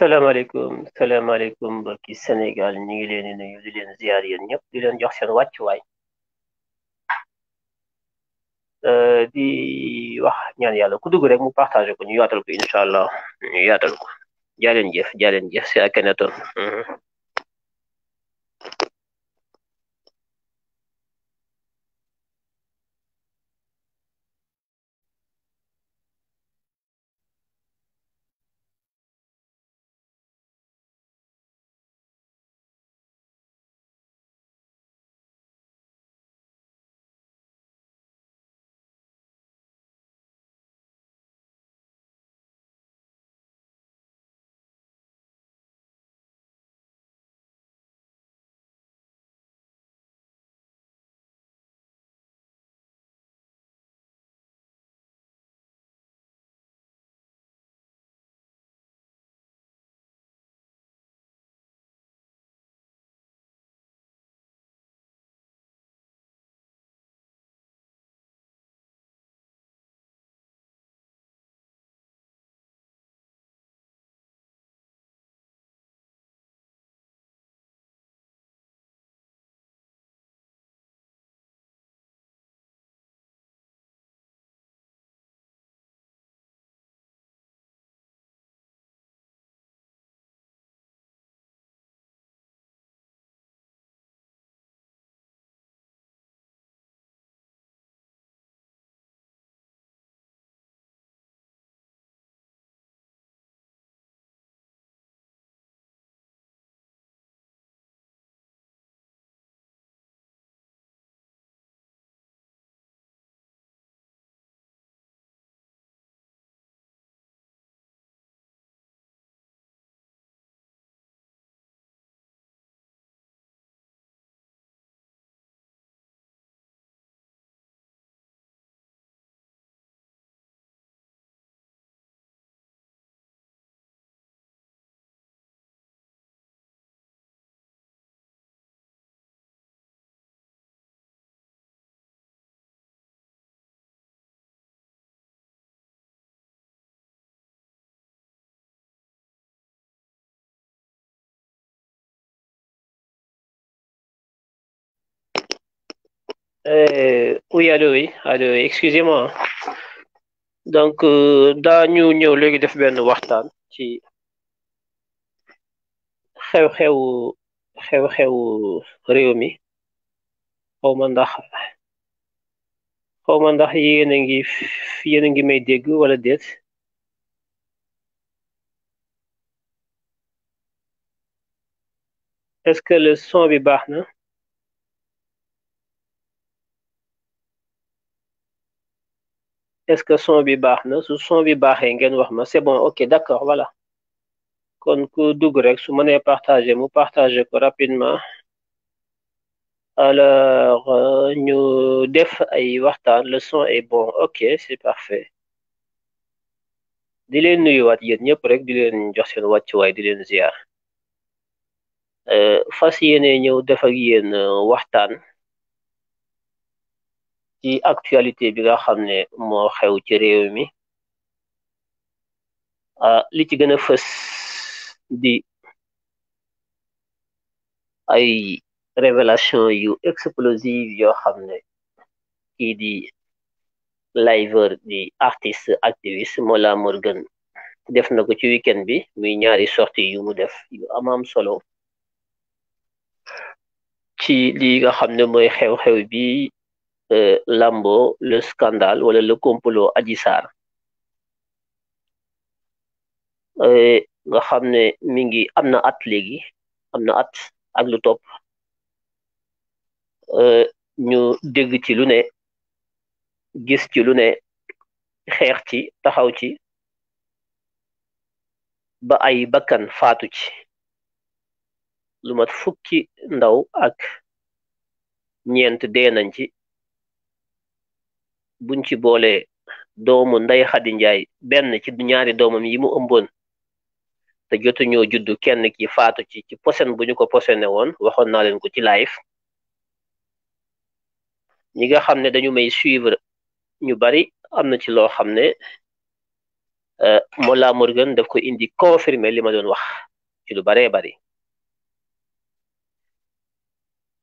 salaamaaleykum salaamaaleykum mbokki Sénégal ñu ngi leen di nuyu di leen ziar yéen ñëpp di leen jox seen wàccuwaay di wax ñaan yàlla ku dugg rek mu partagé ko ñu yaatal ko incha allah ñu yaatal ko jaa leen jëf jaa leen jëf si Akhenaton Euh, oui allo oui allo excusez-moi donc euh, daañu ñëw léegi def benn waxtaan ci xew-xewu xew-xewu réew mi xaw ma ndax xaw ma ndax yéen a ngi yéen a ngi may dégg wala déet est-ce que le son bi baax na. est-ce que son bi baax su son bi baaxee ngeen wax ma c'est bon ok d'accord voilà kon ko dugg rek su mané partager mu partager ko rapidement alors euh, ñu def ay waxtaan le son est bon ok c'est parfait di leen nuyuwaat yéen ñëpp rek di leen jox seen wàccuwaay di leen ziar euh, fas yéene ñëw def ak yéen euh, waxtaan. ci actualité bi nga xam ne moo xew ci réew mi ah, li ci gën a fës di ay révélation yu explosive yoo xam ne kii di liveur di artiste activiste Mollah Morgun def na ko ci weekend bi muy ñaari sortie yu mu def yu amaam solo ci li nga xam ne mooy xew-xew bi Eh, lamboo le scandale wala le complot Adji Sarr eh, nga xam ne mi ngi am na at léegi am na at ak lu topp eh, ñu dégg ci lu ne gis ci lu ne xeex ci taxaw ci ba ay bakkan faatu ci lu mat fukki ndaw ak ñeent dee nañ ci buñ ci boolee doomu nday xadi njaay benn ci ñaari doomam yi mu ëmboon te jotuñoo juddu kenn ki faatu ci ci posen buñu ko posene woon waxoon naa leen ko ci live ñi nga xam ne dañu may suivre ñu bari am na ci loo xam ne euh, Molla Morgan daf ko indi confirmer li ma doon wax ci lu baree bari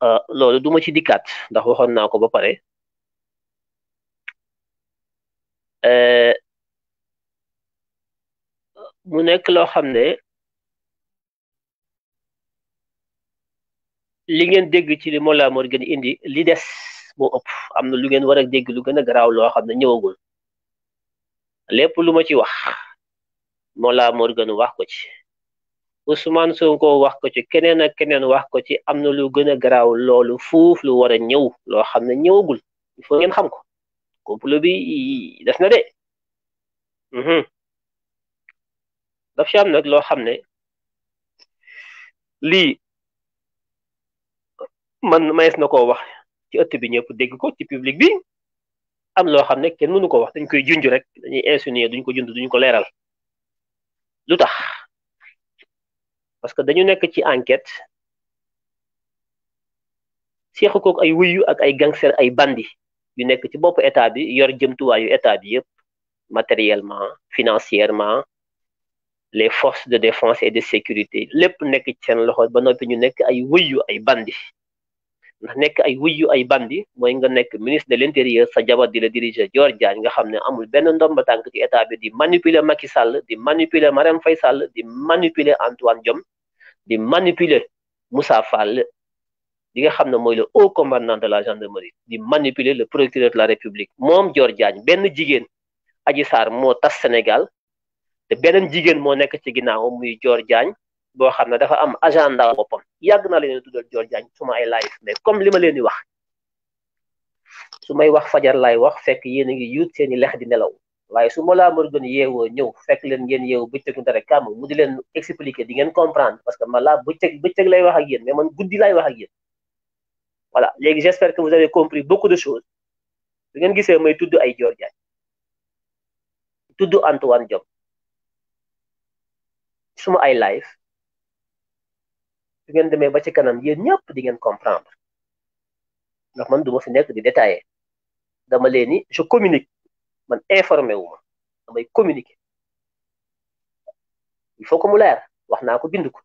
euh, loolu duma ci dikkaat ndax waxoon naa ko ba pare Euh, mu nekk loo xam ne li ngeen dégg ci li Mollah Morgun indi li des moo ëpp am na lu ngeen war a dégg lu gën a garaaw loo xam ne ñëwagul lépp lu ma ci wax Mollah Morgun wax ko ci Ousmane Sonko wax ko ci keneen a keneen wax ko ci am na lu gën a loolu fuuf lu war a ñëw loo xam ne ñëwagul il faut ngeen xam ko complot bi des na de mhm. daf si nag loo xam ne lii man mayees na koo wax ci ëtt bi ñëpp dégg ko ci public bi am loo xam ne kenn mënu ko wax dañ koy junj rek dañuy insinuer duñ ko junj duñu ko leeral lu tax parce que dañu nekk ci enquête seexu kook ay wuyu ak ay gangster ay bandi yu nekk ci bopp état bi yor yu état bi matériellement financièrement les forces de défense et de sécurité lépp nekk ci seen loxo ba noppi ñu nekk ay wëyu ay bandi ndax nekk ay wëyu ay bandi mooy nga nekk ministre de l'intérieur sa jabar di la diriger Dior Diagne nga xam ne amul benn ndomba tànk ci état bi di manipuler Macky Sall di manipuler Mariam Faye Sall di manipuler Antoine Diom, di manipuler Moussa Fall di nga xamne moy le haut commandant de la gendarmerie di manipuler le procureur de la république mom Dior Diagne benn jigen Adji sar mo tas senegal te benen jigen mo nek ci ginaaw muy Dior Diagne bo xamne dafa am agenda bopam yag na leen tudal Dior Diagne suma ay live mais comme lima leen di wax sumay wax fajar lay wax fek yéen ngi yut seen lex di nelaw waaye suma la mo gën yeewoo ñew fek leen ngeen bu bëccëg dara kam mu di leen expliquer di ngeen comprendre parce que ma laa bu bëccëg lay wax ak yéen mais man guddi lay wax ak yéen. voilà léegi j'espère que vous avez compris beaucoup de choses bi ngeen gisee may tudd ay Dior Diagne tudd Antoine Diome suma ay live su ngeen demee ba ci kanam yéen ñëpp di ngeen comprendre ndax man duma fi nekk di détailler dama leen ni je communique man informé wu damay communiquer il faut que mu leer wax naa ko bind ko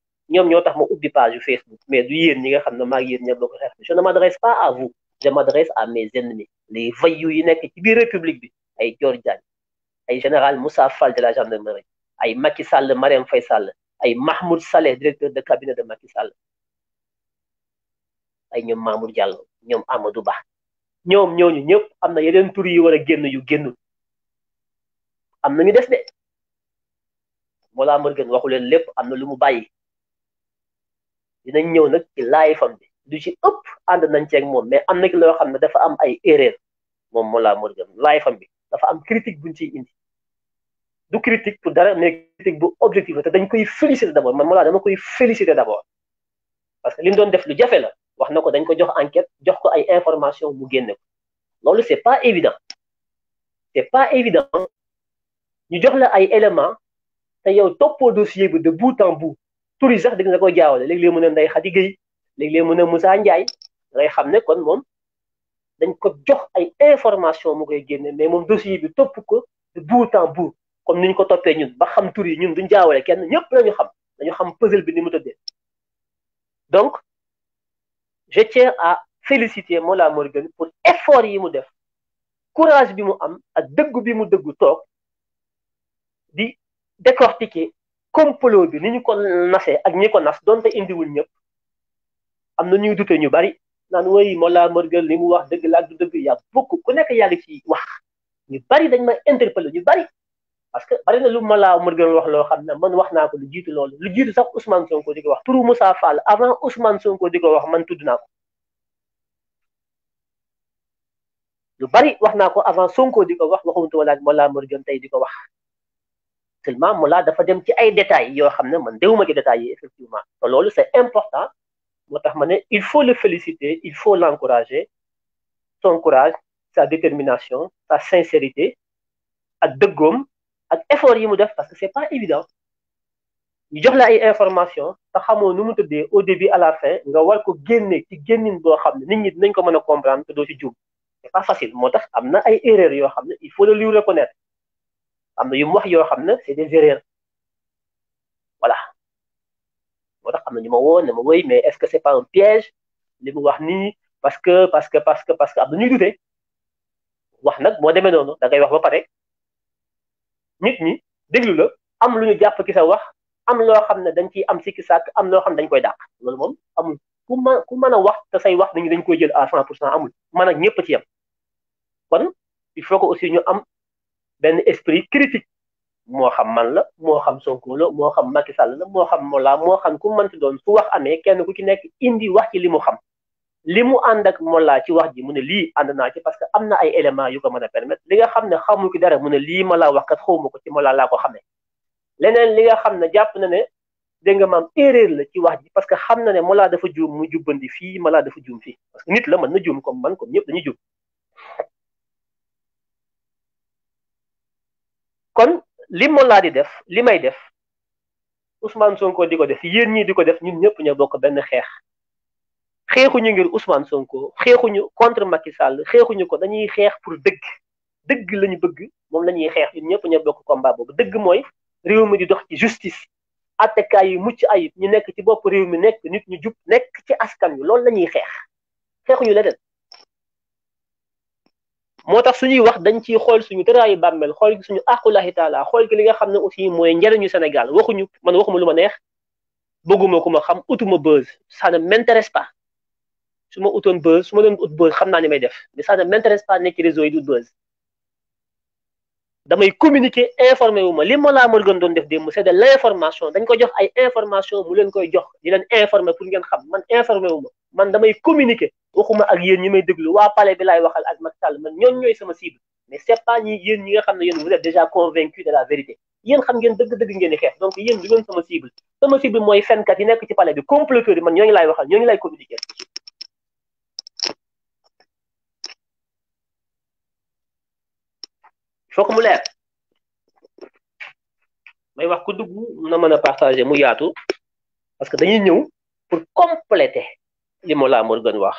ñoom ñoo tax ma ubbi page yu Facebook mais du yéen ñi nga xam ne maa ngi yéen ñëpp bokk xeex je ne m'adresse pas à vous je m'adresse à mes ennemis les voyous yi nekk ci biir république bi ay Dior Diagne ay général Moussa Fall de la gendarmerie ay Macky Sall Marième fay Sall ay Mahmoud Saleh directeur de cabinet de Macky Sall ay ñoom Mamour Diallo ñoom Amadou Ba ñoom ñooñu ñëpp am na yeneen tur yi war a génn yu génnul am na ñu des de Mollah Morgun waxu leen lépp am na lu mu bàyyi. dinañ ñëw nag ci laay fam bi du ci ëpp ànd nañ ceeg moom mais am na ki loo xam ne dafa am ay erreur moom Mollah Morgun laay fam bi dafa am critique buñ ci indi du critique pour dara mais critique bu objectif la te dañ koy féliciter d'abord man Mollah dama koy féliciter d'abord parce que li mu doon def lu jafe la wax na ko dañ ko jox enquête jox ko ay information mu génne ko loolu c'est pas évident c'est pas évident ñu jox la ay éléments te yow toppoo dossier bi tur sax dégg nga ko jaawale léeg-léeg mu ne Ndeye Khady Gueye léeg-léeg mu ne Moussa Ndiaye ngay xam ne kon moom dañ ko jox ay information mu koy génne mais moom dossier bi topp ko de bout en bout comme niñ ko toppee ñun ba xam tur yi ñun duñ jaawale kenn ñëpp lañu xam dañu xam puzzle bi ni mu tëddee donc je tiens à féliciter Mola Morgun pour effort yi mu def courage bi mu am ak dëggu bi mu dëggu toog di décortiquer comme complot bi ni ñu ko nasee ak ñi ko nas donte indiwul ñëpp am na ñuy dute ñu bari naan woy Mollah Morgun li mu wax dëgg la du dëgg yaa bokk ku nekk yàlla ngi ci wax ñu bari dañ ma interpellé ñu bari parce que bari lu Mollah Morgun wax loo xam ne man wax naa ko lu jiitu loolu lu jiitu sax Ousmane Sonko di ko wax turu Moussa Fall avant Ousmane Sonko di ko wax man tudd naa ko lu bari wax naa ko avant Sonko di ko wax waxumtu wala ak Mollah Morgun tey di ko wax seulement mu laa dafa dem ci ay détails yo xam ne man déwuma ci détails effectivement te c'est important motax mané il faut le féliciter il faut l'encourager son courage sa détermination sa sincérité ak dëggoom ak effort yi mu def parce que c'est pas évident ñu jox la ay information te xamoo nu mu au début à la fin nga war ko génne ci génnin boo xam ne nit ñi dinañ ko mën a comprendre te doo ci juum c'est pas facile moo tax am na ay erreurs yoo xam ne il faut le lui reconnaître am mu wax ne c'est des erreurs voilà mais est-ce que c'est pas un piège li mu wax parce que parce que parce que parce que am na ñuy wax nag moo da ngay wax ba am ki sa am ne dañ ciy am sikki am loo xam dañ koy dàq loolu moom amul ku parce wax te say wax nañu dañ koy jël à amul man ci kon il faut que aussi ñu am ben esprit critique mo xam man la mo xam Sonko la mo xam Macky Sall la mo xam Mola mo xam ku ci doon su wax amé kenn ku ci nekk indi wax ci limu xam limu ànd ak Mola ci wax ji mu ne lii ànd naa ci parce que amna ay éléments yu ko mëna permettre li nga xam ne xamu ko dara mu ne lii ma wax kat xawmako ci Mola la ko xamé leneen li nga xam ne jàpp na ne de nga maam erreur la ci wax ji parce que xam na ne Mola dafa juum mu jubandi fi Mola dafa juum fi parce que nit la man na juum comme man comme ñëpp dañu juum kon li mo laa di def li may def Ousmane Sonko di ko def yéen ñi di ko def ñun ñëpp ñoo bokk benn xeex xeexu ñu ngir Ousmane Sonko xeexuñu contre Macky Sall xeexuñu ko dañuy xeex pour dëgg dëgg lañu bëgg moom la ñuy xeex ñun ñëpp ñoo bokk combat boobu dëgg mooy réew mi di dox ci justice. attekaay yi mucc ayib ñu nekk ci bopp réew mi nekk nit ñu jub nekk ci askan wi loolu la ñuy xeex xeexuñu leneen motax suñuy wax dañ ci xol suñu teray bammel xol suñu aqulahi taala xol ki li nga xamne aussi moy ñeñu Sénégal waxuñu man waxuma luma neex bëgguma ku ma xam utuma buzz ça ne m'intéresse pas suma utone utoon buzz su ma ut buzz xamna ni may def mais ça ne m'intéresse pas nek réseau yi du buzz damay communiquer informé wu ma li Mollah Morgun doon def démb c'est de l'information dañ ko jox ay information mu leen koy jox di leen informer pour ngeen xam man informé wu ma man damay communiquer waxuma ak yéen ñi may déglu waa palais bi laay waxal ak Macky Sall man ñoon ñooy sama cible mais c'est pas ñi yéen ñi nga xam ne yéen vous êtes déjà convaincu de la vérité yéen xam ngeen dëgg-dëgg ngeen di xeex donc yéen du ngeen sama cible sama cible mooy fenkat yi nekk ci palais bi comploteurs yi man ñooñu laay waxal ñooñu laay communiquer foog mu leer may wax ku dugg na mën a partager mu yaatu parce que dañuy ñëw pour compléter li mo Mollah Morgun wax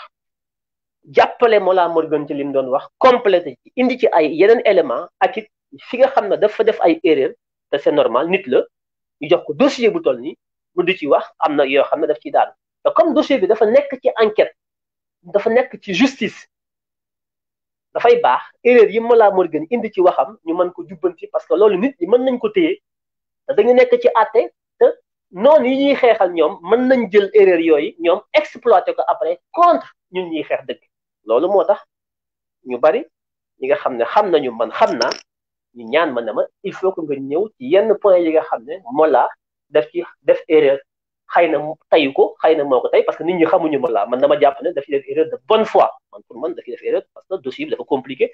jàppale Mollah Morgun ci li doon wax compléter ci indi ci ay yeneen éléments ak it fi nga xam ne dafa def ay erreur te c'est normal nit la ñu jox ko dossier bu toll ni mu di ci wax am na yoo xam ne daf ci daan te comme dossier bi dafa nekk ci enquête dafa nekk ci justice dafay baax erreur yi ma laa Morgan indi ci waxam ñu mën ko jubbanti parce que loolu nit ñi mën nañ ko téye te dañu nekk ci àtte te noonu yi ñuy xeexal ñoom mën nañ jël erreur yooyu ñoom exploité ko après contre ñun ñuy xeex dëgg loolu moo tax ñu bari ñi nga xam ne xam nañu man xam na ñu ñaan ma ne ma il faut ko nga ñëw ci yenn point yi nga xam ne moo laa def ci def erreur xëy na tayu ko xëy na moo ko tey parce que nit ñi xamuñu ma laa man dama jàpp ne dafi def erreur de bonne foi man pour man dafi def erreur parce que dossier bi dafa compliqué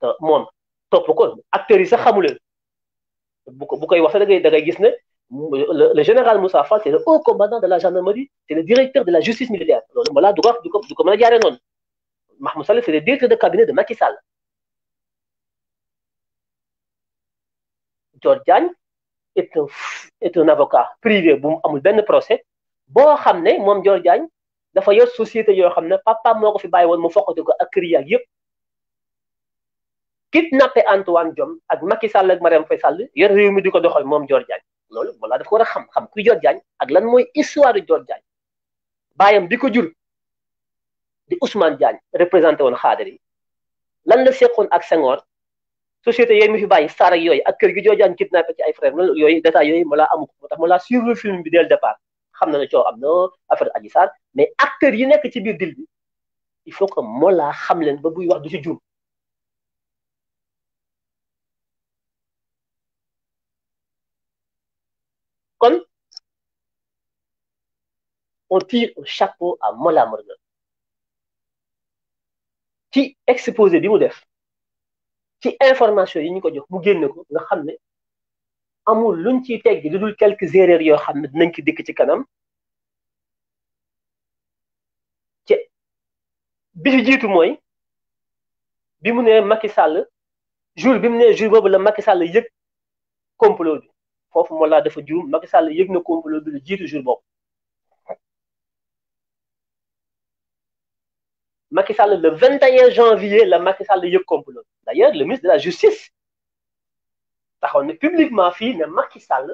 te moom topp ko acteurs yi sax xamuleen bu ko bu koy wax da ngay da ngay gis ne le général Moussa Fall c'est le haut commandant de la gendarmerie c'est le directeur de la justice militaire loolu ma laa du a jaaree noonu Mahmoud Saleh c'est le directeur de cabinet de Macky est un est avocat privé bu mu amul benn procès boo xam ne moom Dior Diagne dafa yor société yoo xam ne papa moo ko fi bàyyi woon mu fokkati ko ak kër yaag yëpp kidnappé Antoine Diome ak Macky Sall ak Marième Faye Sall yor réew mi di ko doxal moom Dior Diagne loolu balaa dafa war a xam xam kuy Dior Diagne ak lan mooy histoire du Dior Diagne baayam bi ko jur di Ousmane Diagne représenté woon xaadar yi lan la seqoon ak Senghor société yooyu mu fi bàyyi sara yooyu ak kër gi joojaan kidnappé ci ay frère loolu yooyu détails yooyu ma laa amu ko moo tax ma laa suivre film bi dès le départ xam na ne coow am na affaire Adji Sarr mais acteurs yi nekk ci biir dil bi il faut que moo laa xam leen ba buy wax du ci juum kon on tire un chapeau à Mola Morgun ci exposé bi mu def ci information yi ñu ko jox mu génne ko nga xam ne amul luñ ciy tegg li dul quelques erreurs yoo xam ne dinañ ci dikk ci kanam ci bi ci jiitu mooy bi mu nee Macky Sall jour bi mu nee jour boobu la Macky Sall yëg complot bi foofu moo dafa juum Macky Sall yëg na complot bi lu jiitu jour boobu Macky le 21 janvier la Macky Sall yëg d'ailleurs le ministre de la justice on publiquement fait ne Macky Sall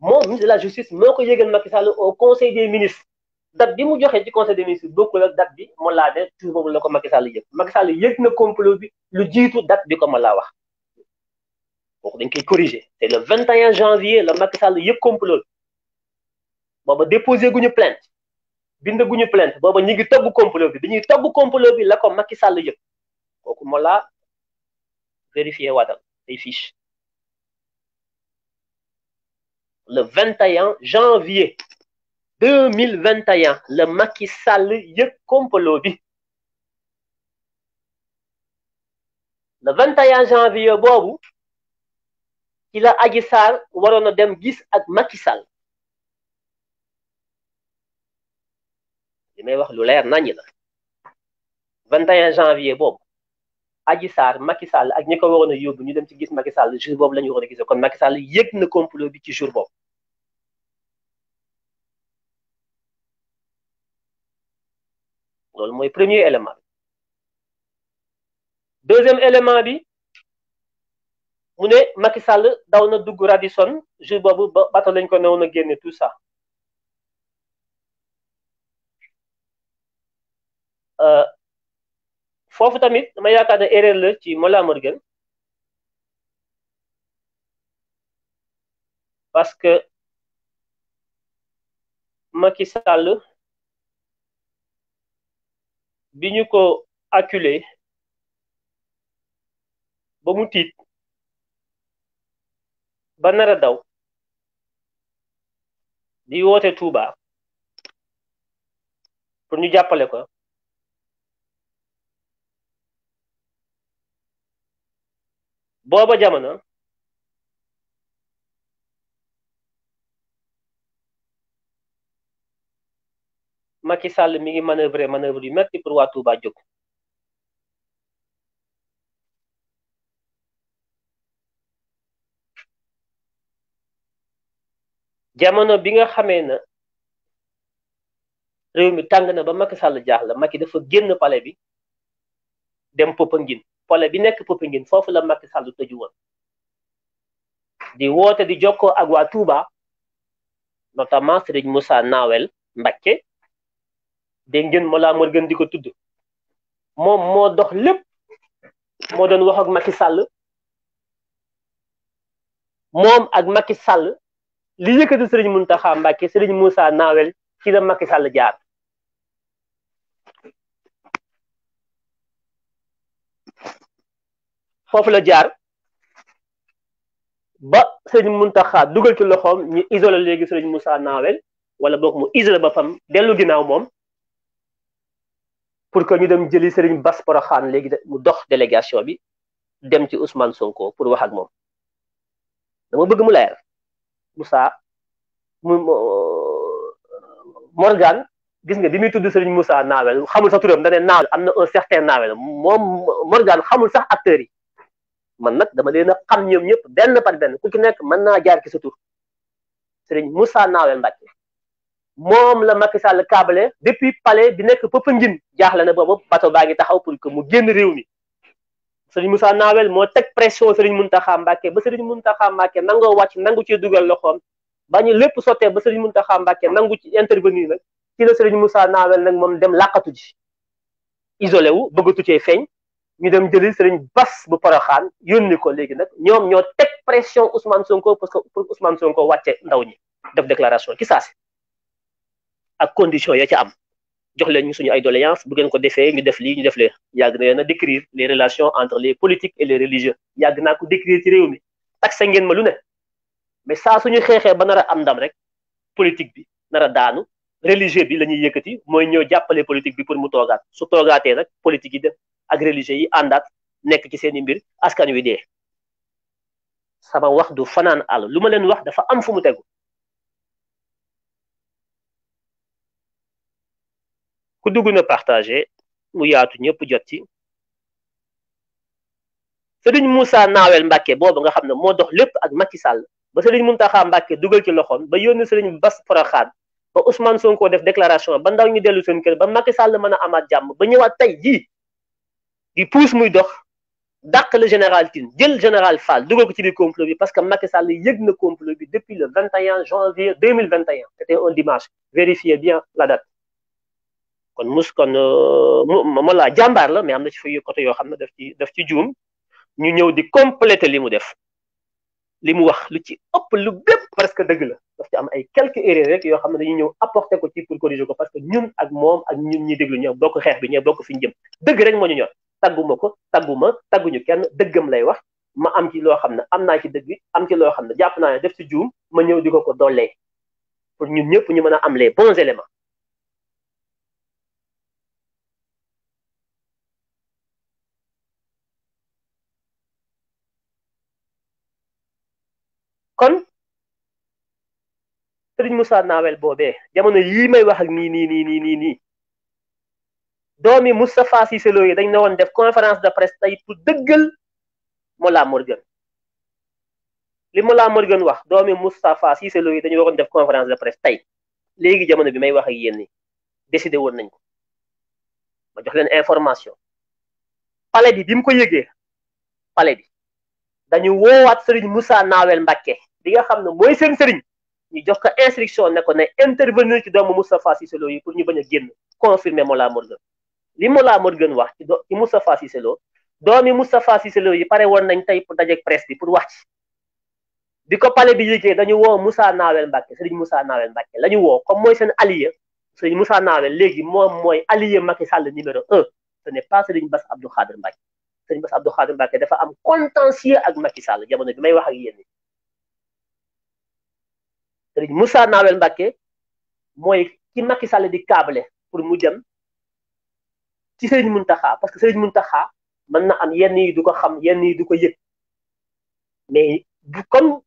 ministre de la justice moo ko yëgal Macky Sall au conseil des ministres date bi j'ai joxe ci conseil des ministres beaucoup ak date bi moo tout le toujours le la ko Macky Sall Macky Sall yëg na complot bi lu jiitu date bi ko ma Donc wax kooku dañ corriger c'est le 21 janvier la Macky Sall yëg complot bi déposer déposé plainte bindaguñu plainte booba ñi ngi togg complot bi dañuy ñuy complot bi la ko Macky Sall yëg kooku moo laa vérifié waatal ay fiche le 21 janvier 2021 le Macky Sall yëg complot bi le 21 janvier boobu ci la Adji Sarr waroon a dem gis ak Macky Sall wax lu leer de la 21 janvier Bob aji sar Macky Sall ak ñi ko waroon a ñu dem ci gis Macky Sall jour boobu la Macky Sall jour premier élément deuxième élément bi mu ne Macky Sall daw na dugg Radisson jour boobu ba lañ ko a tout ça. Euh, foofu tamit dama yaakaar ne erreur ci Mollah Morgun parce que Macky Sall bi ñu ko acculé ba mu tiit ba nar daw di woote Touba pour ñu jàppale ko booba jamono Macky sàll mi ngi manœuvrer manœuvre yu metti pour waa Touba jóg jamono bi nga xamee na réew mi tàng na ba Macky Sall jaaxle Macky dafa génn palais bi dem Popenguine pole bi nekk Popenguine foofu la Macky Sall tëju woon di woote di jokkoo ak waa Touba notamment Serigne Moussa Nawel Mbacke dégg ngeen Mollah Morgun di ko tudd moom moo dox lépp moo doon wax ak Macky Sall moom ak Macky Sall li yëkkati Serigne Mountakha Mbacke Serigne Moussa Nawel ci la Macky Sall jaar fofu la jaar ba sëñ Muntaxa dugal ci loxom ñi isoler legi sëñ Moussa Nawel wala boog mu isoler ba fam delu ginaaw mom pour que ñu dem jëli sëriñ Bass khan legi mu dox délégation bi dem ci Ousmane Sonko pour wax ak mom dama bëgg mu leer Moussa mu Morgan gis nga bi muy tudd serigne Moussa Nawel xamul sax turam da ne Nawel amna un certain Nawel mom Morgan xamul sax acteur yi man nag dama leen a xam ñoom ñëpp benn par benn ku ki nekk mën naa jaar ci sa tur sëriñ Moussa Nawel Mbacke moom la Macky Sall kaabale depuis palais bi nekk Popenguine jaaxle na boobu bato baa ngi taxaw pour que mu génn réew mi sëriñ Moussa naawel moo teg pression sëriñ Mountakha Mbacke ba sëriñ Mountakha Mbacke nangoo wàcc nangu ci dugal loxoom ba ñu lépp sottee ba sëriñ Mountakha Mbacke nangu ci intervenir nag ci la sëriñ Moussa Nawel nag moom dem làqatu ji isolé wu bëggatu cee feeñ. ñu dem jëli sëriñ Bass bu Poroxaan yónni ko léegi nag ñoom ñoo teg pression Ousmane Sonko parce que pour Ousmane Sonko wàcce ndaw ñi def déclaration ci saasi ak condition yee ca am jox leen ñu suñu ay doléance bu ngeen ko defee ñu def lii ñu def lee yàgg na leen a décrire les relations entre les politiques et les religieux yàgg naa ko décrire ci réew mi taxe ngeen ma lu ne mais saa suñu xeexee ba nar a am ndam rek politique bi nar a daanu religieux bi la ñuy yëkkati mooy ñëw jàppale politique bi pour mu toogaat su toogaatee nag politique yi def ak religieux yi àndaat nekk ci seen i mbir askan wi dee sama wax du fanaan àll lu ma leen wax dafa am fu mu tegu ku dugg na partage mu yaatu ñëpp jot ci Sëriñ Moussa Nawel Mbacke boobu nga xam ne moo dox lépp ak Macky Sall ba Sëriñ Mountakha Mbacke dugal ci loxoom ba yónni bas Bass Porokhane ba Ousmane Sonko def déclaration ba ndaw ñu dellu seen kër ba Macky Sall mëna a amaat jàmm ba ñëwaat tey jii di puus muy dox dàq le général Tine jël général Fall dugal ko ci biir complot bi parce que Macky Sall yëg na complot bi depuis le 21 janvier 2021 c'était un dimanche vérifiez bien la date kon mus kon euh, mo la jàmbaar la mais am na ci fay côté yoo xam ne daf ci daf ci juum ñu ñëw di compléter li mu def li mu wax lu ci ëpp lu bépp presque dëgg la daf ci am ay quelques erreurs rek yoo xam ne dañuy ñëw apporter ko ci pour corriger ko parce que ñun ak moom ak ñun ñuy déglu ñoo bokk xeex bi ñoo bokk fiñ jëm dëgg rek moo ñu ñor tagguma ko tagguma tagguñu kenn dëggam lay wax ma am ci loo xam ne am naa ci dëgg am ci loo xam ne jàpp naa def ci juum ma ñëw di ko ko dollee pour ñun ñëpp ñu mën a am les bons éléments kon te Serigne Moussa naawel boobee jamono yii may wax ak nii nii nii nii nii nii doomi Moustapha Cissé Lo yi dañ woon def conférence de presse tey pour dëggal Mollah Morgun li Mollah Morgun wax doomi Moustapha Cissé Lo yi dañu waroon def conférence de presse tey léegi jamono bi may wax ak yéen ni décidé woon nañ ko ma jox leen information palais bi bim ko yëgee palais bi dañu woowaat Serigne Moussa Nawel Mbacké li nga xam ne mooy seen Serigne ñu jox ko instriction ne ko ne intervenir ci doomu Moustapha Cissé Lo yi pour ñu bañ a génn confirmer Mollah Morgun li Mollah Morgun wax ci do ci Moustapha Cissé Lo doomi Moustapha Cissé Lo yi pare woon nañ tey pour dajeeg presse pour wax ci ko pale bi yëgee dañu woo Moussa Nawel Mbacké Serigne Moussa Nawel Mbacké la ñu woo comme mooy seen allié Serigne Moussa Nawel léegi moom mooy allié Macky Sall numéro un ce n'est pas Serigne Bass Abdou Khadre Mbacké sëñ Bass Abdou Khadim Mbacké dafa am contentieux ak Macky Sall jamono bi may wax ak yéen sëriñ Moussa Nawel Mbacké mooy ki Macky Sall di câble pour mu dem ci sëriñ Mountakha parce que sëriñ Mountakha mën na am yenn yi du ko xam yenn yi du ko yëg mais du comme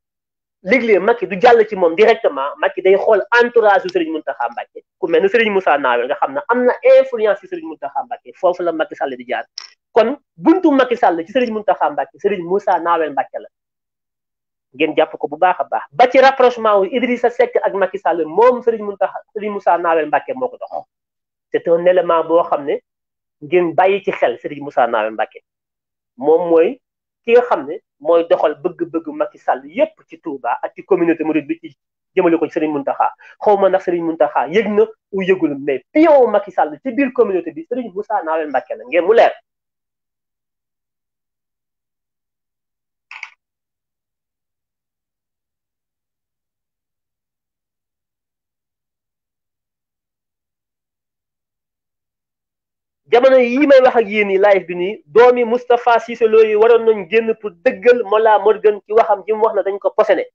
léeg-léeg Macky du jàll ci moom directement Macky day xool entourage su sëriñ Mountakha Mbacké ku mel ne sëriñ Moussa Nawel nga xam na am na influence ci sëriñ Mountakha Mbacké foofu la Macky Sall di jaar kon buntu Macky Sall ci Serigne Mountakha Mbacké Serigne Moussa Nawel Mbacké la ngeen jàpp ko bu baax a baax ba ci rapprochement wu sa sekk ak Macky Sall moom Serigne Mountakha Serigne Moussa Nawel Mbacké moo ko dox c'est un élément boo xam ne ngeen bàyyi ci xel Serigne Moussa Nawel Mbacké moom mooy ki nga xam ne mooy doxal bëgg-bëgg Macky Sall yépp ci Touba ak ci communauté mouride bi ci jëmale ko ci Serigne Mountakha xaw ma ndax Serigne Mountakha yëg na u yëgul mais pion Macky Sall ci biir communauté bi Serigne Moussa Nawel Mbacké la ngeen mu leer jamono yi may wax ak yéen yi live bi nii doomi Moustapha Cissé Lo yi waroon nañ génn pour dëggal Mollah Morgun ci waxam ji mu wax na dañ ko posene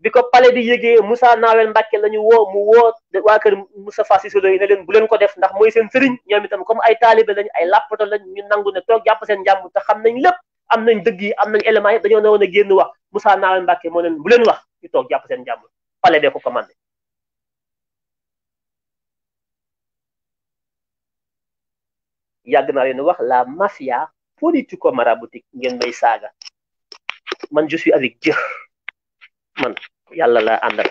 bi ko pale di yëgee Moussa Nawel Mbacke la ñu woo mu woo waa kër Moustapha Cissé Lo yi ne leen bu leen ko def ndax mooy seen sëriñ ñoom itam comme ay taalibe lañ ay làppato lañ ñu nangu ne toog jàpp seen njàmm te nañ lépp am nañ dëgg am nañ éléments dañoo naroon a génn wax Moussa Nawel Mbacke leen bu ñu toog jàpp seen njàmm pale dee ko commandé yag na leen wax la mafia politico maraboutique ngeen may saga man je suis avec Dieu man yalla la andal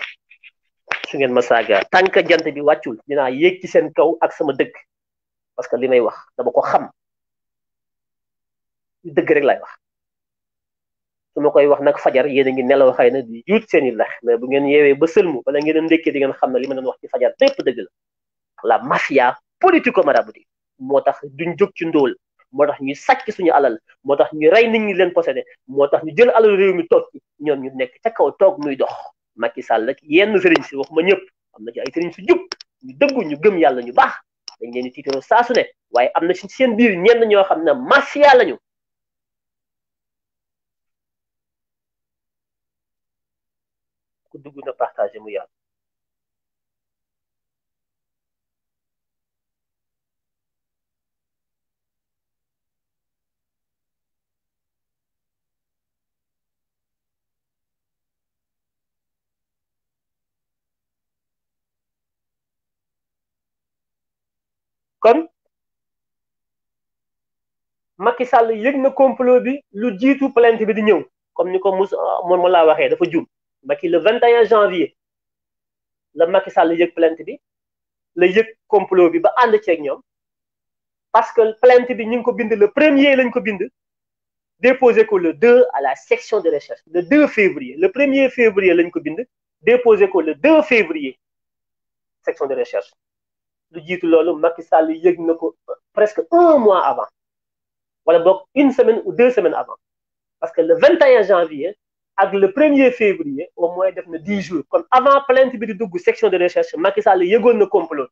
su ngeen ma saga tank jant bi waccul dina yek ci sen kaw ak sama deug parce que limay wax dama ko xam deug rek lay wax koy wax nak fajar yéen ngi nelaw xëy na di yut sen i mais bu ngeen yewé ba sëlmu bala ngeen ndekki di ngeen xam na wax ci fajar bepp deug la la mafia politico maraboutique moo tax duñ jóg ci ndóol moo tax ñuy sàcc suñu alal moo tax ñu rey nit ñi leen possédé moo tax ñu jël alal réew mi toog ci ñoom ñu nekk ca kaw toog muy dox Macky Sall ki yenn sëriñ si waxuma ñëpp am na ci ay sëriñ si jub ñu dëggu ñu gëm yàlla ñu baax dañ leen di saasu saa ne waaye am na ci seen biir ñenn ñoo xam ne mafia ñu ku dugg na partagé mu yàlla kon Macky Sall yëg complot bi lu plainte comme nous ko euh, le 21 janvier le Macky Sall plainte le complot bi ba parce que plainte bi ñu le premier lañ ko déposé le 2 à la section de recherche le 2 février le 1er février lañ déposé le 2 février section de recherche le jiitu loolu Macky Sall yëg presque un mois avant wala donc une semaine ou deux semaines avant parce que le 21 janvier ak le 1er février au moins def dix jours comme avant plainte bi di dugg section de recherche Macky Sall yëgoon na complot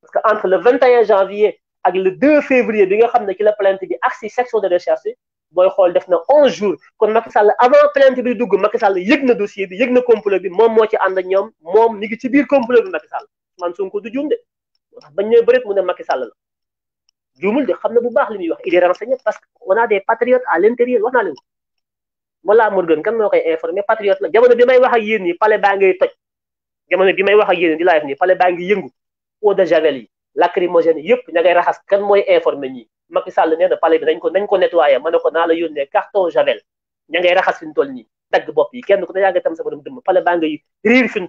parce que entre le 21 janvier ak le 2 février bi nga xam ne la plainte bi ak section de recherche booy xool def 11 jours comme Macky Sall avant plainte bi di dugg Macky Sall yëg na dossier bi yëg complot bi moom moo ci ànd ak ñoom moom ci biir complot bi Macky Sall man Sonko du ndax bañ ñooy bëreet mu ne Macky Sall la juumul de xam na bu baax li muy wax il parce que on a des patriotes l'intérieur wax naa leen ko Mollah Morgun kan informé patriote la jamono bi may wax ak yéen ñi palais ngay toj jamono bi may wax ak yéen di live nii palais baa ngi yëngu eau de javel yi lacrymogène yëpp ña ngay raxas kan mooy informé ñi Macky Sall nee na palais bi nañ ko nañ ne carton javel ña raxas fi mu toll nii bopp yi kenn ku ne yaa tam sa borom dëmm palais ngay riir fi mu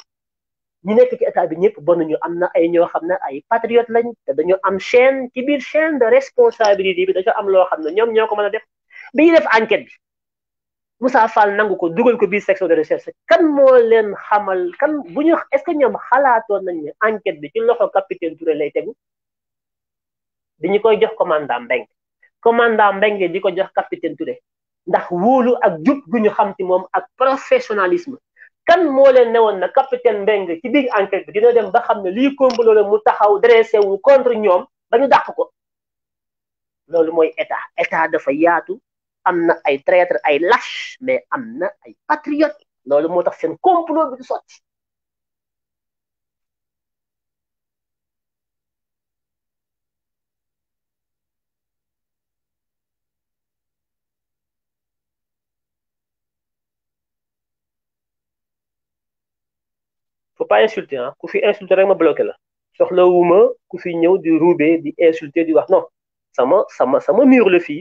ñi nekk ci état bi ñëpp bon ñu am na ay ñoo xam ne ay patriote lañ te dañu am chaîne ci biir chaîne de responsabilité bi dañu am loo xam ne ñoom ñoo ko mën def bi ñu def enquête bi Moussa Fall nangu ko dugal ko biir section de recherche kan moo leen xamal kan bu ñu est ce que ñoom xalaatoon nañ ne enquête bi ci loxo capitaine Touré lay tegu dañu koy jox commandant Mbeng commandant Mbeng di ko jox capitaine Touré ndax wóolu ak jub gu xam ci moom ak professionnalisme kan moo leen newoon na capitaine mbeng ci biir enquête bi dina dem ba xam ne lii complot la mu taxaw dressé wu contre ñoom ba ñu dàq ko loolu mooy état état dafa yaatu am na ay traître ay lâche mais am na ay patriote loolu moo tax seen complot bi du sotti faut pas insulter hein. ku fi insulter rek ma bloqué la soxlawuma ku fi ñëw di roube di insulter di wax non ça sama sama mur la le ku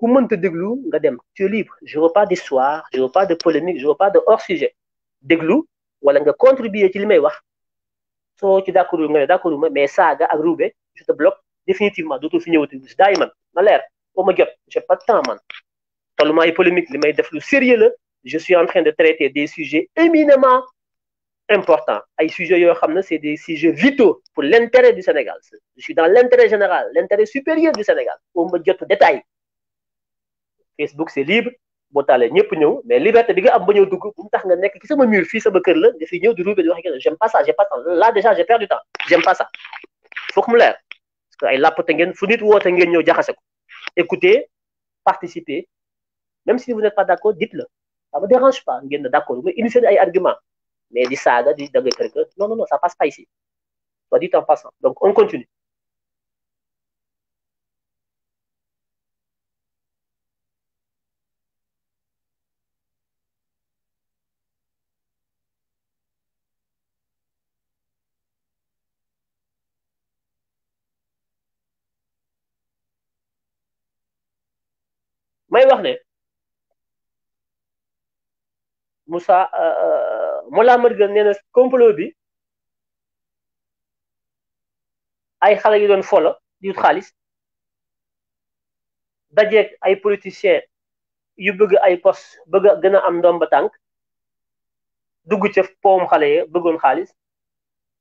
Comment te nga dem tu es libre je veux pas d'histoire je veux pas de polémique je veux pas de hors sujet déglu wala nga contribuer ci le mets, wax tu ci d'accord nga ne d'accord mais ça, ak roube je te bloque définitivement D'autres fi ñëwati tu daay man ma leer ma jot j'ai pas de temps man tollu maay polémique li may def lu sérieux là. je suis en train de traiter des sujets éminemment important ay sujets yo xamna c'est des sujets vitaux pour l'intérêt du Sénégal je suis dans l'intérêt général l'intérêt supérieur du Sénégal boo ma jot détail Facebook c'est libre bon taalee ñëpp ñëw mais liberté bi nga am ba ñëw dugg bu tax nga nek ci sama mur fii sama kër la nga fi ñëw di ruube di wax j'aime pas ça j'ai pas temps, là déjà j'ai perdu temps j'aime pas ça formulaire mu leer parce que ay lapote ngeen fu nit wote ngeen ko écoutez participez même si vous n'êtes pas d'accord dites-le ça me dérange pas ngeen d'accord mais initier ay arguments mais disada di da ngay que non non non ça passe pas ici soit dit en passant donc on continue may wax ne Moussa euh, euh, Mollah Morgun nee na complot bi ay xale yu doon folo yu xaalis dajeeg ay politiciens yu bëgg ay poste bëgg a gën a am ndomba tànk dugg ca poom xale ya bëggoon xaalis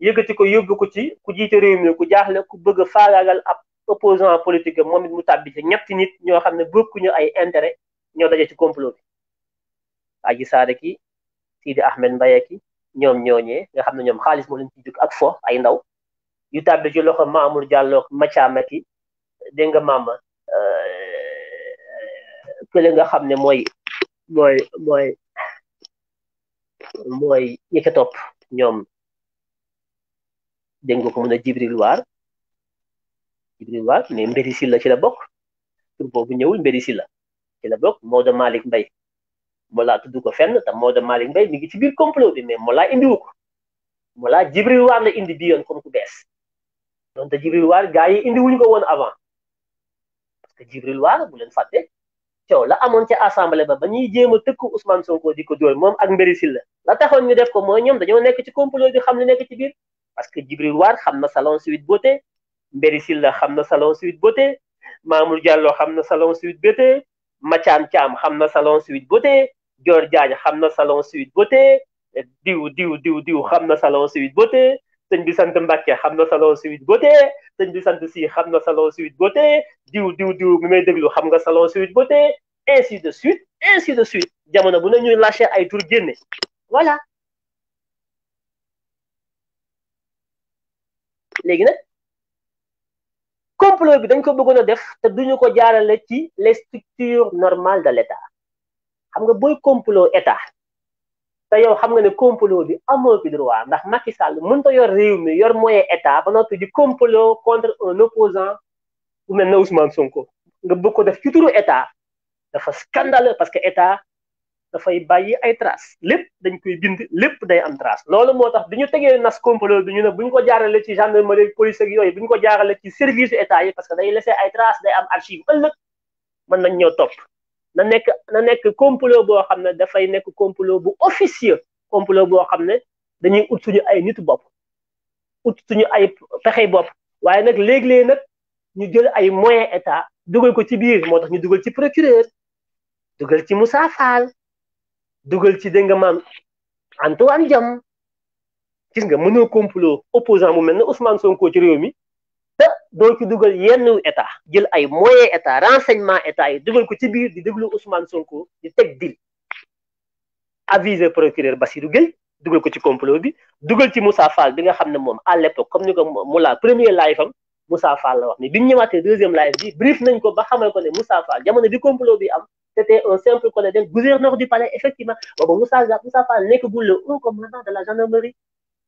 yëkkati ko yóbbu ko ci ku jiite réew mi ku jaaxle ko bëgg a faagaagal ab opposant politique moom it mu tàbbi ci ñetti nit ñoo xam ne bokkuñu ay intérêt ñoo daje ci complot bi aji saare ki Sidi Ahmed Mbaye ki ñoom ñooñee nga xam ne ñoom xaalis moo leen ci jóg ak fo ay ndaw yu tàbbi ci loxo Mamour Diallo Macaama ki dégg nga maama euh, nga xam ne mooy mooy mooy mooy ñi ca ñoom dégg nga ko mën a Jibril Waar mais Mbéri Sylla ci la bokk tur boobu ñëwul Mbéri la bokk Maodo Malick Mbaye Mollah tudd ko fenn te Maodo Malick Mbaye mi ngi ci biir complot bi mais Mollah indiwu ko Mollah Djibril War la indi bi yoon comme ku bees donc Djibril waar gars yi indiwuñu ko woon avant parce que Djibril War bu leen fàtte coow la amoon ca assemblée ba ba ñuy jéem a tëkku Ousmane Sonko di ko dóor moom ak Mbéri Sylla la taxoon ñu def ko mooy ñoom dañoo nekk ci complot bi xam li nekk ci biir parce que Djibril waar xam na salon Sweet Beauté Mbéri la xam na salon Sweet Beauté Mamour Diallo xam na salon Sweet Beauté Mathiam Thiam xam na salon Sweet Beauté Dior Diagne xam salon suite Beauté diw diw diw diw xamna salon suite Beauté señ bi sant Mbàkke xamna salon suite Beauté señ bi sant si xamna salon suite Beauté diw diw diw mi may xam nga salon suite Beauté ainsi de suite ainsi de suite jamono bu ne ñuy lâché ay tour génné voilà légui nag complot bi dañ ko bëggoon def te duñu ko jaarale ci les structures normales de l'État xam nga booy complot état te yow xam nga ne complot bi amoo fi droit ndax Macky Sall mënta yor réew mi yor moyen état ba noppi di complot contre un opposant bu mel ne Ousmane Sonko nga bëgg ko def ci turu état dafa scandale parce que état dafay bàyyi ay trace lépp dañ koy bind lépp day am trace loolu moo tax bi ñu tegee nas complot bi ñu ne bu ñu ko jaarale ci gendarmerie police ak yooyu bu ñu ko jaarale ci service état yi parce que day laisser ay trace day am archive ëllëg mën nañ ñoo topp na nekk na nekk complot boo xam ne dafay nekk complot bu officieux complot boo xam ne dañuy ut suñu ay nitu bopp ut suñu ay pexey bopp waaye nag léeg nag ñu jël ay moyen état dugal ko ci biir moo tax ñu dugal ci procureur dugal ci Moussa Fall dugal ci dégg nga maam Antoine Diome gis nga mënoo complot opposant bu mel ne Ousmane Sonko ci réew mi te doo ci dugal yenn état jël ay moyen état renseignement état yi dugal ko ci biir di déglu Ousmane Sonko di teg dil aviser procureur Bassirou Gueye dugal ko ci complot bi dugal ci Moussa Fall bi nga xam ne moom à l'époque comme ni ko mu la premier live am Moussa Fall la wax ni bi ñu ñëwaatee deuxième live bi brief nañ ko ba xamal ko ne Moussa Fall jamono bi complot bi am c'était un simple colonel gouverneur du palais effectivement booba Moussa Moussa Fall nekk gul le haut commandant de la gendarmerie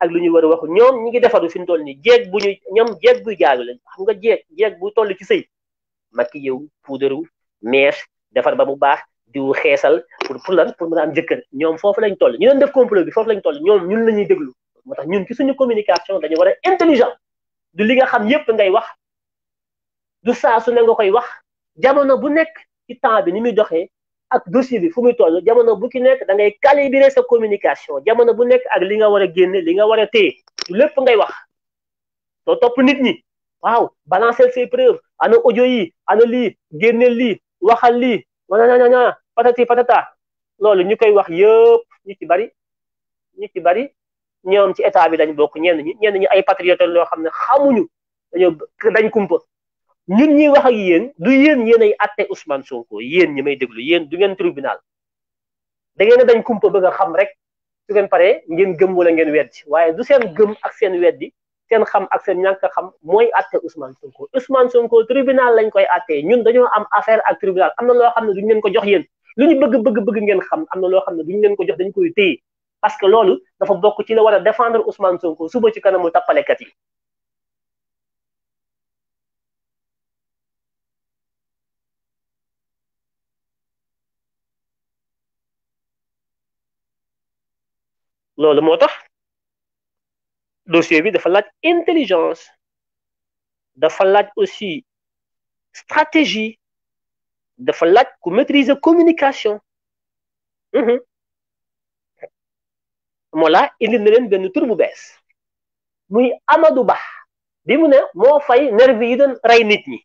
ak lu ñuy war a wax ñoom ñi ngi defaru fi mu toll nii jeeg bu ñu ñoom jeeg buy jaaru la xam nga jeeg jeeg bu toll ci sëy makki yow puudaru mees defar ba mu baax diw xeesal pour pour lan pour mën a jëkkër ñoom foofu lañ toll ñu doon def complot bi foofu lañ toll ñoom ñun lañuy ñuy moo tax ñun ci suñu communication dañu war a intelligent du li nga xam yépp ngay wax du saa su ne nga koy wax jamono bu nekk ci temps bi ni muy doxee ak dossier bi fu muy toll jamono bu ki nekk da ngay calibrer sa communication jamono bu nekk ak li nga war a génne li nga war a téye lépp ngay wax doo topp nit ñi waaw balancer ses preuves ana audio yi ana lii génneel lii waxal lii na patati patata loolu ñu koy wax yëpp ñu ci bari ñu ci bari ñoom ci état bi lañ bokk ñenn ñi ñenn ñi ay patriote lo xam ne xamuñu dañoo dañ kumpa ñun ñi wax ak yéen du yéen yéen ay atte Ousmane Sonko yéen ñi may déglu yéen du ngeen tribunal da ngeen ne dañ kumpa bëgg a xam rek su ngeen pare ngeen gëm wala ngeen weddi waaye du seen gëm ak seen weddi seen xam ak seen ñàkk xam mooy atte Ousmane Sonko Ousmane Sonko tribunal lañ koy attee ñun dañoo am affaire ak tribunal am na loo xam ne duñ ngeen ko jox yéen lu ñu bëgg bëgg bëgg ngeen xam am na loo xam ne duñ leen ko jox dañ koy téye parce que loolu dafa bokk ci la war a défendre Sonko suba ci kanamu tappalekat yi loolu moo tax dossier bi dafa laaj intelligence dafa laaj aussi stratégie dafa laaj ku maîtriser communication mhm. moo laa indi na leen benn tur bu bees muy Amadou Ba bi mu ne moo fay nervi yi doon rey nit ñi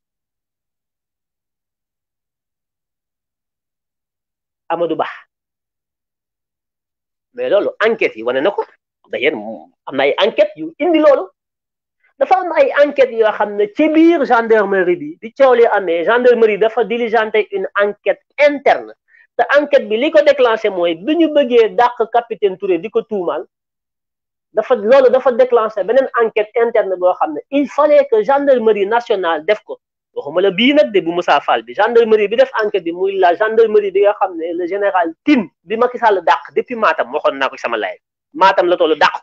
Amadou Ba mais loolu enquêtes yi wane na ko d'ailleurs am na ay enquêtes yu indi loolu dafa am ay enquêtes yoo xam ne ci biir gendarmerie bi bi coow li amee gendarmerie dafa diligenté une enquête interne te enquête bi li ko déclenché mooy bi ñu bëggee dàq capitaine Touré di ko tuumaal dafa loolu dafa déclenché beneen enquête interne boo xam ne il fallait que gendarmerie nationale def ko waxuma la bii nag de bu Moussa Fall bi gendarmerie bi def enquête bi muy la gendarmerie bi nga xam ne le général Tine bi Macky Sall dàq depuis Matam waxoon naa ko sama laay Matam la toll dàq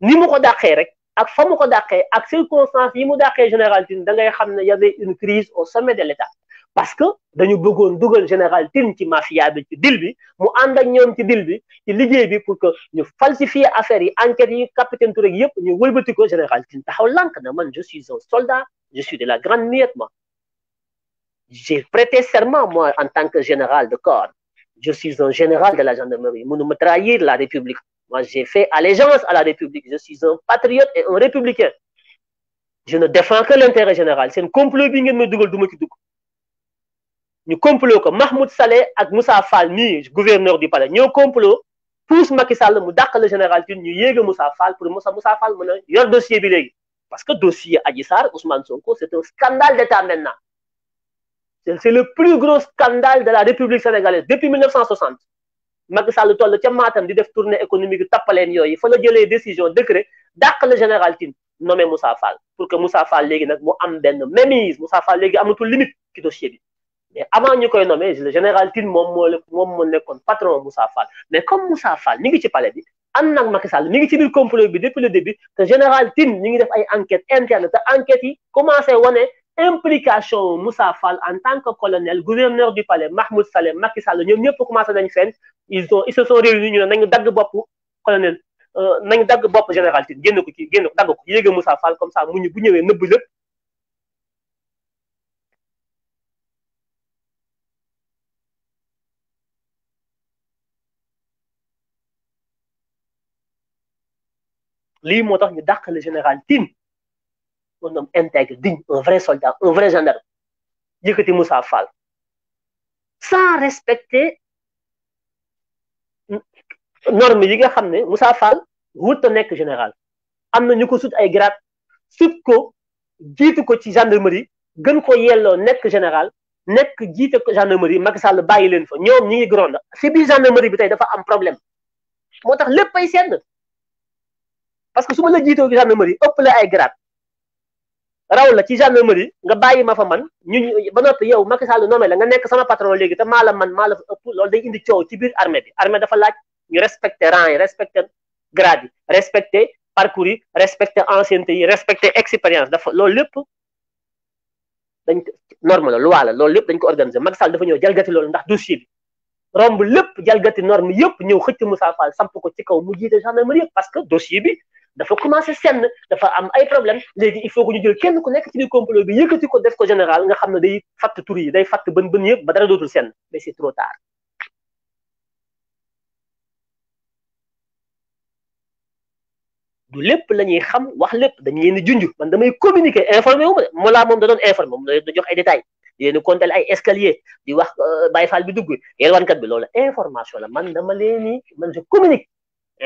ni mu ko dàqee rek ak fa mu ko dàqee ak circonstances yi mu dàqee général Tine da ngay xam ne y avait une crise au sommet de l'État parce que dañu bëggoon dugal général Tine ci mafia bi ci dil bi mu ànd ak ñoom ci dil bi ci liggéey bi pour que ñu falsifier affaires yi enquêtes yi capitaine Touré yëpp ñu wëlbati ko général Tine taxaw lànk na man je suis un soldat je suis de la grande muette, moi. J'ai prêté serment, moi, en tant que général de corps. Je suis un général de la gendarmerie. Vous ne me trahir la République. Moi, j'ai fait allégeance à la République. Je suis un patriote et un républicain. Je ne défends que l'intérêt général. C'est un complot qui me dougal duma ci Nous complot que Mahmoud Saleh et Moussa Fall gouverneur du palais nous complot pousse Macky Sall mu le général qui ñu Moussa Fall pour Moussa Moussa Fall a yor dossier Parce que dossier Adissar, Ousmane Sonko, c'est un scandale d'État maintenant. C'est le plus gros scandale de la République sénégalaise depuis 1960. Macky Sall toll ca Matam di def tournée économique yu tappaleen yooyu fa la jëlee décision décret dàq le général Tine nommé Moussa Fall pour que Moussa Fall léegi nag mu am benn mémise Moussa Fall léegi amatul limite ci dossier bi mais avant ñu koy nommé le général Tine moom moo moom moo nekkoon patron Moussa Fall Moussa Fall ñu ngi ci ànd nag Macky Sall mi ngi ci biir complot bi depuis le début que général Tine ñu ngi def ay enquêtes interne te enquête yi commencé wane implication Moussa Fall en tant que colonel gouverneur du palais Mahmoud Saleh Macky Sall ñoom ñëpp commencé nañ fenn ils ont ils se sont réunis ñu ne nañu dagg bopp colonel euh, nañu dagg bopp général Tine génn ko ci génn ko dagg ko yéege Moussa Fall comme ça mu ñu bu ñëwee nëbb lépp lii moo tax ñu le général un homme intègre digne un vrai soldat un vrai gendarme Moussa sans respecter norme yi nga ne Moussa général am na ñu ko sut ay grade sut ko jiitu ko ci gendarmerie gën ko gendarmerie fa si gendarmerie bi dafa am problème parce que su ma la jiitoo ci gendarmerie ëpp la ay grade raw la ci gendarmerie nga bàyyi ma fa man ñu ba noppi yow Macky Sall nommé la nga nekk sama patron léegi te maa la man maa la fa ëpp loolu day indi coow ci biir armée bi armée dafa laaj ñu respecté rang yi respecté grade yi respecté parcours yi respecte ancienneté yi respecté expérience dafa loolu lépp dañ norme la loi la loolu lépp dañ ko organisé Macky Sall dafa ñëw jalgati loolu ndax dossier bi romb lépp jalgati norme yëpp ñëw xëcc Moussa Fall samp ko ci kaw mu jiite gendarmerie yëpp parce que dossier bi dafa commencé senn dafa am ay problème léegi il faut que ñu jël kenn ku nekk ci biir complot bi yëkkati ko def ko général nga xam ne day fàtt tur yi day fàtt bën bën yëpp ba dara dootul senn mais c'est trop tard du lépp la ñuy xam wax lépp dañu leen di junj man damay communiquer informé wu ma de Mollah moom da doon informé moom da jox ay détails di leen kontal ay escalier di wax euh, Baye Fall bi dugg yelwankat bi loolu information la man dama leen ni man je communique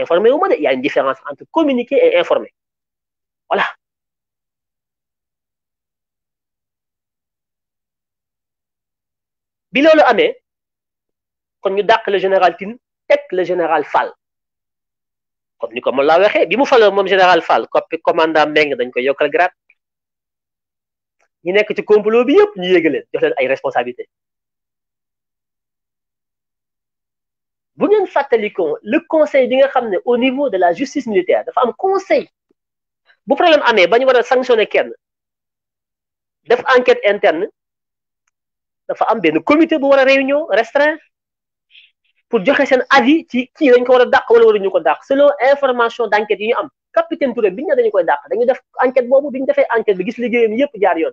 informé ou ma il y a une différence entre communiquer et informer voilà bi le amé, kon nous le général Tin, tek le général Fall comme nous l'avons dit, la nous bi mu le même général Fall le commandant dans dañ koy yokkal grade Il nekk ci complot bi yëpp ñu yéegaleen jox a ay responsabilité bu ngeen ko le conseil bi nga xam ne au niveau de la justice militaire dafa am conseil bu problème amee ba ñu war a sanctionner kenn def enquête interne dafa am benn comité bu war a réunion restreint pour joxe seen avis ci kii dañ ko war a dàq wala waruñu ko dàq selon information d' enquête yi ñu am capitaine Touré bi ñu ne dañu koy dàq dañu def enquête boobu bi ñu defee enquête bi gis liggéeyam yépp jaar yoon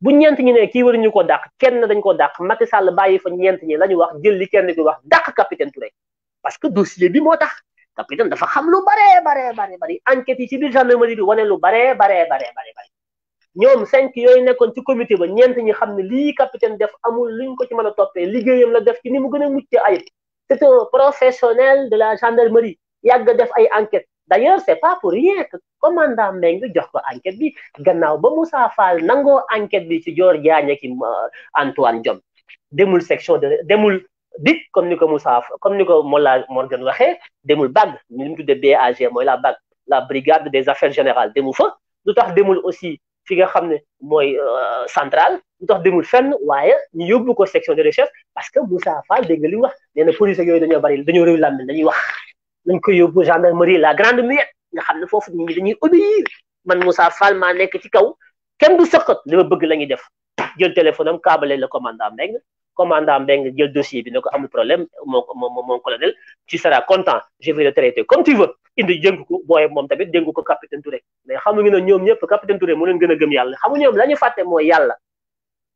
bu ñent ñi ne wër ñu ko dàq kenn dañ ko dàq Macky Sall bàyyi fa ñent ñi lañu wax jël li kenn di wax dàq capitaine Touré parce que dossier bi moo tax capitaine dafa xam lu bare bare bare bare enquête yi ci biir gendarmerie bi wone lu bare bare bare bare bare ñoom cinq yooyu nekkoon ci comité ba ñent ñi xam ne lii capitaine def amul luñ ko ci mën a toppee liggéeyam la def ci ni mu gën a mucc ayib c'est un professionnel de la gendarmerie yàgg def ay enquête d'ailleurs c'est pas pour rien que commandant Mbengue jox ko enquête bi gannaaw ba Moussa Fall nangoo enquête bi ci Dior Diagne ak euh, Antoine Diom. demul section de demul dit, comme ni Moussa comme nous ko Morgan waxee demul BAG nous li mu BAG mooy la BAG la brigade des affaires générales demu fa lu tax demul aussi fi nga xam ne mooy euh, centrale lu tax demul fenn waaye ñu yóbbu ko section de recherche parce que Moussa Fall dégg nga li mu wax nee na police ak yooyu dañoo bari dañoo réew làmmiñ dañuy wax nañ ko yóbbu gendarmerie la grande muette nga xam ne foofu ni ñi dañuy obéir man Moussa Fall maa nekk ci kaw kenn du sëqat li bëgg la ñuy def jël téléphone am câble la commandant Mbengue commandant Mbengue jël dossier bi ne ko amul problème moo mon mon colonel tu seras content je vais le traiter comme tu veux indi jëngu ko booy moom tamit jëngu ko capitaine Touré mais xamuñu na ñoom ñëpp capitaine Touré mu leen gën a gëm yàlla xamuñu ñoom la ñu fàtte mooy yàlla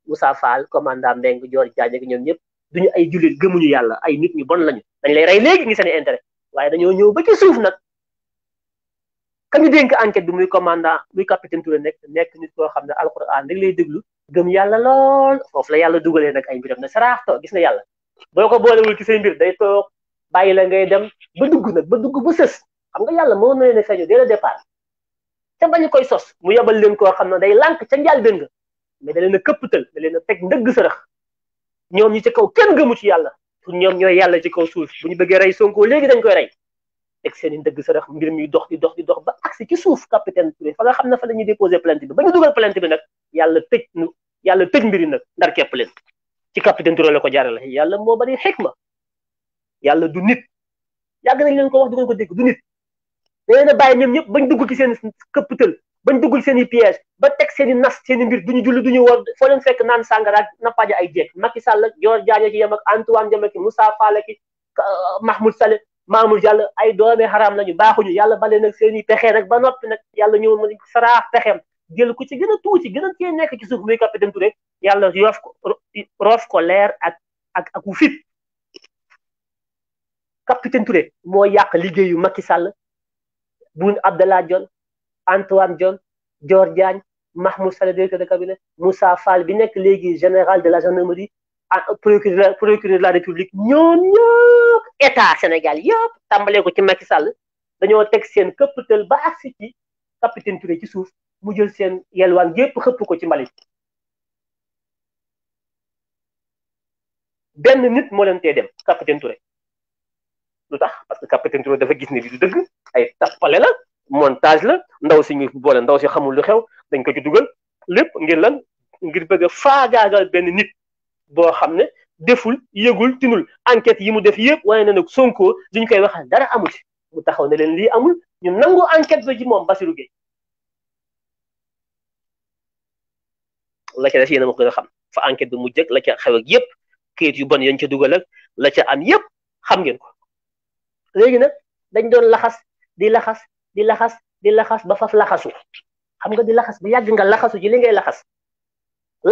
Moussa Fall commandant Mbengue Dior Diagne ak ñoom ñëpp duñu ay jullit gëmuñu yàlla ay nit ñu bon lañu dañ lay rey léegi ngi seen intérêt waaye dañoo ñëw ba ci suuf nag kañu dénk enquête bi muy commandant muy capitaine Touré nekk nekk nit koo xam ne alquran rek lay déglu gëm yàlla lool foofu la yàlla dugalee nag ay mbiram na saraax to gis na yàlla boo ko boolewul ci say mbir day toog bàyyi la ngay dem ba dugg nag ba dugg ba sës xam nga yàlla moo na ne feeñu dès le départ te bañu koy sos mu yebal leen koo xam ne day lànk ca njàlbéen nga mais da leen a këppatal da leen a teg ndëgg sërëx ñoom ñi ci kaw kenn gëmu ci yàlla pour ñoom ñooy yàlla ci kaw suuf bu ñu bëggee rey Sonko léegi dañ koy rey teg seen i ndëgg sa mbir mi dox di dox di dox ba agsi ci suuf capitaine Touré fa nga xam na fa la ñuy déposé plainte bi ba ñu dugal plainte bi nag yàlla tëj nu yàlla tëj mbiri nag ndar képp leen ci capitaine Touré la ko jaarale yàlla moo bari xikma yàlla du nit yàgg nañ leen ko wax du ngeen ko dégg du nit nee na bàyyi ñoom ñëpp bañ dugg ci seen këpptal bañ duggul seen i piège ba teg seen i nas seen i du duñu julli duñu war foo leen fekk naan sàngaraak nappaja ay jeeg Macky Sall ak Dior Diagne ki yem ak Antoine Diome ki Moussa Fall ki euh, Mahmoud Saleh Mamour Diallo ay doomee xaraam lañu baaxuñu yàlla balee nag seen i pexe nag noppi nag yàlla ñëw ma saraax pexem jël ku ci gën a tuuti gën a cee nekk ci suuf muy capitaine Touré yàlla yoof ko roof ko leer ak ak ak wu fit capitaine Touré moo yàq liggéeyu Macky sàll bu Abdallah Dionne Antoine Diome Dior Diagne Mahmoud Saleh directeur de cabinet Moussa Fall bi nekk léegi général de la gendarmerie procureur procureur de la république ñoo ñëpp état Sénégal yëpp tàmbalee ko ci Macky Sall dañoo teg seen këppatal ba agsi ci capitaine Touré ci suuf mu jël seen yelwaan yépp xëpp ko ci mbalit benn nit moo leen tee dem capitaine Touré lu tax parce que capitaine Touré dafa gis ni li du ay tappale la montage la ndaw si ñu boole ndaw si xamul lu xew dañ ko ci dugal lépp ngir lan ngir bëgg a faagaagal benn nit boo xam ne deful yëgul timul enquête yi mu def yëpp waaye na nag Sonko li ñu koy waxal dara amu ci mu taxaw ne leen lii amul ñu nangu enquête ba ci moom Bassirou Gueye la ca des yéen a ma a xam bi mu jëkk la ca xew yëpp kayit yu ban yañ ca dugal ak la ca yëpp xam ngeen ko léegi nag dañ doon laxas di laxas di laxas di laxas ba faf laxasu xam nga di laxas ba yàgg nga laxasu ji li ngay laxas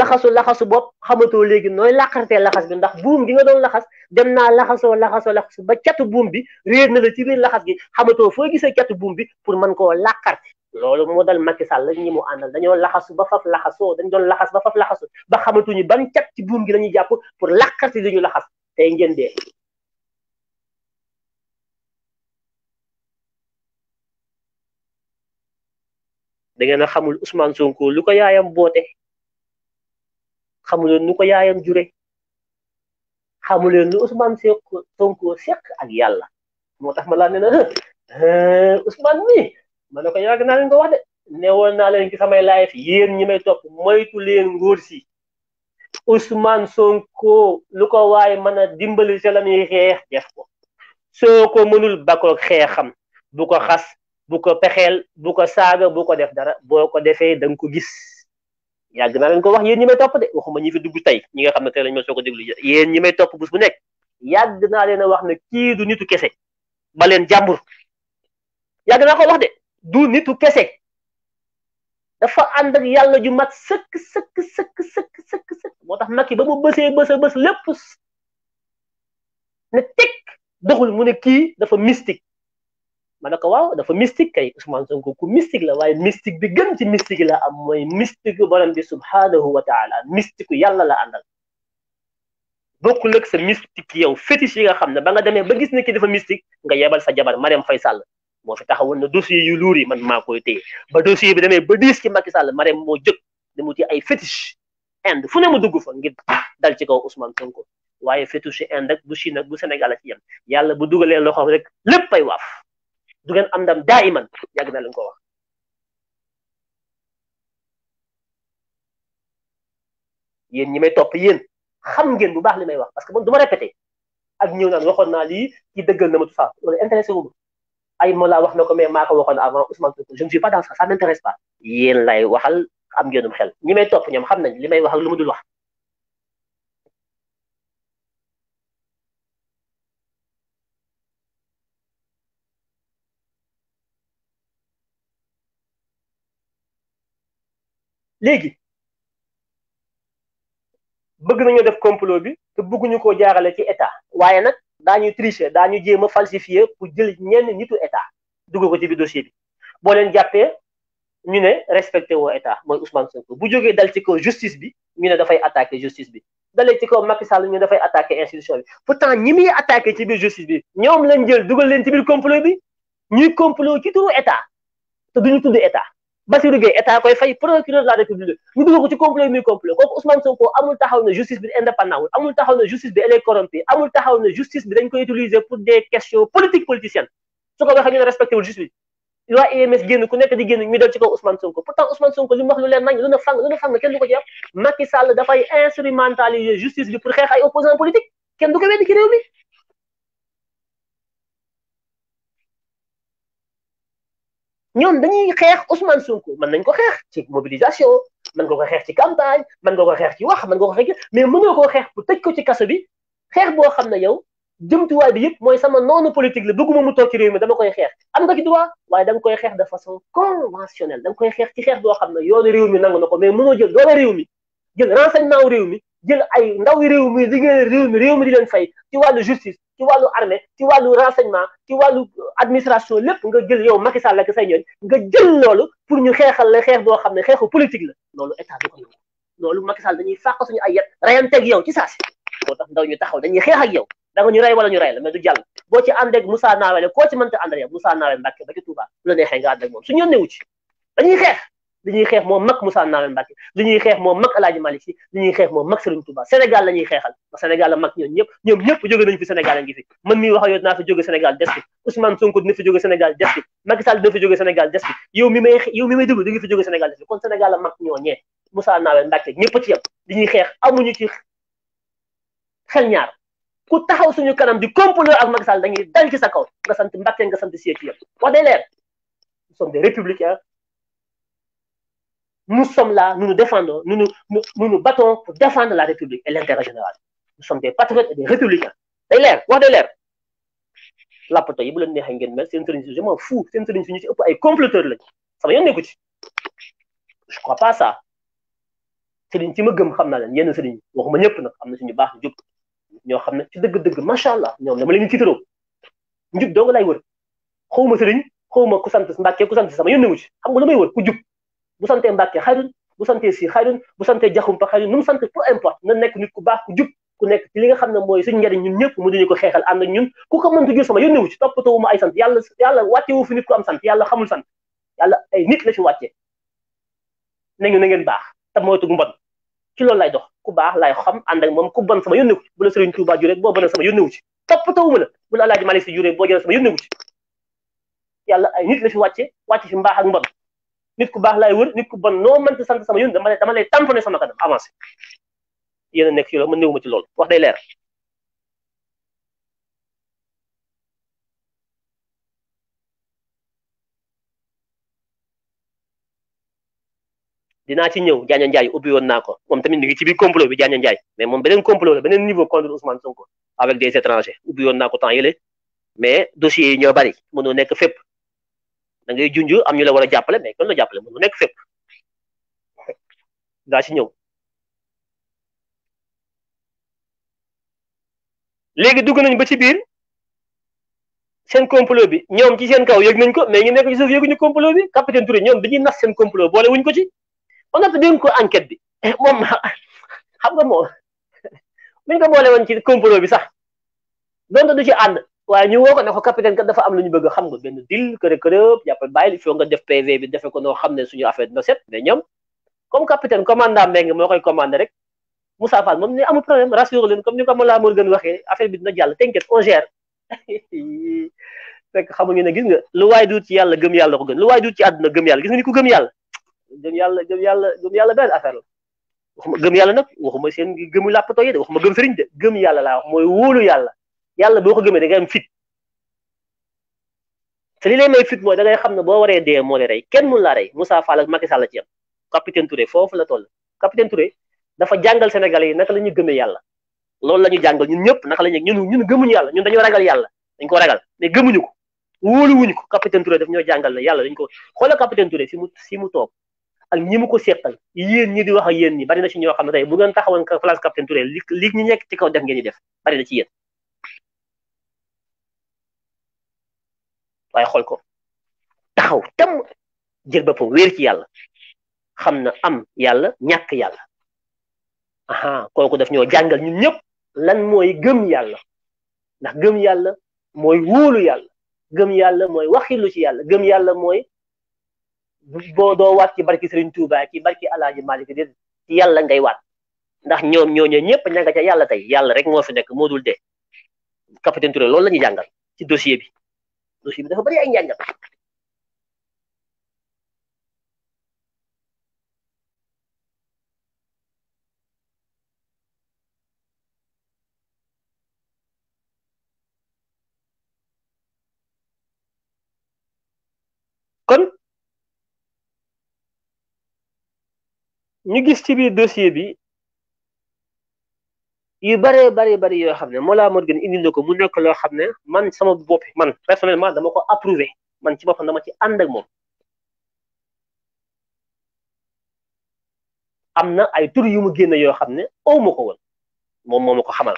laxasu laxasu bopp xamatoo léegi nooy laqartee laxas bi ndax buum gi nga doon laxas dem naa laxasoo laxasoo laxasu ba catu buum bi réer na la ci biir laxas gi xamatoo foo gisee catu buum bi pour mën koo laqarte loolu moo dal Macky Sall la ñi mu àndal dañoo laxasu ba faf laxasoo dañ doon laxas ba faf laxasu ba xamatuñu ban cat ci buum gi la ñuy jàpp pour laqarte li ñu laxas tey ngeen dee da ngeen a xamul Ousmane Sonko lu ko yaayam boote xamuleen nu ko yaayam jure xamuleen lu Ousmane Sonko seq ak yàlla moo tax ma laa ne na Ousmane mi ma ne ko yàgg naa leen ko wax de ne woon naa leen ci samay live yéen ñi may topp moytu leen nguur si Ousmane Sonko lu ko waaye mën a dimbali sa la xeex def ko soo ko mënul bakkoog xeexam bu ko xas bu ko pexeel bu ko saaga boo ko def dara boo ko defee da nga ko gis yàgg naa leen ko wax yen ñi may topp de waxuma ñi fi dugg tey ñi nga xam ne tey lañ ko déglu yéen ñi may topp bés bu nekk yàgg naa leen a wax na kii du nitu kese ba leen jàmbur yàgg naa ko wax de du nitu kese dafa ànd ak yàlla ju mat sëkk sëkk sëkk sëkk sëkk moo tax Macky ba mu bësee bës a bës lépp ne teg doxul mu ne kii dafa mystique ma ne ko waaw dafa mystique kay Ousmane Sonko ku mystique la waaye mystique bi gën ci mystique la am mooy mystique borom bi subhaanahu wa taala mystique yàlla la àndal bokkul ak sa mystique yow fétiche yi nga xam ne ba nga demee ba gis ne ki dafa mystique nga yebal sa jabar Mariam Faye Sall moo fi taxawoon na dossier yu luur yi man maa koy téye ba dossier bi demee ba diis ci Macky Sall Mariam moo jóg demu ci ay fétiche Inde fu ne mu dugg fa ngir dal ci kaw Ousmane Sonko waaye fétiche Inde ak bu Chine ak bu Sénégal a yàlla bu dugalee loxoom rek lépp ay waaf du ngeen am ndam daa iman yàgg na leen ko wax yéen ñi may topp yéen xam ngeen bu baax li may wax parce que man du ma répété ak ñëw naan waxoon na lii ci dëggal na ma tout ça loolu intéressé wu ay ma laa wax na ko mais maa ko waxoon avant Ousmane Sonko je ne suis pas dans ça ça m'intéresse pas yéen lay waxal am ngeenum xel ñi may topp ñoom xam nañ li may wax ak lu ma dul wax léegi bëgg nañoo def complot bi te ñu koo jaarale ci état waaye nag daa daañuy tricher daañu jéem a falsifier pour jël ñenn nitu état dugg ko ci bi dossier bi boo leen jàppee ñu ne respecté woo état mooy Ousmane Sonko bu jógee dal ci kaw justice bi ñu ne dafay attaqué justice bi dalee ci kaw Macky Sall ñu dafay attaqué institution bi pourtant ñi muy attaqué ci biir justice bi ñoom lañ jël dugal leen ci biir complot bi ñuy complot ci turu état te duñu tudd état. Bassirou Gueye état koy fay procureur la république ñu dugal ko ci complot muy complot kooku Ousmane Sonko amul taxaw amul taxaw ne justice bi elle est corrompue amul taxaw ne justice bi dañ koy utiliser pour des questions politiques politiciennes su ko waxee ñu ne justice bi waa génn ku nekk di génn ñu del ci kaw Ousmane Sonko pourtant Ousmane Sonko li mu lu leen nañ lu na fang lu kenn du ko ci yàq dafay instrumentaliser justice bi pour xeex ay opposants ñoom dañuy xeex Ousmane Sonko man nañ ko xeex ci mobilisation mën ko xeex ci campagne mën nga ko xeex ci wax mën nga ko xeex mais mënoo koo xeex pour tëj ko ci kaso bi xeex boo xam ne yow jëmtuwaay bi yëpp mooy sama noonu politique la bëgguma mu toog ci réew mi dama koy xeex am nga ci droit waaye da koy xeex de façon conventionnelle da nga koy xeex ci xeex boo xam ne yoonu réew mi nangu na ko mais mënoo jël doole réew mi jël renseignement réew mi jël ay ndaw réew mi liggéey réew mi réew mi di leen fay ci wàllu justice ci wàllu armée ci wàllu renseignement ci wàllu administration lépp nga jël yow Macky Sall ak say nga jël loolu pour ñu xeexal la xeex boo xam ne xeexu politique la loolu état du ko nangu loolu Macky Sall dañuy fàq suñu ay yet reyanteeg yow ci saasi moo tax ndaw ñu taxaw dañuy xeex ak yow da nga ñu rey wala ñu rey la mais du jàll boo ci ànd ak Moussa Nawel koo ci mënta ànd ak yow Moussa Nawel Mbacke ba ci Touba bu la neexee nga ànd moom su ñoon newu ci dañuy xeex li ñuy xeex moo mag Moussa Nawel Mbacké li ñuy xeex moo mag El Hadj Malick Sy li xeex moo mag Serigne Touba Sénégal la ñuy xeexal ndax Sénégal la mag ñoom ñëpp ñoom ñëpp jóge nañ fi Sénégal a ngi fi man mii wax ak yow dinaa fi jóge Sénégal des fi Ousmane Sonko dina fi jóge Sénégal des fi Macky Sall dina fi jóge Sénégal des fi yow mi may yow mi may déglu di nga fi jóge Sénégal des fi kon Sénégal la mag ñoo ñee Moussa Nawel Mbacké ñëpp ci yem li ñuy xeex amuñu ci xel ñaar ku taxaw suñu kanam di complot ak Macky Sall dañuy dal ci sa kaw nga sant Mbacké nga sant Sy ci yëpp wax day leer nous sommes des républicains nous sommes là, nous nous défendons, nous nous, nous, nous, nous battons pour défendre la République et l'intérêt général. Nous sommes des patriotes et des républicains. day l'air, quoi day l'air La yi bu leen neexee ngeen mel seen sëriñ si je m'en un fou, sëriñ si ñu si ëpp ay comploteurs lañ sama yoon nekku ci je crois pas ça sëriñ ci ma gëm xam naa leen yenn sëriñ waxuma ñëpp nag am na suñu baax njub ñoo xam ci deug deug machallah allah ñoom dama leen di tiitaroo njub doo nga lay wër xawma serigne xawma ku sant Mbàkke ku sant sama yoon nekku ci xam nga la may wër ku jub bu santee Mbàkke xayrun bu santee si xayrun bu santee jaxumpa xayrun nu mu sant peu importe na nekk nit ku baax ku jub ku nekk ci li nga xam ne mooy suñu njëriñ ñun ñëpp mu duñu ko xeexal ànd ak ñun ku ko mëntu toppatoo wu ma ay sant yàlla yàlla wàcce wu fi nit ku am sant yàlla ay nit la fi wàcce nañu na ngeen baax te moytu gu mbon ci loolu lay dox ku baax laay xam ànd ak moom ku bon sama yónni wu ci bu la Sëriñ Tuubaa juree boo bonee sama yónni wu ci toppatoo wu ma la bu la Alaaji Malik Si juree boo jëlee sama yàlla ay nit la fi wàcce wàcce fi mbaax ak mbon nit ku baax laay wër nit ku bon noo mënti sant sama yoon dama lay dama lay tamponné sama avancé yéen a nekk ci loolu man ma ci lool wax day leer. dinaa ci ñëw Diagne Ndiaye ubbi woon naa ko tamit mi ngi ci biir complot bi Diagne Ndiaye mais moom beneen complot la beneen niveau contre Ousmane Sonko avec des étrangers ubbi woon naa ko temps mais dossiers yi ñoo bari mënoo nekk fépp. da ngay junj am ñu la war a jàppale mais kon la jàppale mënu nekk fépp daa si ñëw léegi dugg nañ ba ci biir seen complot bi ñoom ci seen kaw yëg nañ ko mais ñu nekk ci suuf yëguñu complot bi capitaine Touré ñoom bi ñuy nas seen complot boole wuñ ko ci ba nga ko enquête bi moom xam nga moom buñ ko boole woon ci complot bi sax donte du ci ànd waaye ñu woo ko ne ko capitaine kat dafa am lu ñu bëgg xam nga benn deal kërë kërëb jàppal bàyyi nga def PV bi defe ko noo xam ne suñu affaire dina set mais ñoom comme capitaine commandant Mbengue moo koy commandé rek Moussa Fall moom ne amul problème rassure leen comme ni ko Mollah waxee affaire bi dina jàll t'inquiète on gère fekk xamuñu ne gis nga lu waaye duut ci yàlla gëm yàlla ko gën lu waay duut ci àdduna gëm yàlla gis nga ni ku gëm yàlla gëm yàlla gëm yàlla gëm yàlla benn affaire waxuma gëm yàlla nag waxuma seen gëmu làppatoo yi de waxuma gëm sëriñ gëm yàlla laa wax mooy wóolu yàlla yàlla boo ko gëmee da ngay fit te li lay may fit mooy da xam ne boo waree dee moo lay rey kenn mun laa rey Moussa Fall ak Macky Sall ci capitaine Touré foofu la toll capitaine Touré dafa jàngal Sénégalais yi naka la ñuy gëmee yàlla loolu la ñu jàngal ñun ñëpp naka la ñuy ñun ñun gëmuñu yàlla ñun dañoo ragal yàlla dañ ko ragal mais gëmuñu ko wóoluwuñu ko capitaine Touré daf ñoo jàngal la yàlla dañ ko xoola capitaine Touré fi mu fi mu toog ak ñi mu ko seqal ci ñoo xam ne def ngeen di yéen waaye xool ko taxaw temm jël boppam wéer ci yàlla xam na am yàlla ñàkk yàlla aha kooku daf ñoo jàngal ñun ñëpp lan mooy gëm yàlla ndax gëm yàlla mooy wóolu yàlla gëm yàlla mooy waxilu ci yàlla gëm yàlla mooy boo doo waat ci barki Serigne Touba ci barki Alaaji Malik dé ci yàlla ngay waat ndax ñoom ñooñu ñëpp ña nga ca yàlla tey yàlla rek moo fi nekk moo dul de capitaine Touré loolu la ñuy jàngal ci dossier bi ਤੁਸੀਂ ਵੀ ਤਾਂ ਭਰਿਆਈ ਜਾਂਗਾ kon ñu gis ci biir dossier bi yu bëree bëri bëri yoo xam ne moo Mollah Morgun indi na ko mu nekk loo xam ne man sama bopp man personnellement dama ko approuvé man ci boppam dama ci ànd moom. am na ay tur yu mu génne yoo xam ne au ma ko woon moom moo ma ko xamal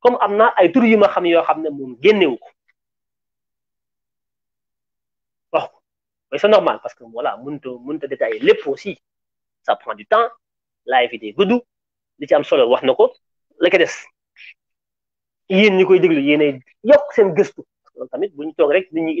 comme am na ay tur yu ma xam yoo xam ne moom génnewu ko wax ko mais c'est normal parce que voilà mënut a mënut a détailler lépp aussi ça prend du temps live yi day gudd. li ci am solo wax na ko la des yéen ñi koy déglu yéenay yokk seen gëstu loolu tamit bu ñu toog rek nit ñi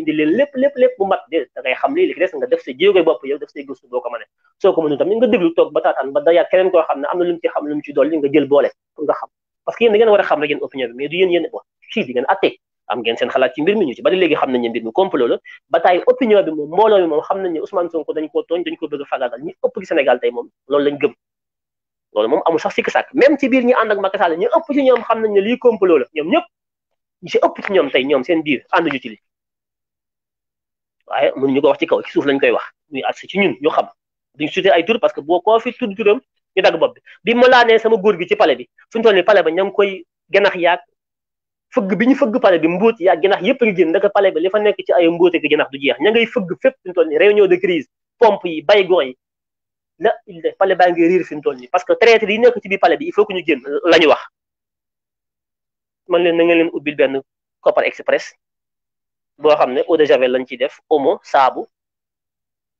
boo ko mënee soo ko mënul tamit nga déglu toog ba taataan ba dayaat keneen koo xam ne am na lu mu ci xam lu mu ci dolli nga jël boole pour nga xam parce que ngeen war xam rek opinion bi mais du yéen yéen bon si di ngeen am ngeen seen xalaat ci mbir mi ñu ci bari léegi xam nañ ne mbir mi complot la ba taay opinion bi moom mbooloo bi moom xam nañ ne Ousmane Sonko dañ koo tooñ dañ ko loolu moom amu sax sikki sàkk même ci biir ñi ànd ak Macky Sall ñu ëpp ci ñoom xam nañ ne lii complot la ñoom ñëpp si ëpp ci ñoom tey ñoom seen biir ànduñu ci li waaye mënuñu ko wax ci kaw ci suuf lañ koy wax muy agsi ci ñun ñu xam duñ sutee ay tur parce que boo koo fi tudd turam ñu dagg bopp bi bi ma laanee sama góor gi ci pale bi fu ñu toll nii pale ba ña ngi koy ganax yaag fëgg bi ñu fëgg pale bi mbóot yaag ganax yëpp ngi génn ndaka pale bi li fa nekk ci ay mbóote gi ganax du jeex ña ngay fëgg fépp fu ñu toll nii réunion de crise pompe yi baygon yi la il baa ngi riir fi mu toll parce que traître yi nekk ci biir palais bi il faut que ñu génn la ñu wax man leen na ngeen leen ubbil benn Kopar Express boo xam ne eau de javel lañ ciy def omo saabu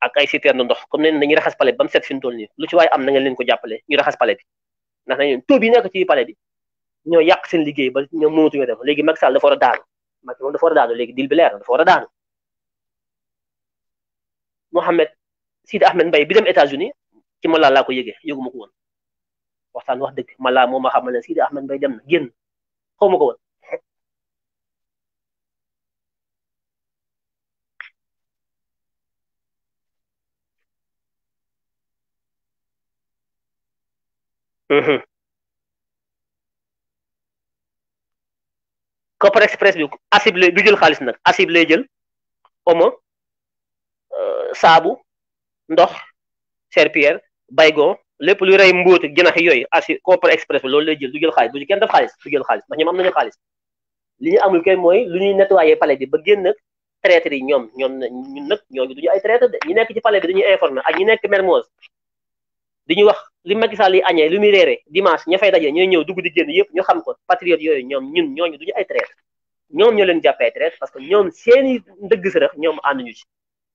ak ay citerne ndox comme ne nañu raxas palais bi ba mu set fi mu lu ci waaye am na ngeen leen ko jàppale ñu raxas palais bi ndax nañ leen tóob yi nekk ci palais bi ñoo yàq seen liggéey ba ñoo ñoom mënatuñoo def léegi Macky Sall dafa war a daanu Macky moom dafa war a daanu léegi dil bi leer dafa war a daanu Mohamed Sidi Ahmed bi dem États-Unis ci mala laa ko yëgee yëgu ma ko woon waxtaan wax dëgg mala moo ma xamal ne Sidi Ahmed Mbaye dem na génn xaw ma ko woon Copper mhm. bi asib du jël xaalis nag assible lay omo euh, saabu ndox serpillère bay gon lépp lu rey mbóoti jinax yooyu asi Kopar Express bi loolu lay jël du jël xaalis bu ci kenn def xaalis du jël ñoom am nañu xaalis li ñu amul kay mooy lu ñuy nettoyé palais bi ba génn nag traître yi ñoom ñoom ñun nag ñooñu du ñu ay traître de ñu ci palais dañuy informé ak ñu nekk Mermoz di ñu wax li Macky Sall yi añee lu muy réere dimanche ña fay daje ñëw dugg di génn yëpp ñu xam ko patriote yooyu ñoom ñun ñooñu du ñu ay traître ñoom ñoo leen jàppee traître parce que ñoom seeni ndëgg sërëx ñoom ànduñu ci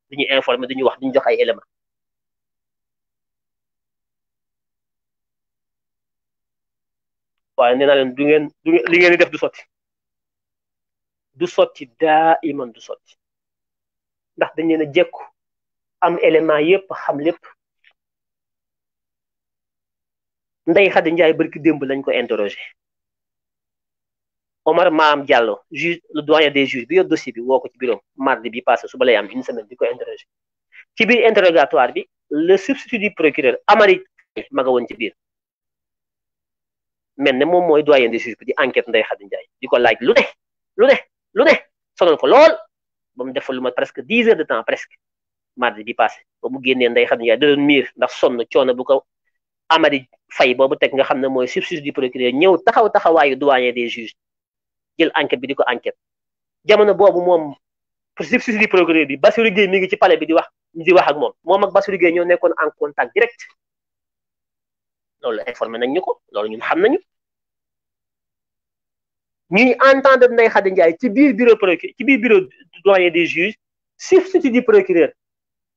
duñu informé duñu wax duñu jox ay élément waaye nee naa leen du ngeen du li ngeen di def du sotti du sotti daa iman du sotti ndax dañ leen a jekku am élément yépp xam lépp Ndeye Khady Ndiaye barki démb lañ ko interroger Omar Maham Diallo juge le doyen des juges bi yor dossier bi woo ko ci bureau mardi bi passé suba lay am une semaine di ko interroger ci biir interrogatoire bi le substitut du procureur Amary Maga woon ci biir mel ne moom mooy doyen des juges bi di enquête Ndeye Khady Ndiaye di ko laaj lu ne lu ne lu ne sonal ko lool ba mu defal lu ma presque dix heures de temps presque mardi bi passé ba mu génnee Ndeye Khady Ndiaye da doon miir ndax sonn coono bu ko amari fay boobu teg nga xam ne mooy substitut du procureur ñëw taxaw taxawaayu doyen des juges jël enquête bi di ko enquête jamono boobu moom substitut du procureur bi Bassirou Gueye mi ngi ci pale bi di wax di wax ak moom moom ak Bassirou Gueye ñoo nekkoon en contact direct loolu informé nañ ñu ko loolu ñun xam nañu ñuy entendre Ndeye Khady Ndiaye ci biir bureau procureur ci biir bureau doyen des juges substitut du procureur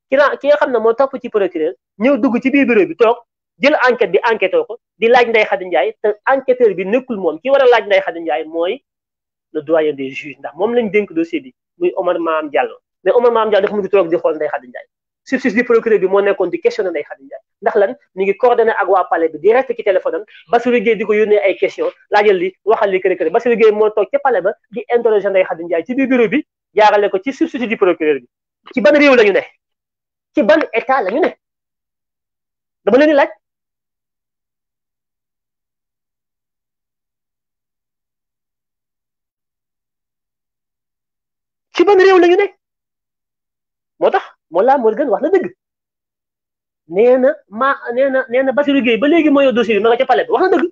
ki la ki nga xam ne moo topp ci procureur ñëw dugg ci biir bureau bi toog jël enquête bi enquêté ko di laaj Ndeye Khady Ndiaye te enquêteur bi nekkul moom ki war a laaj Ndeye Khady Ndiaye mooy le doyen des juges ndax moom lañ dénk dossier bi muy Omar Maam Diallo mais Omar Maam Diallo dafa mujj toog di xool Ndeye Khady Ndiaye substitut du procureur bi moo nekkoon di questionné Ndeye Khady Ndiaye ndax lan ñu ngi coordonné ak waa palais bi direct ci téléphone am Bassirou Guèye di ko yónnee ay question laajal li waxal li kër kër Bassirou Guèye moo toog ca palais ba di interroger Ndeye Khady Ndiaye ko ci substitut du ci ban réew la ñu ne ci ban état la ñu ne la ñu moo tax Mollah Morgun wax na dëgg nee na ma nee na nee na Bassirou Guèye ba léegi mooy yor dossier bi ma nga ca palais bi wax na dëgg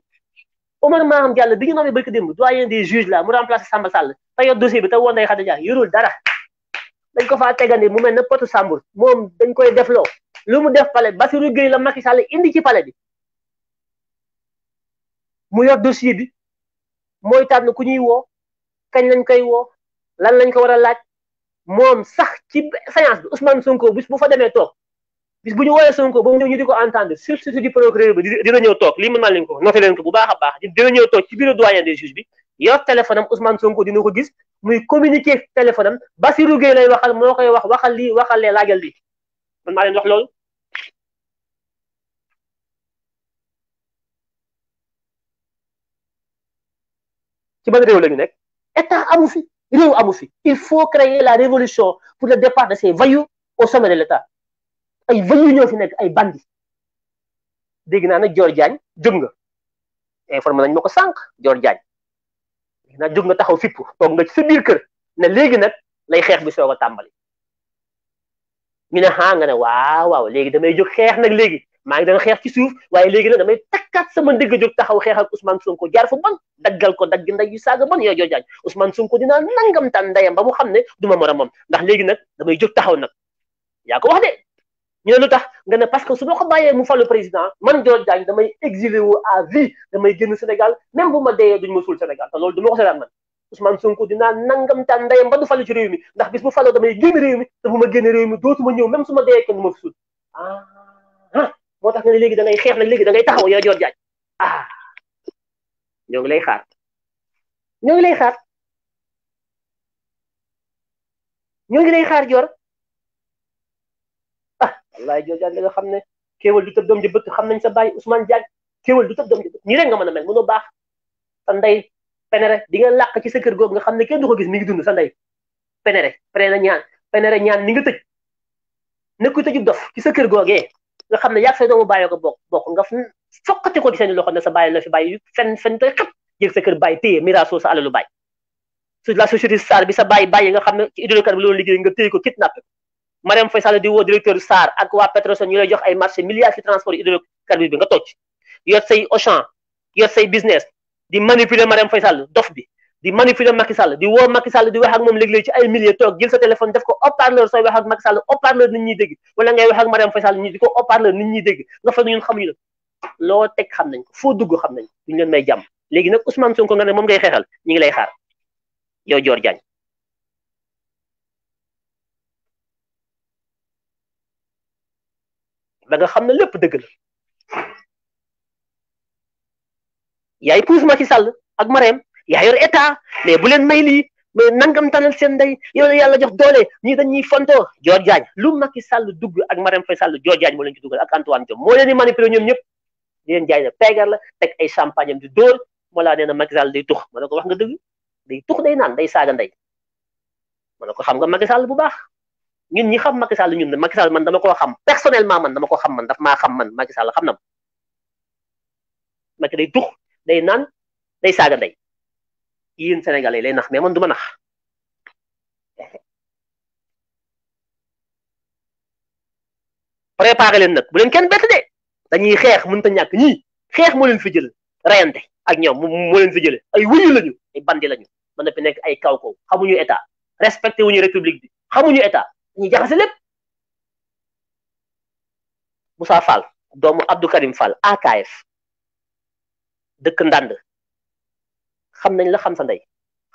Omar Maham Diallo bi ñu nommé bëgg démb des juges la mu remplacé Samba Sall te yor dossier bi te woon day xada dara dañ ko faa tegandi mu mel ne potu Sambour moom dañ koy defloo lu mu def palais Bassirou Guèye la Macky Sall indi ci palais bi mu yor bi mooy tànn ku ñuy woo kañ lañ koy woo lan lañ ko war a laaj moom sax ci séance bi Ousmane Sonko bis bu fa demee toog bis bu ñu woowee Sonko ba mu ñu di ko entendre substitut du procureur bi dina ñëw toog lii mën naa leen ko noté leen ko bu baax a baax dina ñëw toog ci bureau doyen des juges bi yor téléphone am Ousmane Sonko dina ko gis muy communiquer téléphone ba Bassirou Gueye lay waxal moo koy wax waxal li waxal lee laajal li man maa leen wax loolu. ci ban réew la ñu nekk état amu fi. réew amu fi il faut créer la révolution pour la départ de ces voyous au sommet de ay voyous ñoo fi nekk ay bandi dégg naa nag Dior Diagne jóg nga informe nañ ma ko sànq Dior Diagne dégg naa nga taxaw fipp toog nga ci sa biir kër ne léegi nag lay xeex bi soog a tàmbali ñu ne xaa ah, nga ne waaw léegi damay jog xeex nag léegi maa ngi doon xeex ci suuf waaye léegi nag damay takkaat sama ndégg jóg taxaw xeex ak Ousmane Sonko jaar fa bon daggal ko dagg nday yu saaga bon yow joojaañ Ousmane Sonko dinaa nangam taan ndayam ba mu xam ne du ma moromam ndax léegi nag damay jóg taxaw nag yaa ko wax de ñu ne tax nga ne parce que su ma ko bàyyee mu falu président man joojaañ damay exilé wu à damay génn Sénégal même bu ma deyee duñ ma suul Sénégal te loolu du ma ko seetaan man Ousmane Sonko dinaa nangam taan ndayam ba du falu ci réew mi ndax bis bu faloo damay génn réew mi te ma génn réew mi dootuma ñëw même su ma deyee kenn du ma fi suul ah. Motas tax ne léegi da ngay xeex nag léegi da ngay taxaw ah ñoo ngi lay xaar ñoo ngi lay xaar lay xaar ah Allah Jor Diagne da nga xam ne kéwal du tëb doom ji bëkk xam sa bàyyi Ousmane Diagne kewal du tëb doom ji bëkk rek nga mëna mel mëno baax sa ndey penere di nga làq ci sa kër googu nga xamne kenn du ko gis mi ngi dund sa ndey penere penere ñaan penere ñaan ni nga tëj nekku tejj dof ci sa kër goge nga xam ne yàgg say doomu bàyyi ko bokk bokk nga fokkati ko ci seen loxo ne sa bàyyi la fi bàyyi fen fen tey xëpp jël sa kër bàyyi téye miraasoo sa alalu bàyyi su la société SAR bi sa bàyyi bàyyi nga xam ne ci hydrocarbures loolu liggéey nga téye ko kidnappé Mariam Faye Sall di woo directeur SAR ak waa Petrosen ñu lay jox ay marché milliards ci transport hydrocarbures bi nga tocc yor say Auchan yor say business di manipuler Mariam Faye Sall dof bi di manipuler Macky Sall di woo Macky Sall di wax ak moom léeg-léeg ci ay milliers toog jël sa téléphone def ko haut sooy wax ak Macky Sall haut dégg wala ngay wax ak Mariam Faye Sall ñu di ko haut-parleur nit dégg nga fa ñun xamuñu loo teg xam nañ ko foo dugg xam nañ ko duñu leen may jàmm léegi nag Ousmane Sonko nga ne moom ngay xeexal ñu ngi lay xaar yow Dior Diagne da xam na lépp dëgg la yaay puus Macky ak Mariam yaa yor état mais bu len mayli mais nangam tanal sen day yow ya, la yàlla jox doole ñii dañuy fonto jor Diagne lu Macky Sall dugg ak maram fay Sall jor Diagne mo len ci dugal ak Antoine jom mo len di manipuler ñom ñep di len jaay ne peegar la tek ay champagne di dóor mo la neena na Sall day tux ma ko wax nga deug day tux day nan day saga nday ma ko xam nga Macky Sall bu baax ñun ñi xam Macky Sall ñun ne Sall man dama ko xam personnellement man dama ko xam man daf ma xam man Macky Sall xam na ma day tux day nan day saga nday yéen Sénégalais lay nax mais man du ma nax préparé leen nag bu leen kenn bett de dañuy xeex mënut a ñàkk ñii xeex moo leen fi jël reyante ak ñoom moo leen fi jëlee ay wuyu lañu ay bandi lañu ba noppi nekk ay kaw kaw xamuñu état respecté wuñu république bi xamuñu état ñu jaxase lépp Moussa Fall doomu Abdou Karim Fall AKF dëkk ndànd xam nañ la xam sa ndey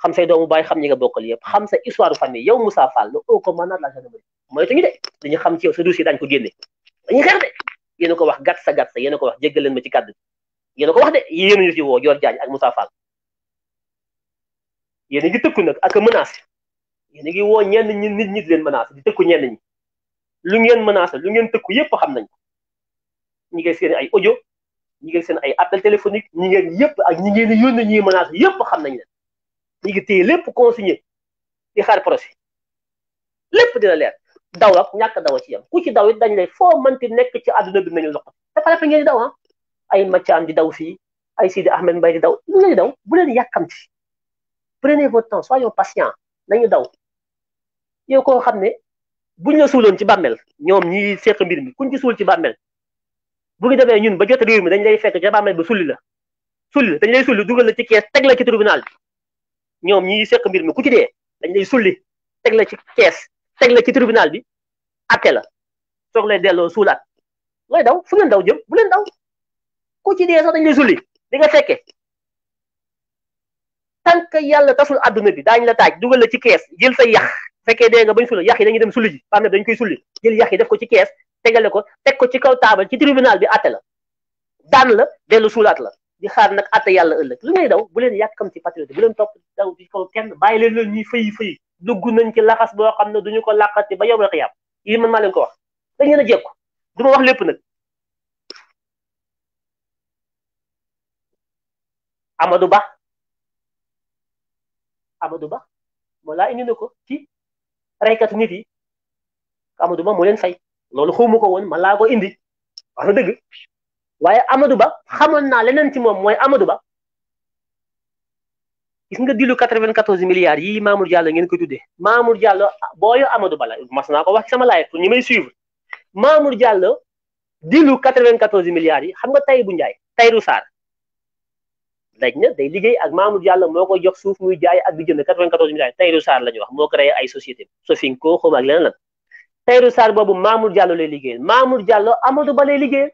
xam say doomu baay xam ñi nga bokkal yëpp xam sa histoire famille yow Moussa Fall le haut commandant de la gendarmerie moytuñu de dañu xam ci yow sa dossier daañu ko génne dañuy xeex de yéen a ko wax gat sa gàtt sa yéen a ko wax jéggal leen ma ci kàddu yéen a ko wax de yéen ñu ci woo Dior Diagne ak Moussa Fall yéen a ngi tëkku nag ak menace yéen a ngi woo ñenn ñi nit ñi di leen menace di tëkku ñenn ñi lu ngeen menacé lu ngeen tëkku yëpp xam nañ ñu ngi seen ay audio ñi seen ay appel téléphonique ñi ngeen yépp ak ñi ngeen menace xam nañ leen ñi lépp consigné xaar procès lépp dina leer daw ak daw ci yam ku ci daw it dañ lay foo mënti nekk ci àdduna bi nañu loxo dafa ngeen di daw ha ah. ay di daw fii ay Sidi Ahmed Mbaye di daw ñu prenez votre temps soyons patient nañu daw yow koo xam ne buñ ci ñoom ñi seq mbir mi kuñ ci suul ci bu ngi demee ñun ba jot réew mi dañ lay fekk ca bàmmeel ba sulli la sulli dañ lay sulli dugal la ci kees teg la ci tribunal bi ñoom ñi seq mbir mi ku ci dee dañ lay sulli teg la ci kees teg la ci tribunal bi atte la soog lay delloo suulaat looy daw fu ngeen daw jëm bu leen daw ku ci dee sax dañ lay sulli di nga fekke tant yàlla tasul àdduna bi daañu la taaj dugal la ci kees jël sa yax fekkee dee nga bañ sulli yax yi dañuy dem sulli ji bàmmeel dañ koy sulli jël yax yi def ko ci kees tegale ko teg ko ci kaw taabal ci tribunal bi àtte la daan la dellu suulaat la di xaar nag àtte yàlla ëllëg li ngay daw bu leen yàkkam ci patriote bu leen topp daw bi kaw kenn bàyyi leen leen ñuy fëyi fëyi dugg nañ ci laxas boo xam ne duñu ko làqati ba yow la xiyaam yi man maa leen ko wax dañ leen a jekku du ma wax lépp nag Amadou Ba Amadou Ba moo laa indi na ko ci reykatu nit yi Amadou Ba moo leen fay loolu xawma ko woon man laa ko indi a na dëgg waaye Amadou Ba xamoon naa leneen ci moom mooy Amadou Ba gis nga dilu 94 milliards yi Mamour Diallo ngeen ko tuddee Mamour Diallo booyo Amadou Ba la mas naa ko wax ci sama laay pour ñu may suivre Mamour Diallo dilu 94 milliards yi xam nga tay bu njaay Tayru Sarr daj na day liggéey moo koy jox suuf muy jaay ak di jënd 94 milliards Tayru Sarr la ñu wax moo créé ay société Sofinko xaw ma ak leneen lan Tahirou Sarr boobu Mamour Diallo lay liggéeyal Mamour Diallo Amadou Ba lay liggéeyal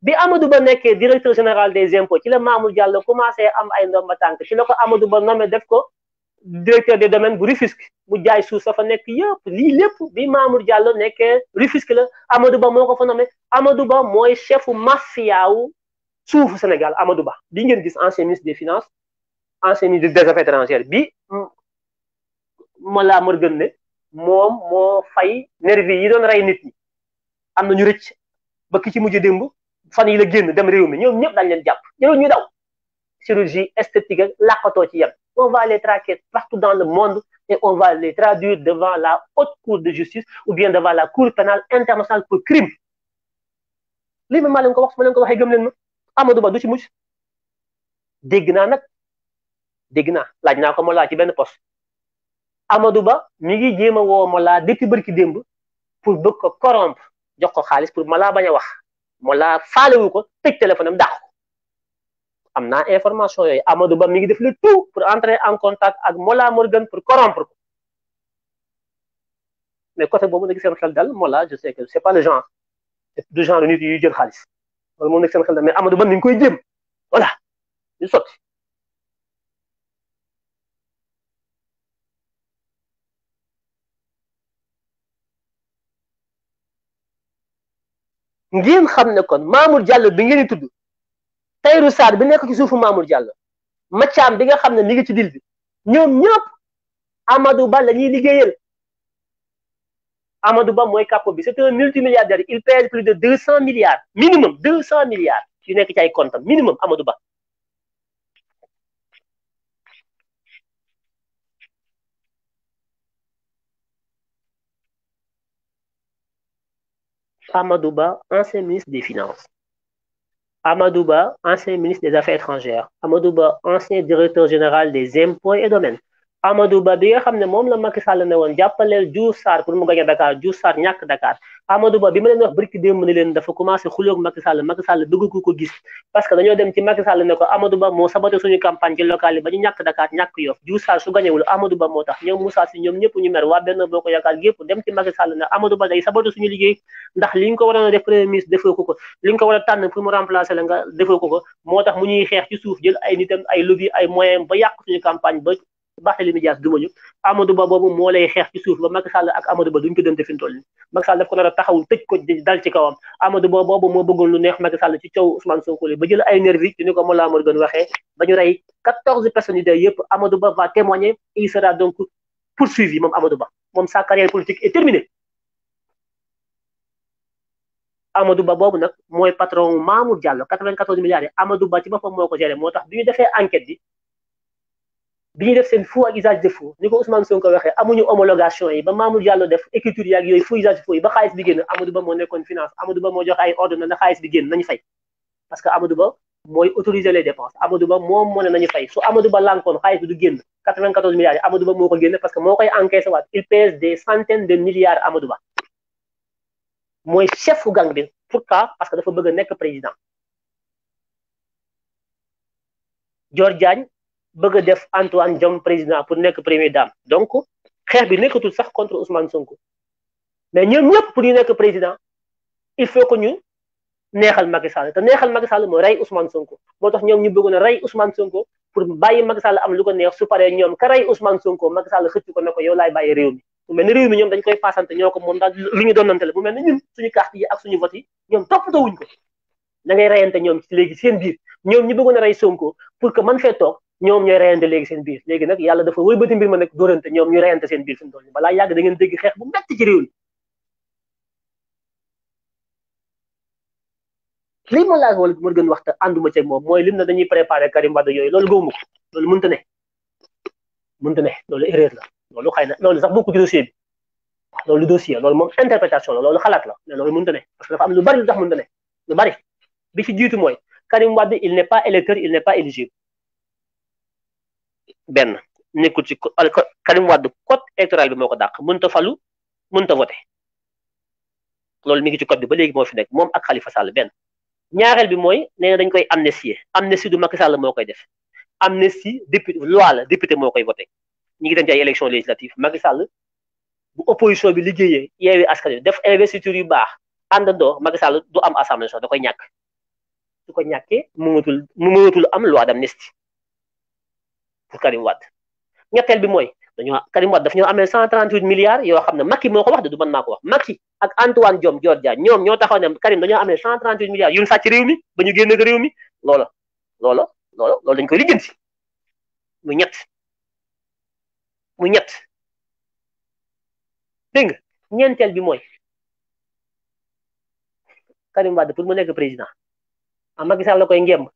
bi Amadou Ba nekkee directeur général des impôts ci la Mamour jàll commencé am ay ndomba tànk ci la ko Amadou Ba nommé def ko directeur des domaines bu Rufisque mu jaay suuf sa fa nekk yëpp lii lépp bi Mamour Diallo nekkee Rufisque la Amadou Ba moo ko fa nommé Amadou Ba mooy chefu mafiaawu suuf Sénégal Amadou Ba bi ngeen gis ancien ministre des finances ancien ministre des affaires étrangères bi moom moo fay nervi yi doon rey nit ñi am na ñu rëcc ba ki ci mujj démb fan yi la génn dem réew mi ñoom ñëpp dañ leen jàpp jëlul ñu daw chirurgie esthétique ak làqatoo ci yem on va les traquer partout dans le monde et on va les traduire devant la haute cour de justice ou bien devant la cour pénale internationale pour crime lii ma maa leen ko wax ma leen ko waxee gëm leen ma Amadou Ba du ci mujj dégg naa nag dégg naa laaj naa ko ma laaj ci benn poste Amadou Ba mi ngi jéem a woo Mollah depuis bërki démb pour bëgg ko corrompre jox ko xaalis pour Mollah bañ a wax Mollah faalewu ko tëj téléphone am dàq ko am naa information yooyu Amadou Ba mi ngi def le tout pour entrer en contact ak Mollah Morgan pour corrompre ko mais côté boobu nag seen xel dal Mollah je sais que c'est pas le genre du genre nit yuy jël xaalis loolu moom nag seen xel dal mais Amadou Ba mi ngi koy jéem voilà sotti ngeen xam ne kon Mamour Diallo bi ngeen di tudd Tayru Sarr bi nekk ci suufu Mamour Diallo Mathiam bi nga xam ne mi ngi ci dil bi ñoom ñëpp Amadou Ba la ñuy liggéeyal Amadou Ba mooy capot bi c'est un multimilliardaire il pèse plus de deux cent milliards minimum deux cent milliards yu nekk ci ay comptes minimum Amadou Ba Amadouba, ancien ministre des Finances. Amadouba, ancien ministre des Affaires étrangères. Amadouba, ancien directeur général des emplois et domaines. Amadou Ba bi nga xam ne moom la Macky Sall ne woon jàppaleel Diouf Sarr pour mu gañe Dakar Diouf Sarr ñàkk Dakar Amadou Ba bi ma leen wax barki démb ne leen dafa commencé xuloog Macky Sall Macky Sall bëgg ne ko Amadou Ba moo saboté suñu campagne ci local ba ñu ñàkk su gañewul Amadou Ba moo tax ñoom Moussa ñëpp ñu mer waa benn boo ko yaakaar yëpp dem ci Macky Sall ne Amadou Ba day saboté suñu liggéey ndax li nga ko waroon a def premier defoo ko li Barthélémy Dias du ma ñu Amadou Ba boobu moo lay xeex ci suuf ba Macky Sall ak Amadou Ba duñ ko dënte fi mu toll Macky Sall daf ko nar a taxawul tëj ko dal ci kawam Amadou Ba boobu moo bëggoon lu neex Macky Sall ci caw Ousmane Sonko ba jël ay nervi ci ni ko Mollah Morgun waxee ba ñu rey 14 personnalités yëpp Amadou Ba va témoigner il sera donc poursuivi moom Amadou Ba moom sa carrière politique est terminée Amadou Ba boobu nag mooy patron Mamour Diallo 94 milliards yi Amadou Ba ci boppam moo ko géré moo tax bi ñu defee enquête bi bi ñu def seen faux ak usage de faux ni ko Ousmane Sonko waxee amuñu homologation yi ba Mamour Diallo def écriture yaak yooyu faux usage faux yi ba xaalis bi génn Amadou Ba moo nekkoon finance Amadou Ba moo jox ay ordre na xaalis bi génn nañu fay parce que Amadou Ba mooy autoriser les dépenses Amadou Ba moom moo ne nañu fay su Amadou Ba lànkoon xaalis bi du génn 94 milliards yi Amadou Ba moo ko génn parce que moo koy encaissé waat il pèse des centaines de milliards Amadou Ba mooy chef gang bi pourquoi parce que dafa bëgg a nekk président Dior Diagne bëgg def Antoine Diom président pour nekk premier dame donc xeex bi nekkatul sax contre Ousmane Sonko mais ñoom ñëpp pour ñu nekk président il faut que ñu neexal Macky Sall te neexal Macky Sall mooy rey Ousmane Sonko moo tax ñoom ñu bëggoon rey Ousmane Sonko pour bàyyi Macky Sall am lu ko neex su paree ñoom ka rey Ousmane Sonko Macky Sall xëcc ko ne ko yow laay bàyyi réew mi bu mel ni réew mi ñoom dañ koy passante ñoo ko moom daal lu ñu donnante la mu mel ni ñun suñu carte yi ak suñu vote yi ñoom toppatoo wuñ ko da ngay reyante ñoom ci léegi seen biir ñoom ñu bëggoon a rey Sonko pour que man fee toog ñoom ñooy reyante léegi seen biir léegi nag yàlla dafa wëlbati mbir ma nag dóorante ñoom ñu reyante seen biir fi mu toll balaa yàgg da ngeen dégg xeex bu metti ci réew mi lii ma laaj wala ma gën wax te ànduma moom mooy lim na dañuy préparé Karim Wade yooyu loolu gëwuma ko loolu mënta ne mënta ne loolu erreur la loolu xay na loolu sax bokku ci dossier bi waaw loolu dossier loolu moom interprétation la loolu xalaat la mais loolu mënta ne parce que am lu bari lu tax mënta lu bari bi ci jiitu mooy Karim Wade il n'est pas électeur il n'est pas benn nekkul ci Karim Wade code électoral bi moo ko dàq mënut a falu mënut a voté loolu mi ngi ci code bi ba léegi moo fi nekk moom ak Khalifa Sall benn ñaareel bi mooy nee dañ koy amnistie amnistie du Macky Sall moo koy def amnistie député loi la député moo koy voté ñu ngi dem ci ay élection législative Macky sàll bu opposition bi liggéeyee yeewi askan def investiture yu baax àndandoo Macky Sall du am assemblée da koy ñàkk du ko ñàkkee mënatul mënatul am loi pour Karim Wade ñetteel bi mooy dañoo Karim Wade daf ñoo amee 138 milliards yoo xam ne Macky moo ko wax de du man maa ko wax Macky ak Antoine Diome Georgia ñoom ñoo taxaw ne Karim dañoo amee 138 milliards yu ñu sàcc réew mi ba ñu génne ko réew mi loola loola loola loolu dañ koy lijjanti mu ñett mu ñett dégg nga ñeenteel bi mooy Karim Wade pour mu nekk président a ah, Macky Sall la koy ngemb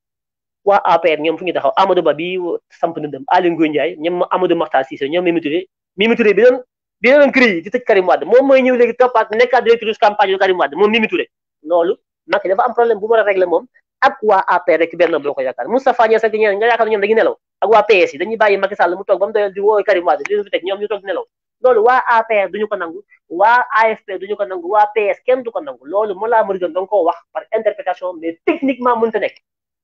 waa APR ñoom fu ñu taxaw Amadou Ba bi samp na dem Aly Ngouille Ndiaye ñoom Amadou Makhtar Cissé ñoom Mimi Touré bi doon bi doon créé di moom mooy loolu Macky dafa problème bu mu war a réglé moom ak waa APR rek benn boo ko yaakaar Moustapha Niass ak ñeneen nga yaakaar ñoom dañuy nelaw ak waa PS yi dañuy mu toog ba mu doyal di wooy ñoom toog nelaw loolu waa APR duñu ko nangu waa AFP duñu ko ko nangu loolu moo laa a doon da techniquement mënta nekk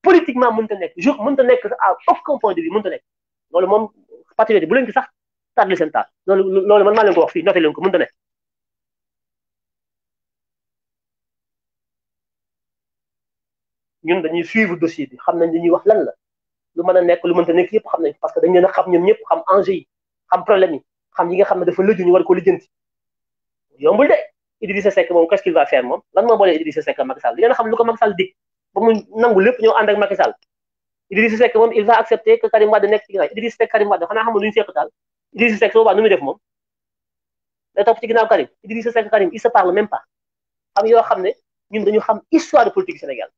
politiquement mënta nekk jour mënta nekk à aucun point de vue mënta nekk loolu moom patriote bu leen sax tardé seen taal loolu loolu man maa leen ko wax fii noté leen ko mënta nekk. ñun dañuy suivre dossier bi xam nañ li wax lan la lu mën a nekk lu mënta nekk yëpp xam nañ parce que dañ leen xam ñoom ñëpp xam enjeu yi xam problème yi xam yi nga xam ne dafa lëju ñu war ko lijjanti yombul de Idrissa Seck moom qu'est-ce va faire moom lan moo boole Idrissa Seck ak Macky Sall di ngeen xam lu ko Macky Sall ba mu nangu lépp ñëw ànd ak Macky Sall Idrissa Seck moom il va accepter que Karim Wade nekk ci ginnaaw Idrissa Seck Karim Wade xanaa xamul lu ñu seq daal Idrissa Seck soo baax nu muy def moom day topp ci ginnaaw Karim Idrissa Seck Karim il se parle même pas xam yoo xam ne ñun dañu xam histoire de politique Sénégal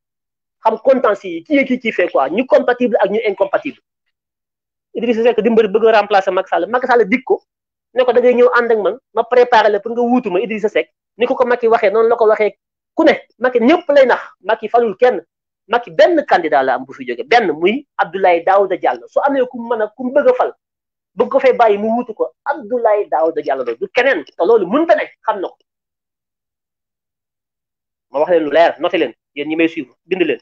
xam contentieux yi kii kii kii fait quoi ñu compatible ak ñu incompatible Idrissa Seck di mbër bëgg a remplacer Macky Sall Macky Sall dig ko ne ko da ngay ñëw ànd ak man ma préparer la pour nga wuutu ma Idrissa Seck ni ko ko Macky waxee noonu la ko waxee ku ne Macky ñëpp lay nax Macky falul kenn Macky benn candidat la am bu fi jóge benn muy Abdoulaye da Diallo su amee ku mën a ku bëgg fal bëgg ko fay bàyyi mu wutu ko Abdoulaye Daouda Diallo la du keneen te loolu mënta nekk xam na ko ma wax leen lu leer noté leen yéen ñi may suivre bind leen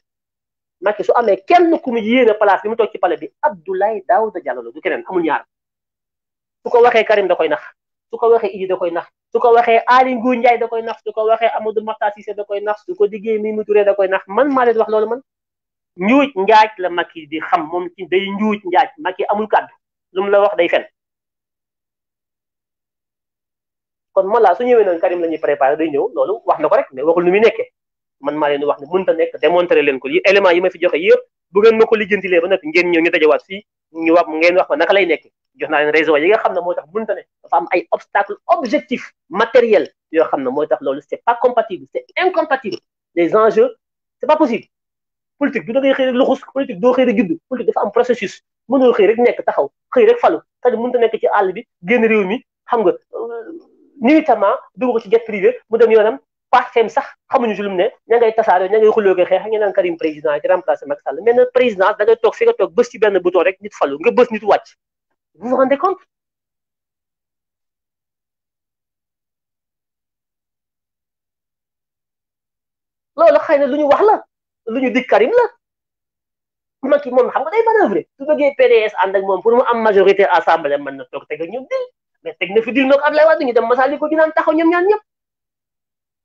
Macky su amee kenn ku mu yéene place bi mu toog ci pale bi Abdoulaye Daouda Diallo la du keneen amul ñaar su ko waxee Karim da koy nax su ko waxee Idi da koy nax su ko waxee Aly Ngouille Ndiaye da koy nax su ko waxee Amadou Makhtar Cissé da koy nax su ko diggee Mimi Touré da koy nax man maa leen wax loolu man njuuj njaaj la Macky di xam moom ci day njuuj njaaj Macky amul kàddu lu mu la wax day fen kon Mollah su ñëwee noonu Karim la ñuy préparé day ñëw loolu wax na ko rek mais waxul nu nekke man maa leen wax ne mënut a nekk démontré leen ko yi éléments yi ma fi joxe yëpp bu ngeen ma ko lijjantilee ba nag ngeen ñëw ñu dajawaat fii ñu wax ngeen wax ma naka lay nekk jox naa leen raison yi nga xam ne moo tax mënut ne dafa am ay obstacle objectif matériel yoo xam ne mooy tax loolu c'est pas compatible c'est incompatible les enjeux c'est pas possible politique du da ngay xëy rek luxus politique doo xëy rek judd politique dafa am processus mënoo xëy rek nekk taxaw xëy rek falu c'est-à-dire mënut a nekk ci àll bi génn réew mi xam nga nuitamment euh, dugg ko ci jet privé mu dem yoonam partem sax xamuñu si lu ne ña ngay tasaaroo ña ngay xuloo ko xeex ñu naan Karim président ci remplacé Macky Sall mais nag président da ngay toog fi nga toog bës ci benn bouton nit falu nga bës nit na lu ñu wax la lu ñu dig Karim la Macky moom xam nga day manœuvrer su bëggee PDS ànd moom pour mu am majorité assemblée mën na toog teg ak ñoom dil mais teg na fi dil noo ko Abdoulaye Wade ñu dem masali ko ñu naan taxaw ñoom ñaan ñëpp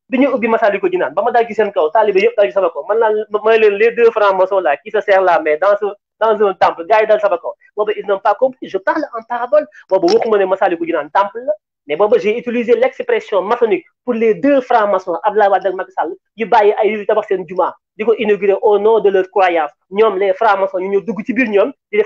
bi ñuy ubbi Massalikul Jinaan ba ma daal ci seen kaw taalibe yëpp daal ci sama kaw man laa may leen les deux francs-maçons là qui se serrent la main dans un dans un temple gars yi daal sama kaw boobu ils pas compris je parle en parabole boobu waxuma ne Massalikul Jinaan temple la mais boobu j'ai utilisé l'expression maçonnique pour les deux francs-maçons Abdoulaye Wade ak Macky Sall yu bàyyi ay yu tabax seen jumaa ko inaugurer au nom de leur croyance ñoom les francs dugg ci biir ñoom di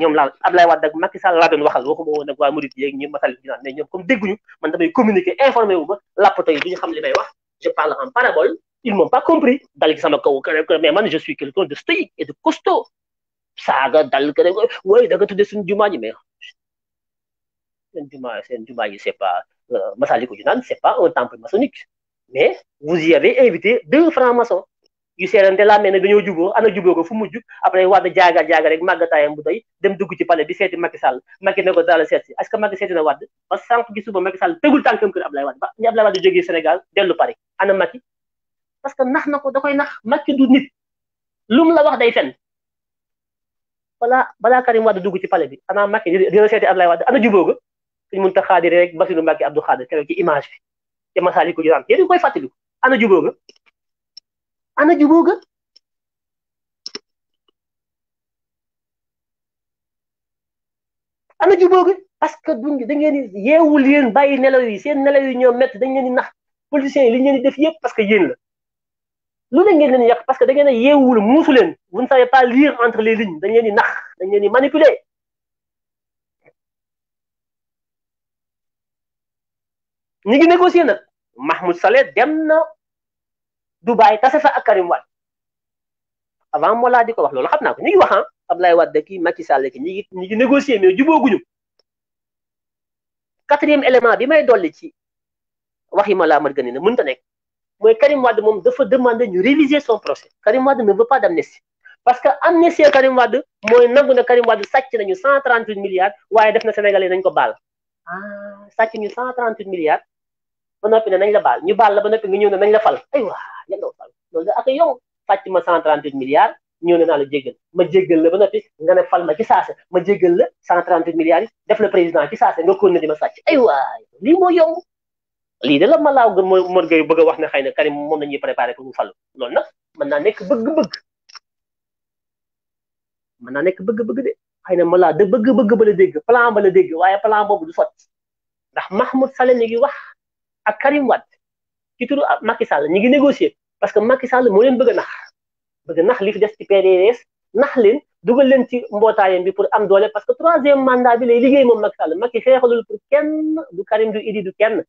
ñoom laal Abdoulaye Wade ak Macky Sall laa doon waxal waxuma woon ak waa Murit yeeg ñu masal bi mais ñoom comme dégguñu man damay communiquer informé wu ba lappato yi ñu xam li may wax je parle en parabole ils m'ont pas compris dal sama kaw mais man je suis quelqu'un de stoïque et de costaud saaga dal ke neko wooy da nga tuddee suñu jumaa ji mais seen jumaa seen jumaa ji c'est pas Massalikul Jinaan c'est pas un temple maçonnique mais vous y avez invité deux francs-maçons yu seerante laa mel ne dañoo juboo ana juboo ko fu mujj après Wade jaaga jaaga rek màggataayam bu doy dem dugg ci palais di seeti Macky Sall Macky ne ko daal seet si est-ce seeti na Wade ba sànq gi suba Macky Sall tegul tànkam kër Ablaye Wade ba ñu Ablaye Wade jógee Sénégal dellu Paris ana Macky parce que nax na ko da koy nax Macky du nit lu mu la wax day fen balaa balaa Karim Wade dugg ci pale bi ana Macky dina seeti Ablaye Wade ana juboo ko suñ mënta xaadiri rek Bassirou Mbacké Abdou Khadre keroog ci image bi te masaali ko juraan yéen koy fàttaliku ana juboo ko ana juboo ga ana juboo ga parce que duñ da ngeen di yeewu leen bàyyi nelaw yi seen nelaw yi ñoo métti dañ leen di nax politiciens yi li ngeen def yëpp parce que yéen la lu ne ngeen leen yàq parce que da ngeen a yeewul muusu leen vous ne savez pas lire entre les lignes dañ leen di nax dañ leen di manipuler. ñi ngi négocier nag Mahmoud Saleh dem na Dubaay tase sa ak Karim Wade avant moo di ko wax loolu xam naa ko ñu ngi wax ah Abdoulaye Wade kii Macky Sall ki ñu ngi ñu ngi négocier mais jubóoguñu quatrième élément bi may dolli ci wax yi ma laa mën gën a mënta nekk mooy Karim Wade moom dafa demander ñu réviser son procès Karim Wade ne veut pas d' amnistie parce que amnistie Karim Wade mooy nangu na Karim Wade sàcc nañu cent trente huit milliards waaye def na Sénégalais nañ ko baal ah sàcc ñu cent trente huit ba noppi ne nañ la baal ñu baal la ba noppi nga ñëw ne nañ la fal aywa yan la fal loolu da ak yow fàcc ma 138 milliards ñëw ne naa la jéggal ma jéggal la ba noppi nga ne fal ma ci ma jéggal la 138 milliards def la président ci saase nga kon ne di ma sàcc aywa lii moo yomb lii de la ma laaw gën mooy mor ngay bëgg a wax ne xëy na Karim moom la ñuy préparé pour mu fal loolu nag mën nekk bëgg-bëgg mën naa nekk bëgg-bëgg de xëy na ma laa da bëgg-bëgg ba dégg plan ba dégg waaye plan boobu du sotti ndax Mahmoud Saleh mi ngi wax ak Karim Wade ci turu Macky Sall ñu ngi négocier parce que Macky Sall moo leen bëgg a nax bëgg nax li fi des ci PDS nax leen dugal leen ci mbootaayam bi pour am doole parce que troisième mandat bi lay liggéey moom Macky Sall Macky xeexalul pour kenn du Karim du Idi du kenn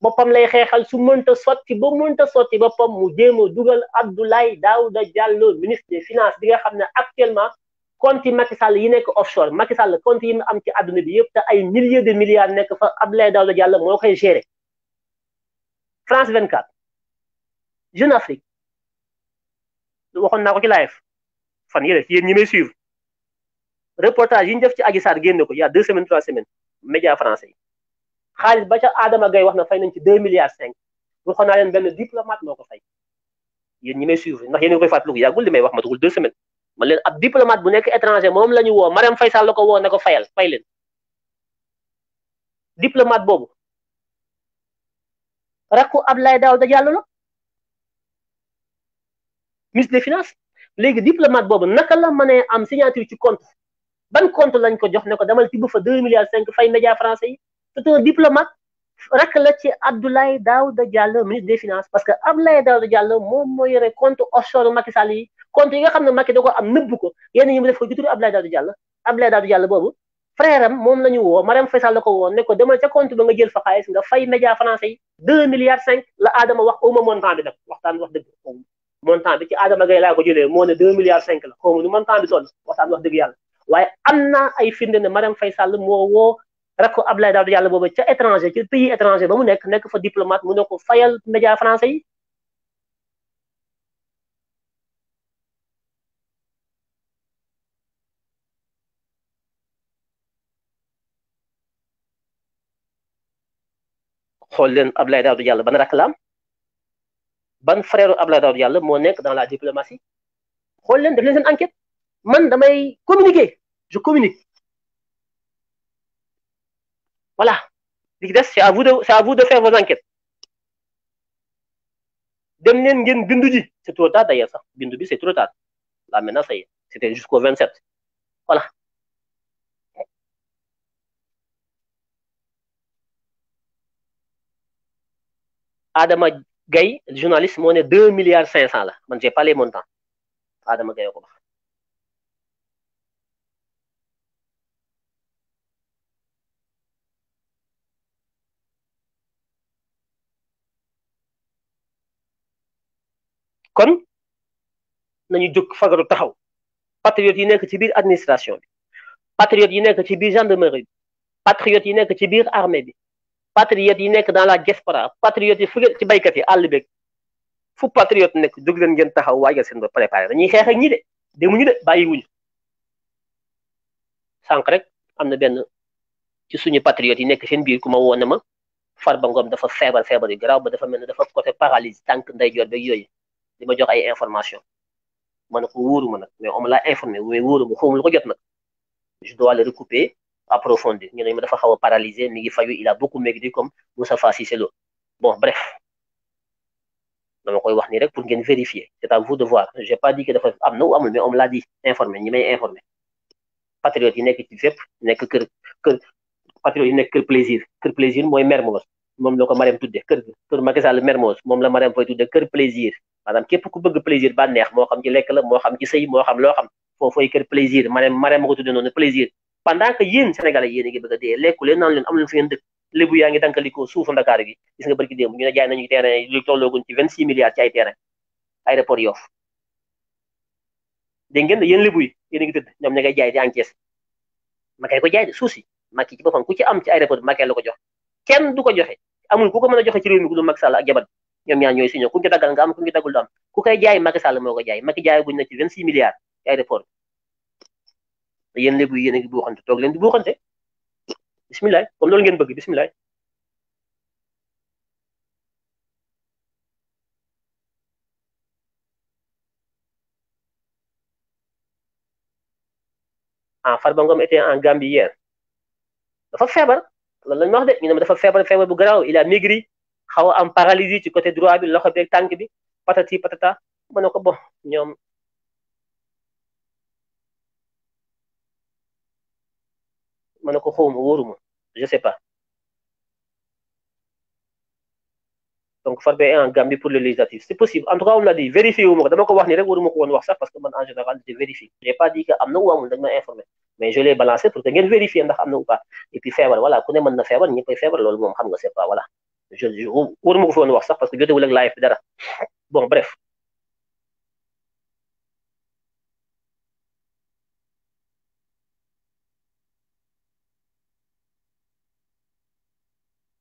boppam lay xeexal su mënta sotti ba mënta sotti boppam mu jéem a dugal Abdoulaye Daouda Diallo ministre des finances bi nga xam ne actuellement compte yi Macky Sall yi nekk offshore Macky Sall compte am ci àdduna bi yëpp te ay milliers de milliards nekk fa Abdoulaye Daouda Diallo moo koy gérer. France 24 Jeune Afrique waxoon naa ko ci live fan yële yéen ñi may suivre reportage yi ñu def ci Adji Sarr génne ko y' a deux semaines trois semaines média français yi xaalis ba ca Adama Gaye wax na fay nañ ci deux milliards cinq waxoon naa leen benn diplomate moo ko fay yéen ñi may suivre ndax yéen a ngi koy fàttaliku yàggul li may wax matugul deux semaines man leen ab diplomate bu nekk étranger moom la ñu woo Marème Faye Sall la ko woo ne ko fayal fay leen boobu. rakku Abdoulaye daw da jallu mis de finance léegi diplomate bobu naka la mané am signature ci compte ban compte lañ ko jox ne ko demal tibb fa 2 milliards 5 fay média français yi c'est un diplomate rakk la ci Abdoulaye Daouda Diallo ministre des finances parce que Abdoulaye Daouda Diallo mom moo yore compte offshore Macky Sall yi compte yi nga xamne Macky da ko am neub ko yene ñu def ko ci turu Abdoulaye Daouda Diallo Abdoulaye Daouda Diallo bobu frère am moom nañu woo Marème Faye Sall la ko woon ne ko demal ca compte ba nga jël fa xaalis nga fay média français yi deux milliards cinq la Adama wax xawma montant bi nag waxtaan wax dëgg montant bi ci Adama Gaye laa ko jëlee moo ne deux milliards cinq la xawma nu montant bi toll waxtaan wax dëgg yàlla waaye am naa ay firnde ne Marème Faye Sall moo woo rakk Abdoulaye Daouda Diallo booba ca étranger ci pays étranger ba mu nekk nekk fa diplomate mu ne ko fayal média xool leen Abdoulaye Daouda Diallo ban rak la am ban frère Abdoulaye Daouda Diallo moo nekk dans la diplomatie xool leen def leen seen enquête man damay communiquer je communique voilà li des c'est à vous de à vous de faire vos enquêtes dem leen ngeen bindu ji c'est trop tard d'ailleurs sax bindu bi c'est trop tard la menace ça y est c'était jusqu'au 27 voilà Adama Gaye journaliste monnaie 2,5 milliards Je n'ai pas les montants Adama Gaye ko wax kon nañu jóg fagaru taxaw travail. yi nekk ci biir administration bi patriotes yi nekk ci biir gendarmerie bi patriotes yi nekk ci biir armée bi patriotes yi nekk dans la diaspora patriotes yi fu ci baykat yi àll fu patriote nekk jóg ngeen taxaw waajal seen bopp préparé dañuy xeex ak ñi de demuñu de bàyyiwuñu sànq rek am na benn ci suñu patriotes yi nekk seen biir ku ma woo ne ma Farba Ngom dafa feebar feebar yi garaaw ba dafa mel ne dafa côté paralyse tànk ndeyjoor beeg yooyu di ma jox ay information ma ne ko wóoru ma nag mais on me l'a informé mais wóoru ma xawma ko jot nag je dois le recouper approfondir ñu ne ma dafa xawa paralyser ni ngi fayu il a beaucoup maigri comme Moussa Cissé Lo bon bref dama koy wax ni rek pour ngeen vérifier c'est à vous de voir j'ai pas dit que dafa am na amul mais on me l'a dit informé ñi may informé patriote yi nekk ci fépp nekk kër kër patriote yi nekk kër plaisir kër plaisir mooy Mermoz moom la ko Marème tudde kër kër Macky Sall Mermoz moom la Marème fay tudde kër plaisir maanaam képp ku bëgg plaisir ba neex moo xam ci lekk la moo xam ci sëy moo xam loo xam foofu fooy kër plaisir Marème Marème ma ko tudde noonu plaisir pendant que yéen Sénégalais yéen a ngi bëgg a dee lekku leen naan leen am leen fu ngeen dëkk lébu yaa ngi dankalikoo suufu Ndakaaru gi gis nga barki démb ñu ne jaay nañu terrain lu tollooguñ ci vingt six milliards ci ay terrain aéroport Yoff dégg ngeen yéen lébu yi yéen a ngi tëdd ñoom ña ngay jaay di encaisse makay ko jaay de suuf si makki ci boppam am ci aéroport bi makay la ko jox kenn du ko joxe amul ku ko mën a joxe ci réew mi ku dul Macky Sall ak jabat ñoom ñaar ñooy signé ku ñu jaay Macky Sall moo ko jaay Macky jaay guñ na ci vingt six milliards yéen lébu yéen a ngi buuxante tok len di buuxante bismillah comme loolu ngeen bëgg bisimilah. ah Farba Ngom été en Gambie hier dafa feebar loolu la ñu wax de ñu ne dafa feebar feebar bu graw il a migré xaw am paralysie ci côté droit bi loxo beeg tank bi patati patata ma ko bon ñom ma ko xawma wóoruma je sais pas donc Farba en Gambie pour le législatif, c'est possible en tout cas on l'a dit vérifier wu ma ko dama ko wax ni rek waruma ko woon wax sax parce que man en général je vérifie j'ai pas dit que am na ou amul dañ ma informé mais je l'ai balancé pour que ngeen vérifier ndax am na ou pas et puis feebar voilà ku ne mën na feebar ñëppay feebar loolu moom xam nga c'est pas voilà je waruma ko fi woon wax sax parce que jotewul ak live dara bon bref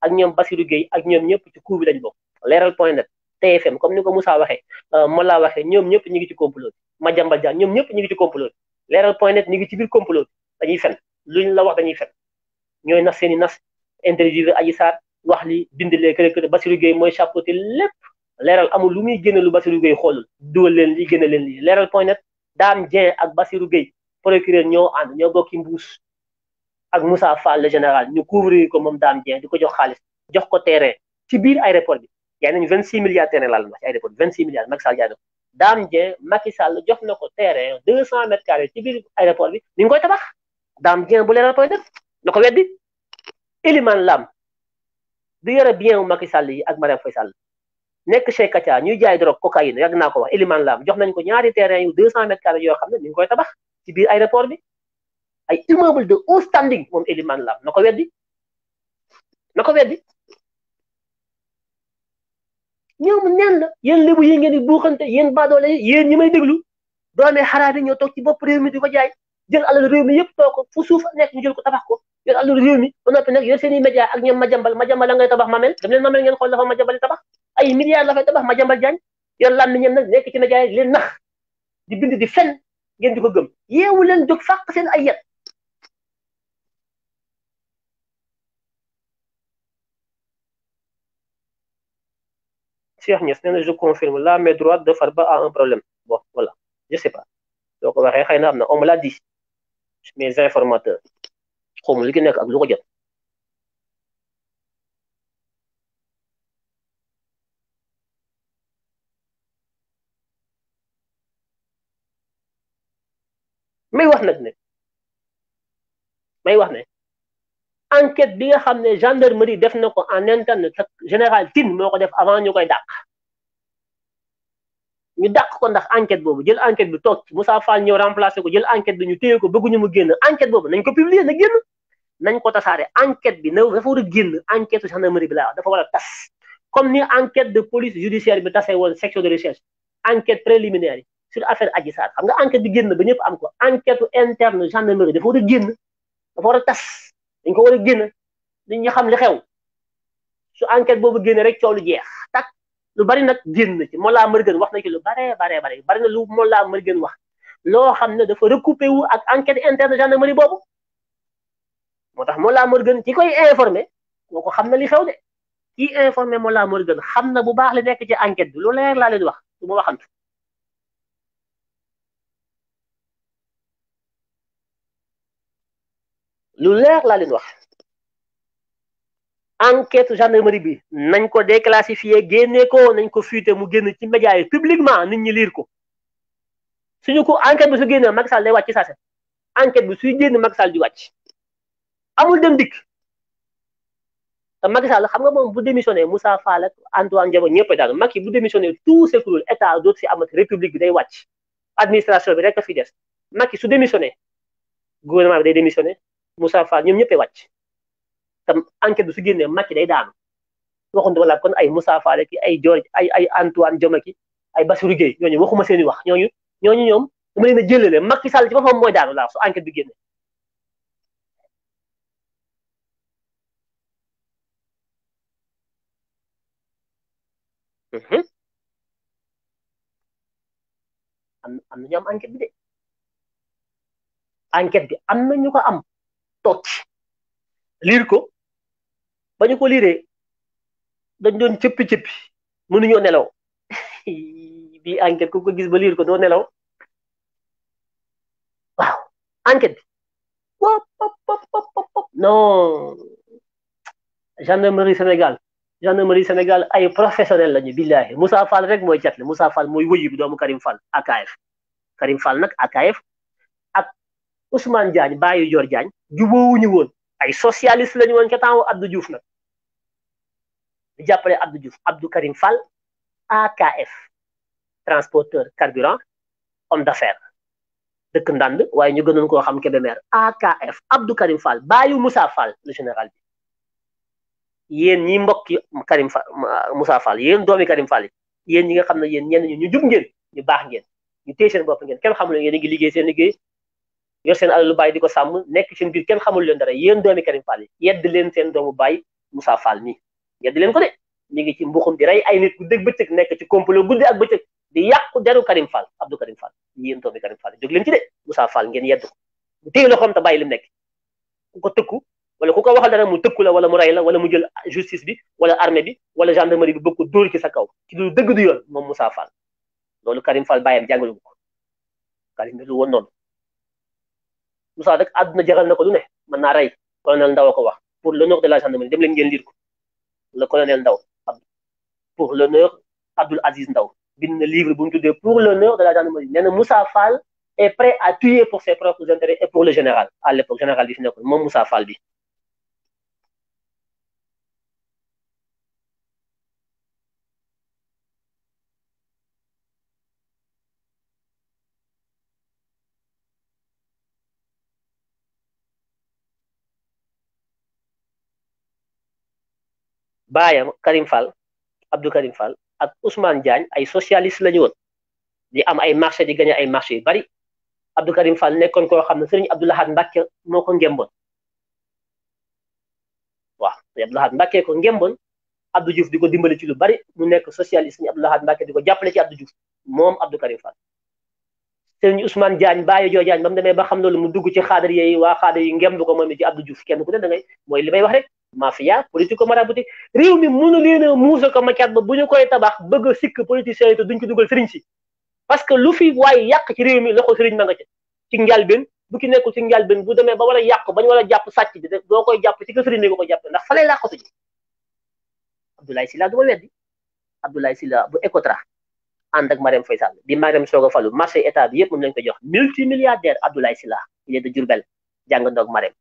ak ñoom Bassirou Gueye ak ñoom ñëpp ci coup bi lañ bokk leeral point net TFM comme ni ko Moussa waxee euh, ma laa waxee ñoom ñëpp ñu ngi ci complot bi Madiambal Diagne ñoom ñëpp ñu ngi ci complot bi leeral point net ñu ngi ci biir complot bi dañuy fen la wax dañuy fen ñooy nas seeni nas interview Adji Sarr wax li bind lee kër kër Bassirou Gueye mooy chapeauté lépp leeral amul lu muy génne lu Bassirou Gueye xoolul dugal leen lii génne leen lii leeral point net Dame Dieng ak Bassirou Gueye procureur ñoo ànd ñoo bokki mbuus ak mussa Fall le général ñu couvrir ko moom Dame Dieng di ko jox xaalis jox ko terrain ci biir aéroport bi yaay nañu vingt six milliards terrain laal ma ci aéroport bi vingt six milliards Macky Sall jaay na ko Dame Dieng Macky Sall jox na ko terrain deux cent mètres carrés ci biir aéroport bi ni ngi koy tabax Dame Dieng bu leeral point def ko weddi Elimane Lam du yore bien wu Macky Sall yi ak Marième Faye Sall nekk Cheikh Katia ñuy jaay drogue cocaïne yàgg ko wax Elimane Lam jox nañ ko ñaari terrain yu deux cent mètres carrés yoo xam ne ni ngi bi ay immeuble de haut standing mom Eliman Lam nako weddi nako weddi ñoom neen la yeen lebu yi ngeen di buxante yeen ba doole yeen ñi may déglu doomee xaraati ñoo tok ci bop réew mi di ko jaay jël alal réew mi yépp tok fu suuf nekk ñu jël ko tabax ko jël alal réew mi ba nopi nek yeen seen media ak ñoom jambal ma jambal ngay tabax Mamel dem leen Mamel ngeen xol dafa jambal tabax ay milliards la fay tabax Madiambal Diagne yor lam mi ñoom nag nekk ci media yi leen nax di bind di fen ngeen di ko gëm yewu leen jóg fak seen ay yett Cheikh Niass nee na je confirme la main droite de Farba a un problème bon voilà je sais pas Donc ko waxee xëy na am on me l'a dit mes informateurs xawma lu ki nekk ak lu ko jot may wax nag ne may wax ne enquête bi nga xam ne gendarmerie def na ko en interne te général Tine moo ko def avant ñu koy dàq ñu dàq ko ndax enquête boobu jël enquête bi toog Moussa Fall ñëw remplacé ko jël enquête bi ñu téye ko ñu mu génn enquête boobu nañ ko publier na génn nañ ko tasaare enquête bi naw dafa war a génn enquête gendarmerie bi laa dafa war a tas comme ni enquête de police judiciaire bi tasee woon section de recherche enquête préliminaire yi sur affaire Adji Sarr xam nga enquête bi génn ba ñëpp am ko enquête interne gendarmerie dafa war a génn tas dañ ko war a génn nit ñi xam li xew su enquête boobu génne rek coow lu jeex tak lu bari nag génn na ci Mollah Morgun wax na ci lu baree baree bare bari na lu Mollah Morgun wax loo xam ne dafa recoupé wu ak enquête interne gendarmerie boobu moo tax moo Mollah Morgun ci koy informé kooku xam na li xew de ki informé Mollah Morgun xam na bu baax la nekk ci enquête bi lu leer laa leen wax su ma waxantu lu leer laa leen wax enquête gendarmerie bi nañ ko déclassifié génne ko nañ ko fuité mu génn ci média yi publiquement nit ñi liir ko suñu ko enquête bi su génnee Macky Sall day wàcc saase enquête bi suy génn Macky Sall di wàcc amul dem dikk te Macky Sall xam nga moom bu démissionné Moussa Fall ak Antoine Diome ñëpp daal Macky bu démissionné tout ce kuréel état dootu fi amati république bi day wàcc administration bi rek a fi des Macky su démissionné gouvernement bi day démissionné. Moussa Fall ñoom ñëppee wàcc tam enquête bi su génnee Macky day daanu waxuma la kon ay Moussa Fall ki ay George ay ay Antoine ki ay Bassirou Guèye ñooñu waxuma seen i wax ñooñu ñooñu ñoom dama leen a jëlale Macky Sall ci boppam mooy daanu laa su enquête bi génnee. Mm-hmm. am am na ñu bi de enquête bi am na ñu ko am. toog ci ko ba ñu ko liiree dañ doon cëppi cëppi mënuñoo nelaw bi enquête ku ko gis ba liir ko doo nelaw waaw enquête bi wop wop wop wop non gendarmerie Sénégal gendarmerie Sénégal ay professionnel lañu billahi Moussa fale rek mooy jatle Moussa Fall mooy wëyu bi doomu Karim Fall AKF Karim Fall nag AKF Ousmane Diagne Baye Dior Diagne jubóowuñu woon ay socialiste lañu woon ca temps Abdou Diouf nag di jàppale Abdou Diouf Abdou Karim Fall AKF transporteur carburant homme d'affaires dëkk ndànd waaye ñu gënoon koo xam Kébémer AKF Abdou Karim Fall baayu Moussa Fall le général bi yéen ñi mbokki Karim Fall Moussa Fall yéen doomi Karim Fall yéen ñi nga xam ne yéen ñenn ñu jub ngeen ñu baax ngeen ñu téye seen bopp ngeen kenn xamul ngeen a ngi liggéey seen liggéey yor seen alalu baay di ko sàmm nekk seen biir kenn xamul leen dara yéen doomi Karim Fall yi yedd leen seen doomu baay Moussa Fall nii yedd leen ko de mi ngi ci mbuxum di rey ay nit bu dëgg bëccëg nekk ci complot guddi ak bëccëg di yàqu deru Karim Fall Abdou Karim Fall yéen doomi Karim Fall jóg leen ci de Moussa Fall ngeen yedd ko mu téye loxoom te bàyyi lim nekk ku ko tëkku wala ku ko waxal dara mu tëkku la wala mu rey la wala mu jël justice bi wala armée bi wala gendarmerie bi bëgg ko dóor ci sa kaw ci lu dëgg du yoon moom Moussa Fall loolu Karim Fall bàyyam jàngalu ko Karim bi lu woon noonu Moussa rek aduna jaral na ko lu ne mën naa colonel Ndaw ko wax pour l'honneur de la gendarmerie dem leen ngeen lire ko le colonel Ndaw pour l'honneur Abdul Aziz Ndaw bind na livre bu ñu tuddee pour l'honneur de la gendarmerie nee na Moussa Fall est prêt à tuer pour ses propres intérêts et pour le général à l'époque général bi fi nekkoon moom Moussa Fall bi baayam Karim Fall Abdou Karim Fall ak Ousmane Diagne ay socialiste lañu won di am ay marché di gagner ay marché bari Abdou Karim Fall nekkon ko xamne Serigne Abdou Lahad Mbacke Wah, ngembon wa waaw Serigne Abdou Lahad Mbacké ko ngembon Abdou Diouf diko dimbali ci lu bari mu nekk socialiste ni Abdou Lahad Mbacke diko jappalé ci Abdou Diouf moom Abdou Karim Fall sëriñ Ousmane Diagne bàyyi joo Diagne ba mu demee ba xam loolu mu dugg ci xaadar yeey waa xaadar yi ngemb ko moom ci Abdou Diouf kenn ku ne ngay mooy li may wax rek mafia politico maraboutique réew mi mënu leen a muusa ko ba bu ñu koy tabax bëgg a sikk politiciens yi ko dugal si parce que lu fi waaye yàq ci réew mi loxo sëriñ ma nga ca ci njalbeen bu ki nekkul ci njalbeen bu demee ba war a yàq bañ war a jàpp sàcc bi doo koy jàpp ci kër sëriñ bi nga koy jàpp ndax fa lay du ma weddi Abdoulaye Sylla bu ànd ak Marème Faye Sall bi Marème soog a falu marché état bi yëpp moom lañ ko jox multimilliardaire Abdoulaye Sylla il est de Diourbel jàng ndoog Marème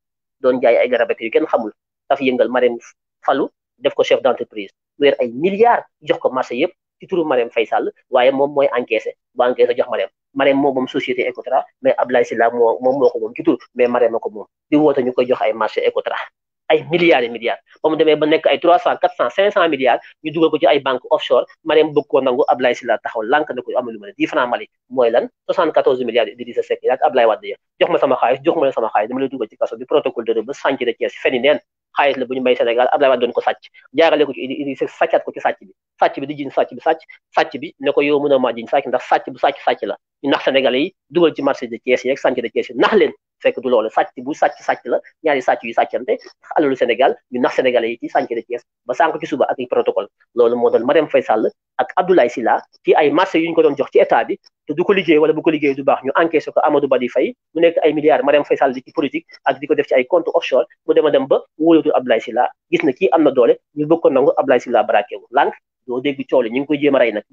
doon jaay ay garab ak yu kenn xamul daf yëngal Marème falu def ko chef d' entreprise weer ay milliards jox ko marché yëpp ci turu Marème waaye moom mooy encaissé bu encaissé jox Marème Marème moom moom société Ecotra mais Abdoulaye Sylla moo moom moo moom mais Marème a ko moom di woote ñu koy jox ay marché Ecotra ay milliards et milliards ba mu demee ba nekk ay trois cent quatre cent cinq cent milliards ñu dugal ko ci ay banque offshore Mariam bëgg koo nangu Ablaye Sylla taxaw lànk na amul lu ma ne franc Mali mooy lan soixante quatorze milliards Idrissa Seck yaag Ablaye Wade ya jox ma sama xaalis jox ma la sama xaalis dama lay dugal ko sàcc jaarale ko ci Idrissa ko ci sàcc bi sàcc bi di jiñ sàcc bi sàcc sàcc bi ne ko yow mën a maa jiñ sàcc ndax sàcc bu sàcc leen fekk du loolu sàcc bu sàcc sàcc la ñaari sàcc yu sàccante ndax alalu Sénégal ñu nax sénégalais yi ci sàncre Thiès ba sànq ci suba ak i protocole loolu moo doon Marème Faye Sall ak Abdoulaye Sylla ci ay marché yu ñu ko doon jox ci état bi te du ko liggéey wala bu ko liggéey du baax ñu encaissé ko Amadou Ba di fay mu nekk ay milliards Marème Faye Sall di ci politique ak di ko def ci ay compte offshore mu dem a dem ba wóolatul Abdoulaye Sylla gis na kii am na doole ñu bëgg ko nangu Abdoulaye Sylla baraake wu lànk doo dégg ñu ngi koy jéem a rey nag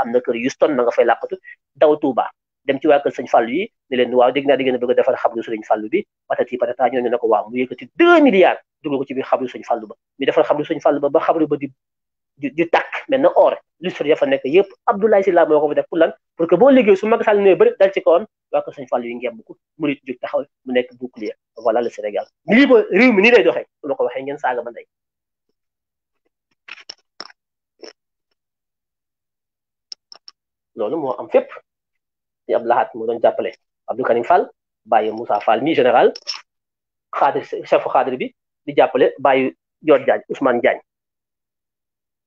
a na kër Houston na nga fay làqatu daw Touba dem ci waa kër sëñ Fallou yi ne leen waaw dégg naa da ngeen a bëgg a defar xabru sëñ Fallou bi patati patata ñoo ne na ko waaw mu yëkkati deux milliards dugal ko ci biir xabru sëñ Fallou ba ñu defar xabru sëñ Fallou ba ba xabru ba di di di tàkk maintenant or lustre ya fa nekk yëpp Abdoulaye Sylla moo ko fa def pour lan que boo liggéey su Macky Sall ñëwee bëri dal ci kawam waa kër sëñ Fallou yi ngemb ko murit jóg mu nekk bouclier voilà le Sénégal lii ko réew mi nii lay doxee su ma waxee ngeen saaga ma ndey loolu moo am fépp di Abdou Lahad moo doon jàppale Abdou Karim Fall bàyyi Fall mi général xaadir chefu xaadir bi di jàppale bàyyi Dior Diagne Ousmane Diagne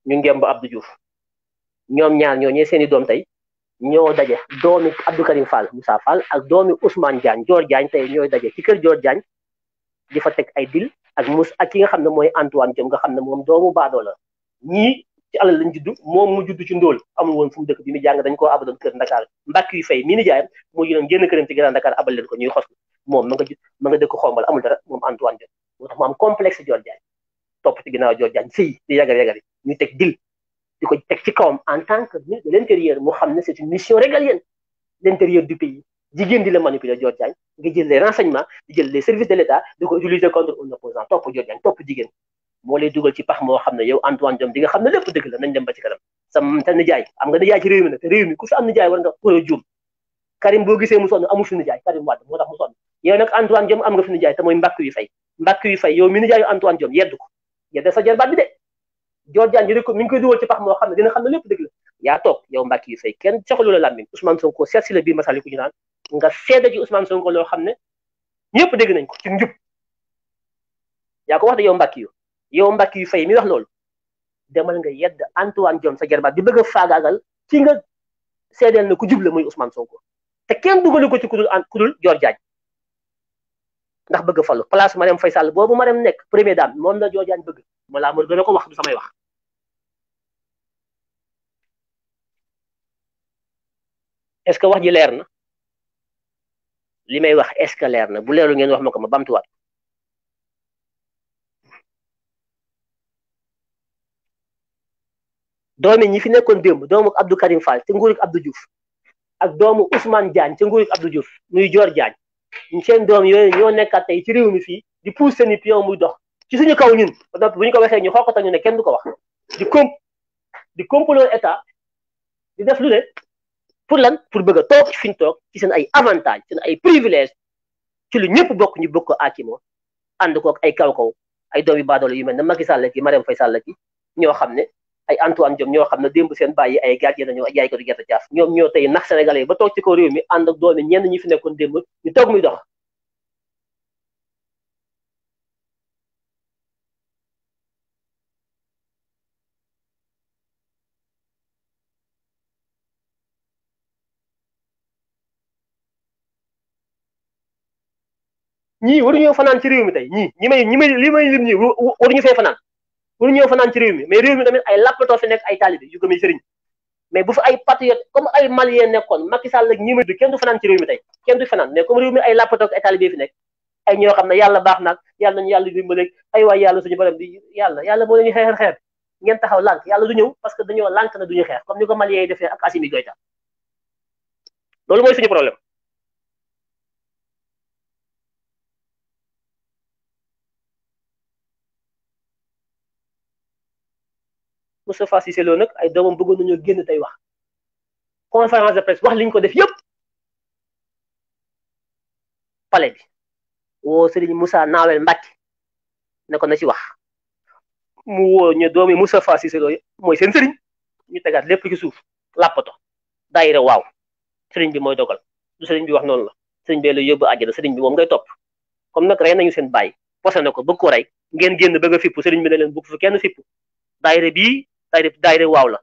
ñu ngemb Abdou Diouf ñoom ñaar ñoo ñee seeni doom tey ñoo daje doomi Abdou Karim Fall Moussa ak doomi Ousmane Diagne Dior Diagne tey ñooy daje ci kër joor Diagne di fa teg ay dil ak mus ki nga xam ne mooy Antoine Diome nga xam ne moom doomu baadoo la ñii ci alal lañ judd moom mu judd ci ndóol amul woon fu mu dëkk bi mu jàng dañ koo abaloon kër Ndakaar mbàkk yu mi ni jaayam moo jëloon këram ci Grand Dakar abal ko ñuy xos moom ma nga ma nga dëkk xombal amul dara moom Antoine Diop moo tax mu am complexe Dior Diagne topp ci ginnaaw Dior Diagne sëy di yagar yagar ñu teg dil di ko teg ci kawam en tant que ministre de l'intérieur mu xam ne c'est une mission régalienne l'intérieur du pays jigéen di la manipuler Dior Diagne nga jël les renseignements di jël de l'État ko utiliser contre un opposant topp Dior Diagne jigéen moo lay dugal ci pax moo xam ne yow Antoine Diome di nga xam ne lépp dëgg la nañ dem ba ci kanam sam te nijaay am nga nijaay ci réew mi nag te réew mi ku fi am nijaay war nga war a juum Karim boo am nga fi nijaay mooy mbàkk yu fay mbàkk yu fay ko yedda sa jarbaat bi ko mi koy dugal ci pax xam ne dina xam ne lépp dëgg la yaa kenn soxalu la làmmiñ Ousmane Sonko seet si la biir masali ku ñu naan nga seede ci Ousmane Sonko loo xam ne ñëpp dégg nañ ko ci njub yaa ko wax de yow mbàkk yu yow Mbackiou fay mi wax loolu demal nga yedd Antoine Diome sa jarbaat bi bëgg a faagaagal ci nga seedeel na ku jubla muy Ousmane ko te kenn du dugalu ko ci kudul kudul Dior Diagne ndax bëgg falu place Marème Faye Sall boobu Marème nekk première dame moom la Dior jaan bëgg ma laa mor dana ko wax du samay wax est-ce que wax ji leer na li may wax est leer na bu leeru ngeen wax ma ko ma bamtuwaat doomi ñi fi nekkoon démb doomu Abdou Karim fal ci nguurug Abdou Diouf ak doomu Ousmane Diagne ci nguurug Abdou Diouf muy Dior Diagne seen doom yooyu ñoo nekkaat tey ci réew mi fii di pousse seen i pion muy dox ci suñu kaw ñun ba bu ñu ko waxee ñu xooqatal ñu ne kenn ko wax di comp di complot état di def lu ne pour lan pour bëgg a toog fi ñu toog ci seen ay avantages seen ay privilège ci li ñëpp bokk ñu bokk ko aakimoo ànd kook ay kaw kaw ay doom yu baadoolo yu mel ne Macky Sall ki Marème Faye Sall ki ñoo xam ne. ay Antoine Diome ñoo xam ne démb seen bàyyi ay gardien nañu ak jaay ko di gerte caaf ñoom ñoo tey nax sénégalais ba toog ci ko réew mi ànd ak doomi ñenn ñi fi nekkoon démb ñu toog muy dox ñii waruñoo fanaan ci réew mi tey ñii ñi may ñi may li may lim ñii waruñu fee fanaan bu ñëw fanaan ci réew mi mais réew mi tamit ay lappatoo fi nekk ay taalibe yu gëm sëriñ mais bu fa ay patriote comme ay malien nekkoon Macky Sall ak ñi ma kenn du fanaan ci réew mi tey kenn du fanaan mais comme réew mi ay lappatoo ak ay taalibe fi nekk ay ñoo xam ne yàlla baax nag yàlla moo leen xeexal xeer ngeen taxaw lànk yàlla du ñëw parce que dañoo lànk na duñu xeex comme ni ko malien yi defee ak Assimi Goïta loolu mooy suñu problème Moustapha Cissé Lo nak ay doomam bëggu nañoo gën tay wax conférence de presse wax liñ ko def yépp palais bi wo Serigne Moussa Nawel Mbacke ne ko na ci wax mu wo ñu doomi Moustapha Cissé Lo moy seen serigne ñu tégaat lépp ci suuf lapato daayira waaw serigne bi moy dogal du serigne bi wax non la serigne bee la yóbbu àjjana sëriñ bi mom ngay top comme nak rey nañu seen bàyyi posé nako bëgg ko ray ngeen genn bëgg a fippu sëriñ bi ne leen bëgg fu kenn fippu daayira bi daayre daayre waaw la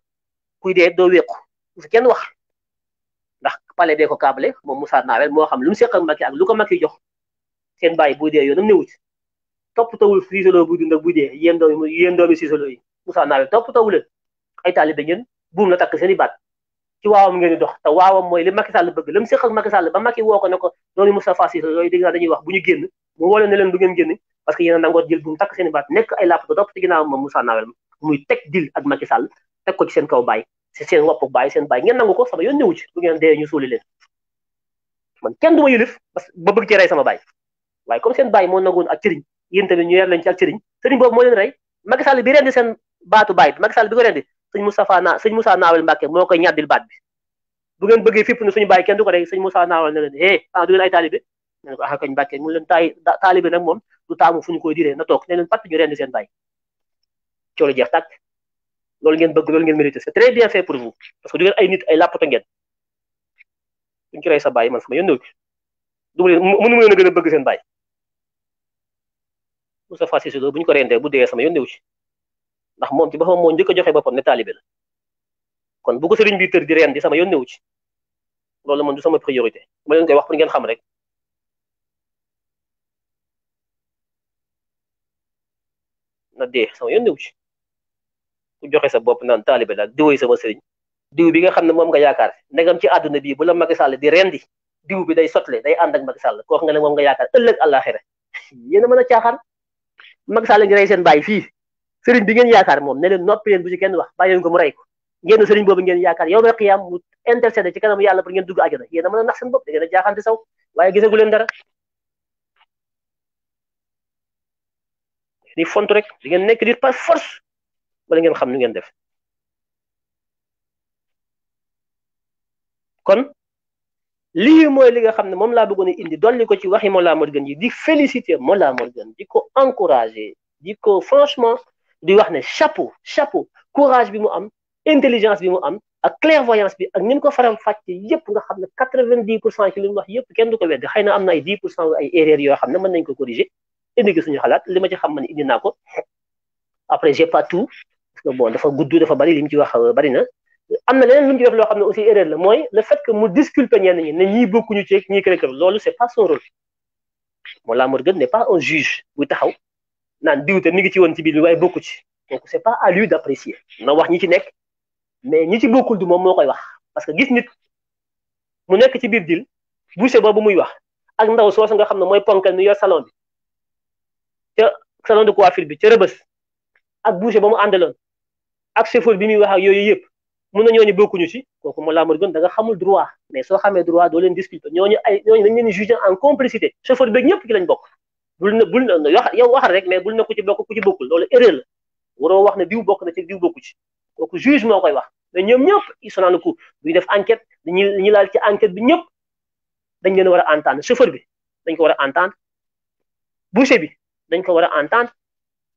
kuy dee doo wéqu bu fi kenn wax ndax palais dee ko câble moom Moussa Nawel moo xam lu mu seq ak lu ko Macky jox seen bàyyi buy dee yoonam newut toppatawul Cissolo buy dund ak buy dee yéen doomi yéen doomi yi Moussa Nawel i baat ci waawam a nangoot jël buum takk seen topp ci moom Moussa Nawel muy teg dil ak Macky Sall teg ko ci seen kaw baay si seen wopp baay seen baay ngeen nangu ko sama yoon néew ci bu ngeen dee ñu suuli leen man kenn du ma yulif parce que ba bëgg ci rey sama baay waaye comme seen baay moo nangoon ak sëriñ yéen tamit ñu yar leen ci ak sëriñ sëriñ boobu moo leen rey Macky bi rendi seen baatu baay Macky Sall bi ko rendi sëñ Moustapha na sëñ Moussa Naawel Mbàkke moo koy ñàddil baat bi bu ngeen bëggee fépp ne suñu baay kenn du ko rey sëñ Moussa Naawel ne leen eh ah du ngeen ay taalibe ne ko ah kañ Mbàkke mu leen na toog ne leen patt coono jeex tàkk loolu ngeen bëgg loolu ngeen mérité c'est très bien fait pour vous parce que du ngeen ay nit ay làppato ngeen duñ ci rey sa baay man sama yónneeku du ma leen mënu ma leen a bëgg seen bàyyi Moustapha Cissé Lo bu ko rendee bu dee sama yónneeku ci ndax moom ci boppam moo njëkk joxe boppam ne taalibe la kon bu ko sëriñ bi tër di rendi sama yónneeku ci loolu man du sama priorité ma leen koy wax pour ngeen xam rek. na dee sama yoon newu ci joxe sa bopp non taalibe la diw sama serigne diw bi nga xamne mom nga yaakaar ndegam ci aduna bi bu la Macky Sall di rendi diw bi day sotle day and ak Macky Sall ko xam nga ne moom nga yaakaar ëllëg alakhirah yéen a tiaxan a Macky Sall ngi ray seen bàyyi fi serigne bi ngeen yaakaar mom ne leen nopi leen bu ci kenn wax bàyyi ko mu ray ko ngeen serigne bobu ngeen yaakaar yow ma xiyaam mu intercédé ci kanam yalla pour ngeen dugg aljana yéen a nax seen bop da ngeen a jaaxante saw waaye gisagu leen dara ni font rek di ngeen nek di par force wala ngeen xam nu ngeen def kon lii mooy li nga xam ne moom laa bëggoon a indi dolli ko ci waxi Mollah Morgan yi di féliciter Mollah Morgan di ko encourager di ko franchement di wax ne chapeau chapeau courage bi mu am intelligence bi mu am ak clairvoyance bi ak ni mu ko faram fàcce yépp nga xam ne 90% ci li mu wax yépp kenn du ko weddi xëy na am na ay 10% ay erreurs yoo xam ne mën nañ ko corriger indi ko suñu xalaat li ma ci xam man indi naa ko après j'ai pas tout bon dafa gudd dafa bari li mu ci wax euh, bari na am na leneen lu ci def loo xam ne aussi erreur la mooy le fait que mu disculper ñenn ñi ne ñii bokkuñu ci ñii kër loolu c' est pas son rôle Mollah Morgun n' est pas un juge buy taxaw naan diw te mi ngi ci woon ci biir bi waaye bokku ci donc c' est pas à lui d' apprécier na wax ñi ci nekk mais ñi ci bokkul du moom moo koy wax parce que gis nit mu nekk ci biir dil boucher boobu muy wax ak ndaw soosu nga xam ne mooy ponkal mi yor salon bi ca salon bi ca rëbës ak boucher ba mu àndaloon ak chauffeur bi muy wax ak yooyu yëpp mun na ñooñu bokkuñu ci kooku moo laa ma gën da nga xamul droit mais soo xamee droit doo leen discuter ñooñu ay ñooñu dañ leen juger en complicité chauffeur beeg ñëpp ci lañ bokk bul na bul yow waxal rek mais bul na ku ci bokk ku ci bokkul loolu ne diw bokk na ci diw bokku ci kooku juge moo koy wax mais ñoom ñëpp ils sont dans le coup ñu def enquête dañuy ñu laal ci enquête bi ñëpp dañ leen war a entendre chauffeur bi dañ ko war a entendre boucher bi dañ ko war a entendre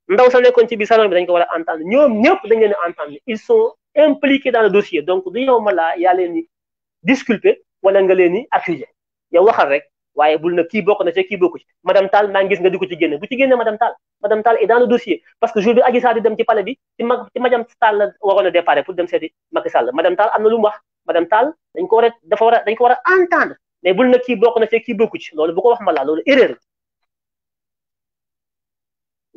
ndaw sa nekkoon ci bi salon bi dañ ko war a entendre ñoom ñëpp dañ leen entendre ils sont impliqués dans le dossier donc du yow ma laa yaa leen ni disculpé wala nga leen ni accuser yow waxal rek waaye bul na kii bokk na ci kii bokku ci madame Tall maa ngi gis nga di ko ci génne bu ci génne madame Tall madame Tall est dans le dossier parce que jour bi Adji di dem ci palais bi ci mag ci madame Tall la waroon a départ pour dem seeti Macky Sall madame Tall am na lu mu wax madame Tall dañ ko war a dafa war a dañ ko war a entendre mais bul na kii bokk na ci kii bokku ci loolu bu ko wax ma laa loolu erreur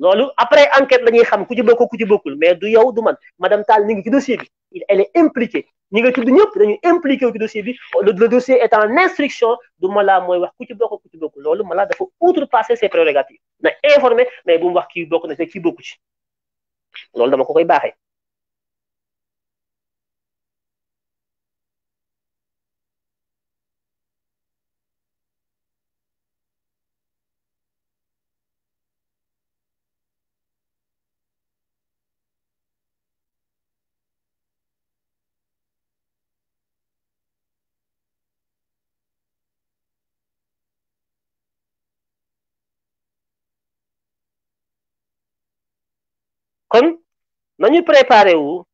loolu après enquête lañuy xam ku ci bokku ku ci bokul mais du yow du man madame Tal ñu ngi ci dossier bi elle est impliquée ñi nga tudd ñëpp dañu impliqué ci dossier bi le dossier est en instruction du mala moy wax ku ci bokku ku ci bokul lolou mala dafa outrepasser ses prérogatives na informé mais bu mu wax ki bokku na ci kii bokku ci lolou dama ko koy baaxee kon nañu préparé wu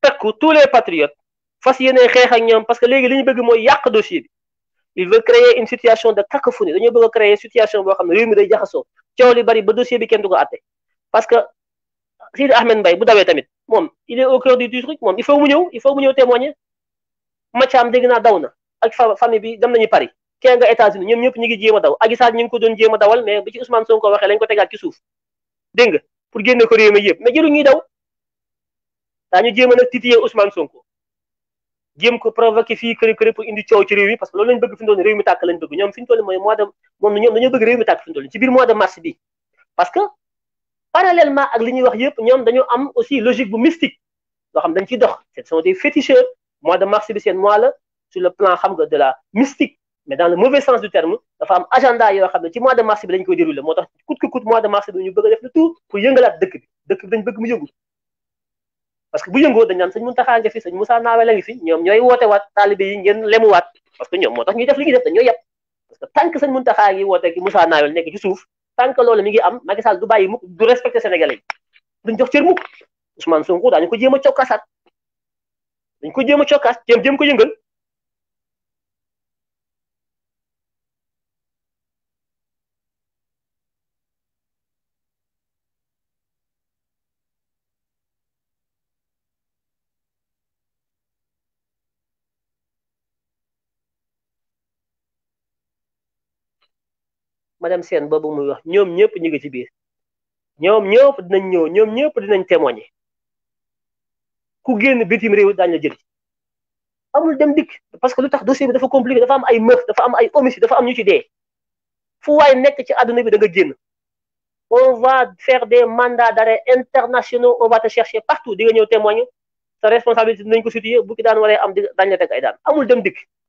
takku tous les patriotes fas yéene xeex ak ñoom parce que léegi li ñu bëgg mooy yàq dossier bi il veut créer une situation de cacophonie dañu bëgg a créer situation boo xam ne réew mi day jaxasoo coow li bari ba dossier bi kenn du ko atté parce que Sidi Ahmed Mbaye bu dawee tamit moom il est au cœur du truc moom il faut mu ñëw il faut mu ñëw témoigner Mathiam dégg naa daw na ak fa famille bi dem nañu pari kee nga États-Unis ñoom ñëpp ñu ngi jéem a daw Adji Sarr ñu ngi ko doon jéem a dawal mais bi ci Ousmane Sonko waxee lañ ko tegaat ci suuf dégg nga pour génne ko réew mi yëpp mais jëru ñuy daw daañu jéem a nag titiyee Ousmane Sonko jéem ko provoqué fii këri këri pour indi coow ci réew mi parce que loolu lañ bëgg fi mu toll nii réew mi tàkk lañ bëgg ñoom fi mu toll nii mooy mois de moom ñoom dañoo bëgg réew mi tàkk fi ci biir mois de mars bi parce que parallèlement ak li ñuy wax yëpp ñoom dañoo am aussi logique bu mystique loo xam dañ ciy dox ce sont des féticheurs mois de mars bi seen mois la sur le plan xam nga de la mystique mais dans le mauvais sens du terme dafa am agenda yo xam ci mois de mars bi lañ koy déroulé motax tax coûte que coûte mois de mars bi ñu bëgg def le tout pour yëngalat dëkk bi dëkk bi dañ bëgg mu yëngu parce que bu yëngoo dañ naan sëñ Muntaxa nga fi sëñ Moussa Naawel a ngi fi ñom ñoy woté wat talibé yi ngeen wat parce que ñom motax tax ñuy def li ñuy def dañ ñooy yàpp parce que tant que sëñ Muntaxa ngi woté ki Moussa Naawel nek ci suuf tant que loolu mi ngi am Macky Sall du bayyi mukk du respecté Sénégalais duñ jox cër mukk Ousmane Sonko daañu ko jëma ciokkasat cokkaasaat dañ ko jëma ciokkas jëm jéem ko yëngal madame ba boobu muy wax ñoom ñëpp ñu ngi ci biir ñoom ñëpp dinañ ñëw ñoom ñëpp dinañ témoigner ku génn bitim réew daañu la jël amul dem dikk parce que lu tax dossier bi dafa compliqué dafa am ay meurtre dafa am ay homicide dafa am ñu ci dee fu waay nekk ci adduna bi da nga génn on va faire des mandats d'arrêt internationaux on va te chercher partout di nga ñëw témoigner sa responsabilité dinañ ko situer bu ki daan waree am daañu la teg ay daan amul dem dikk.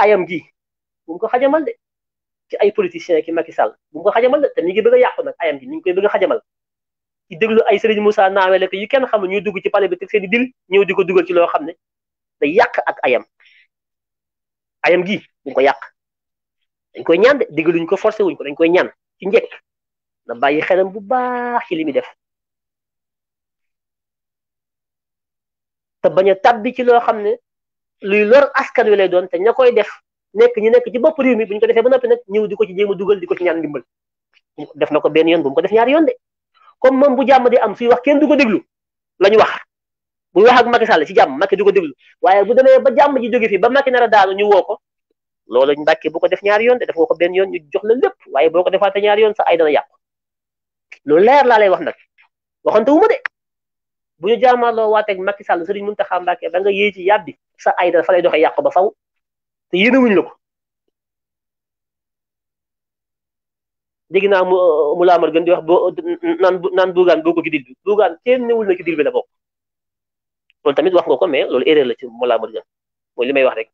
ayam gi bu ko xajamal de ci ay politiciens ki Macky Sall bu ko xajamal de te ni ngi bëgg yaq nak ayam gi ni ngi koy bëgg xajamal ci deglu ay Serigne Moussa Naawel ak yu kenn xam ñu dugg ci palais bi tek seen dil ñew di duggal ci lo xamne da yaq ak ayam ayam gi dañ ko yaq dañ koy ñaan de ko forcé wuñ ko dañ koy ñaan ci ñek na bayyi xelam bu baax ci limi def te baña tabbi ci lo xamne luy lor askan wi lay doon te ña koy def nekk ñu nekk ci bopp réew mi bu ñu ko defee ba noppi nag ñëw di ko ci jéem a dugal di ko ci ñaan ndimbal def na ko benn yoon bu mu ko def ñaar yoon de comme moom bu jàmm di am suy wax kenn du ko déglu la ñu wax bu wax ak Macky Sall ci jàmm Macky du ko déglu waaye bu demee ba jàmm ji jóge fii ba Macky nar a daanu ñu woo ko loolu Mbàkke bu ko def ñaari yoon de def nga ko benn yoon ñu jox la lépp waaye boo ko defaatee ñaari yoon sa ay dana yàqu loolu leer laa lay wax nag waxante wu ma de bu ñu jàmmaarloo waateeg Macky Sall Sëriñ Muntaxa Mbàkke da nga yéey ci yàbbi sa ay dafa lay doxee yàqu ba faw te yéenewuñ la ko dégg naa mu laa euh, laamar gën di wax boo naan naan buugaan boo ko ci dil bi buugaan kenn newul na ci dil bi la bokk loolu tamit wax nga ko mais loolu erreur la ci mu laamar gën mooy li may wax rek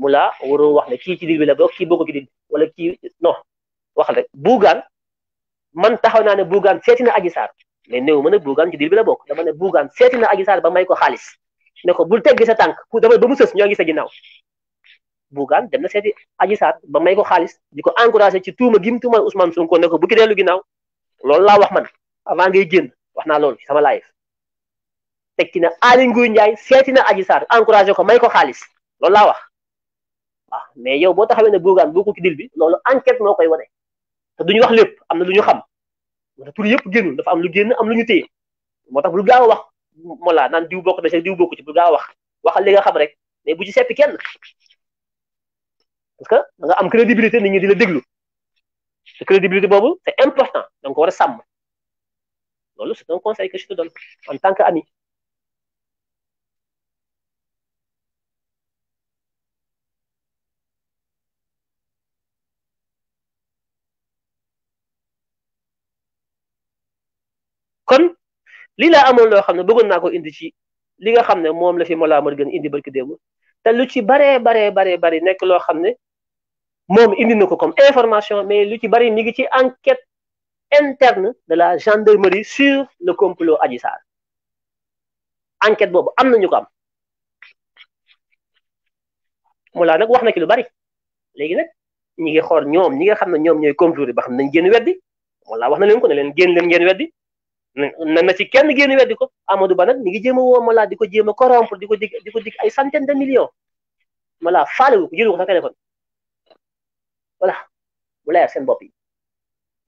mu laa waroo wax ne kii ci dil bi la book ki boo ko ci dil bi wala kii non wax rek bugaan man taxaw naa ne buugaan seeti na aji saar mais néew ma ne buugaan ci dil bi la bokk dama ne buugaan seeti na aji saar ba may ko xaalis ne ko bul teggi sa tànk pour dama ba mu sës ñoo ngi sa ginnaaw Bougane dem na seeti Adji Sarr ba may ko xaalis di ko encouragé ci tuuma gim tuuma Ousmane Sonko ne ko bu ki dellu ginnaaw loolu laa wax man avant ngay génn wax naa loolu sama live tekki na Aly Ngouille Ndiaye seeti na Adji encouragé ko may ko xaalis loolu laa wax waaw ah, mais yow boo taxawee ne Bougane boo ko ci bi loolu enquête moo koy wane te duñu wax lépp am na lu ñu xam moo tax tur yëpp génnul dafa am lu génn am lu ñu téye moo tax lu gaaw a wax Mollah naan diw bokk na ci diw bokku ci bu gaa wax waxal li nga xam rek mais bu ci seppi kenn parce que da nga am crédibilité nit ñi di la déglu te crédibilité boobu c'est important da nga ko war a sàmm loolu c'est un conseil Lila que amoon loo xam ne indi ci li nga la fi gën indi barki démb te lu ci baree baree bare bari comme information mais lu ci bari mi ngi enquête interne de la gendarmerie sur le complot Adji enquête boobu am nañu ko am ci lu bari ñi ngi ñi nga ne ba xam ne na na ci kenn génn weddi ko Amadou Ba nag mi ngi jéem a woo Mollah di ko jéem a corrompre di ko dig di ko dig ay centaine de millions Mollah faale wu ko jëlu ko sa téléphone voilà bu leer seen bopp yi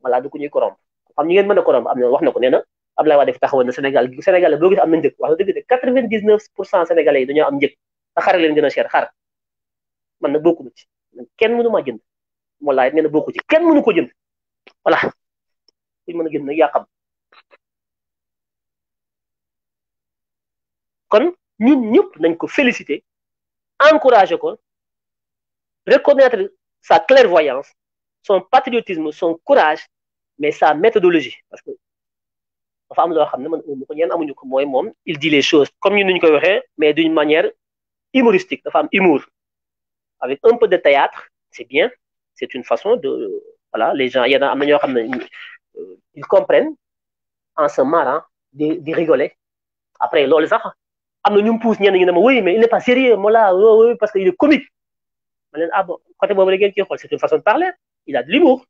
Mollah du ko ñuy corrompre xam ñu ngeen mën am na wax na ko nee na Abdoulaye Wade fi taxawoon na Sénégal Sénégal boo gis am na njëg wax dëgg de quatre vingt dix neuf pour cent sénégalais yi dañoo am njëg te xare leen gën a cher xar man nag bokkuma ci man kenn mënu maa jënd Mollah it nee na bokku ci kenn mënu ko jënd voilà kuñ mën a jënd nag nous ñun ñëpp féliciter encourager reconnaître sa clairvoyance son patriotisme son courage mais sa méthodologie parce que il dit les choses comme ñu nuñ mais d'une manière humoristique dafa am humour avec un peu de théâtre c'est bien c'est une façon de voilà les gens il y na ñoo euh, ils comprennent en se marrant di rigoler après loolu amna ñum ñu pousse ñenn ñu ne ma oui mais il n'est pas sérieux Mollah oui parce qu'il est comique man len ah bon côté bobu da ngeen ciy c'est une façon de parler il a de l'humour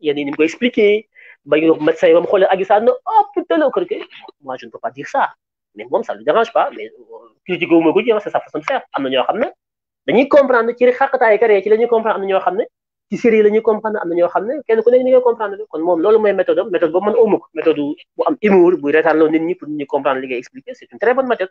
yenn a ni mu koy expliquer ba ñu met say mu xoolee Adji Sarr ne te oh, putain la kër moi je ne peux pas dire ça mais bon ça le dérange pas mais euh, critique wu ma ko ci c'est sa façon de faire amna ñoo xam dañuy comprendre ci xàqataayu kër ci lañuy comprendre amna ñoo xam ci série lañuy comprendre amna ñoo xam kenn ku nekk ni ngay comprendre kon mom lolu moy méthode méthode bu man amu méthode bu am humour buy lo nit ñi pour nit ñi comprendre li ngay expliquer c'est une très bonne méthode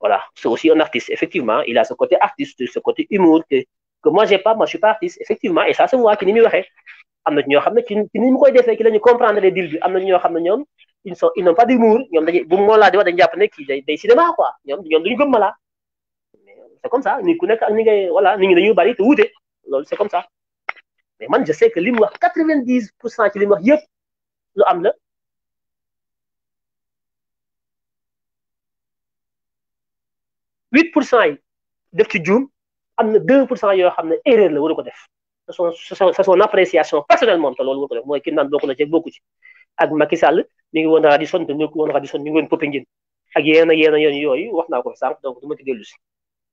Voilà, c'est aussi un artiste, effectivement. Il a ce côté artiste, ce côté humour que, que moi, j'ai pas. Moi, je suis pas artiste, effectivement. Et ça, c'est moi qui n'y m'y am na ñoo xam ne ci ni mu koy comprendre les deal bi ils sont ils n'ont pas d'humour ils ont bu moo laa di wax dañu jàpp ne des day cinéma quoi ñoom ñoom duñu gëm mais c'est comme ça ni ku nekk ak ni voilà ni ñi dañuy bari te wuute c'est comme ça mais moi je sais que li mu wax l'humour, vingt le pour la huit pour cent yi def ci juum am na deux pour cent yoo xam ne erreur la waru ko def c'est son c'est son appréciation personnelle moom te loolu waru ko def mooy ki bokk na ci bokku ci ak Macky Sall mi ngi woon Radisson te nekk woon son mi ngi woon Popenguine ak yenn yenn yenn yooyu wax naa ko sànq donc du ma ci dellu si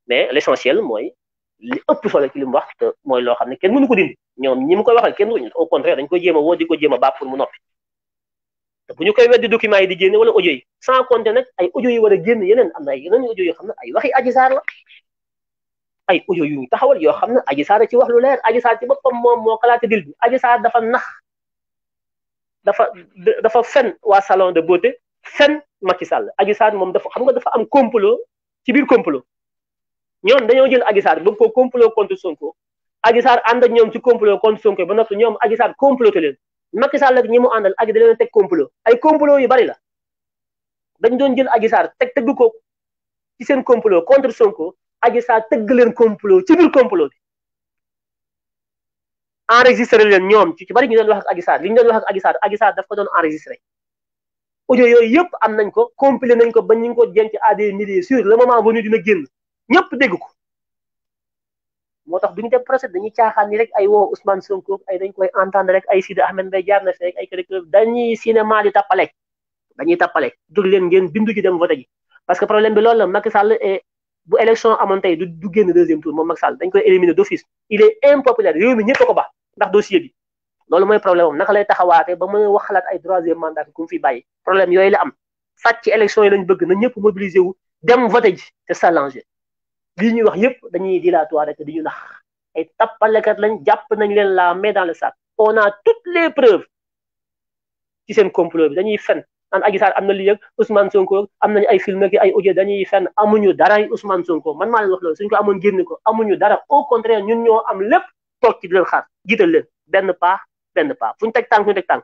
mais l'essentiel mooy li ëpp solo ci li mu wax te mooy loo xam ne kenn mënu ko dindi ñoom ñi mu koy waxal kenn mënuñu au contraire dañ koy jéem a woo di ko jéem a baax pour mu noppi. bu ñu koy weddi documents yi di génne wala audio yi sans compter nag ay audio yi war a génn yeneen am na ay yeneen audio yoo xam ne ay waxi Adji Sarr la ay audio yu taxawal yoo xam ne Adji Sarr ci wax lu leer Adji Sarr ci boppam moom moo kalaate dil bi aji Sarr dafa nax dafa dafa fen waa salon de beauté fen Macky Sall Adji moom dafa xam nga dafa am complot ci biir complot ñoom dañoo jël Adji Sarr bëgg ko complot contre Sonko Adji Sarr ànd ak ñoom ci complot contre Sonko ba noppi ñoom Adji Sarr comploté leen Macky Sall ak ñi mu àndal ak da leen teg complot ay complot yu bari la dañ doon jël agisar teg tëgg ko ci seen complot contre Sonko Adji Sarr tëgg leen complot ci biir complot bi enregistré leen ñoom ci ci bari ñu doon wax ak Adji Sarr li ñu doon wax ak Adji Sarr Adji daf ko doon enregistré audio yooyu yëpp am nañ ko compilé nañ ko ba ñu ngi ko jënd ci à des sur le moment venu dina génn ñëpp dégg ko moo tax duñu def procès dañuy caaxaan ni rek ay woo Ousmane Sonko ay dañ koy entendre rek ay Sidi Ahmed Mbaye jaar rek dañuy cinéma di tappale dañuy tappale jóg leen ngeen bindu ji dem vote parce que problème bi lool la Macky Sall bu élection amoon du du génn deuxième tour moom Macky Sall dañ koy éliminer d'office il est impopulaire réew mi ñëpp ko ba ndax dossier bi loolu mooy problème lay taxawaatee ba mën a wax ay troisième mandat ku mu fi bàyyi problème yooyu la am sàcc élection yi lañ bëgg na ñëpp mobiliser wu dem vote ji lii ñuy wax yépp dañuy dilatoire rek di ñu nax ay tappalekat lañ jàpp nañ leen la main dans le sac on a toutes les preuves ki seen complot bi dañuy fen an Adji Sarr am na lii yëg Ousmane Sonko am nañu ay film nak ay audio dañuy fenn amuñu dara Ousmane Sonko man maa leen wax loolu suñ ko gir génne ko amuñu dara au contraire ñu ñoo am lépp toog ci di leen xaar leen benn paax benn paax fu ñu teg tànk fu ñu tànk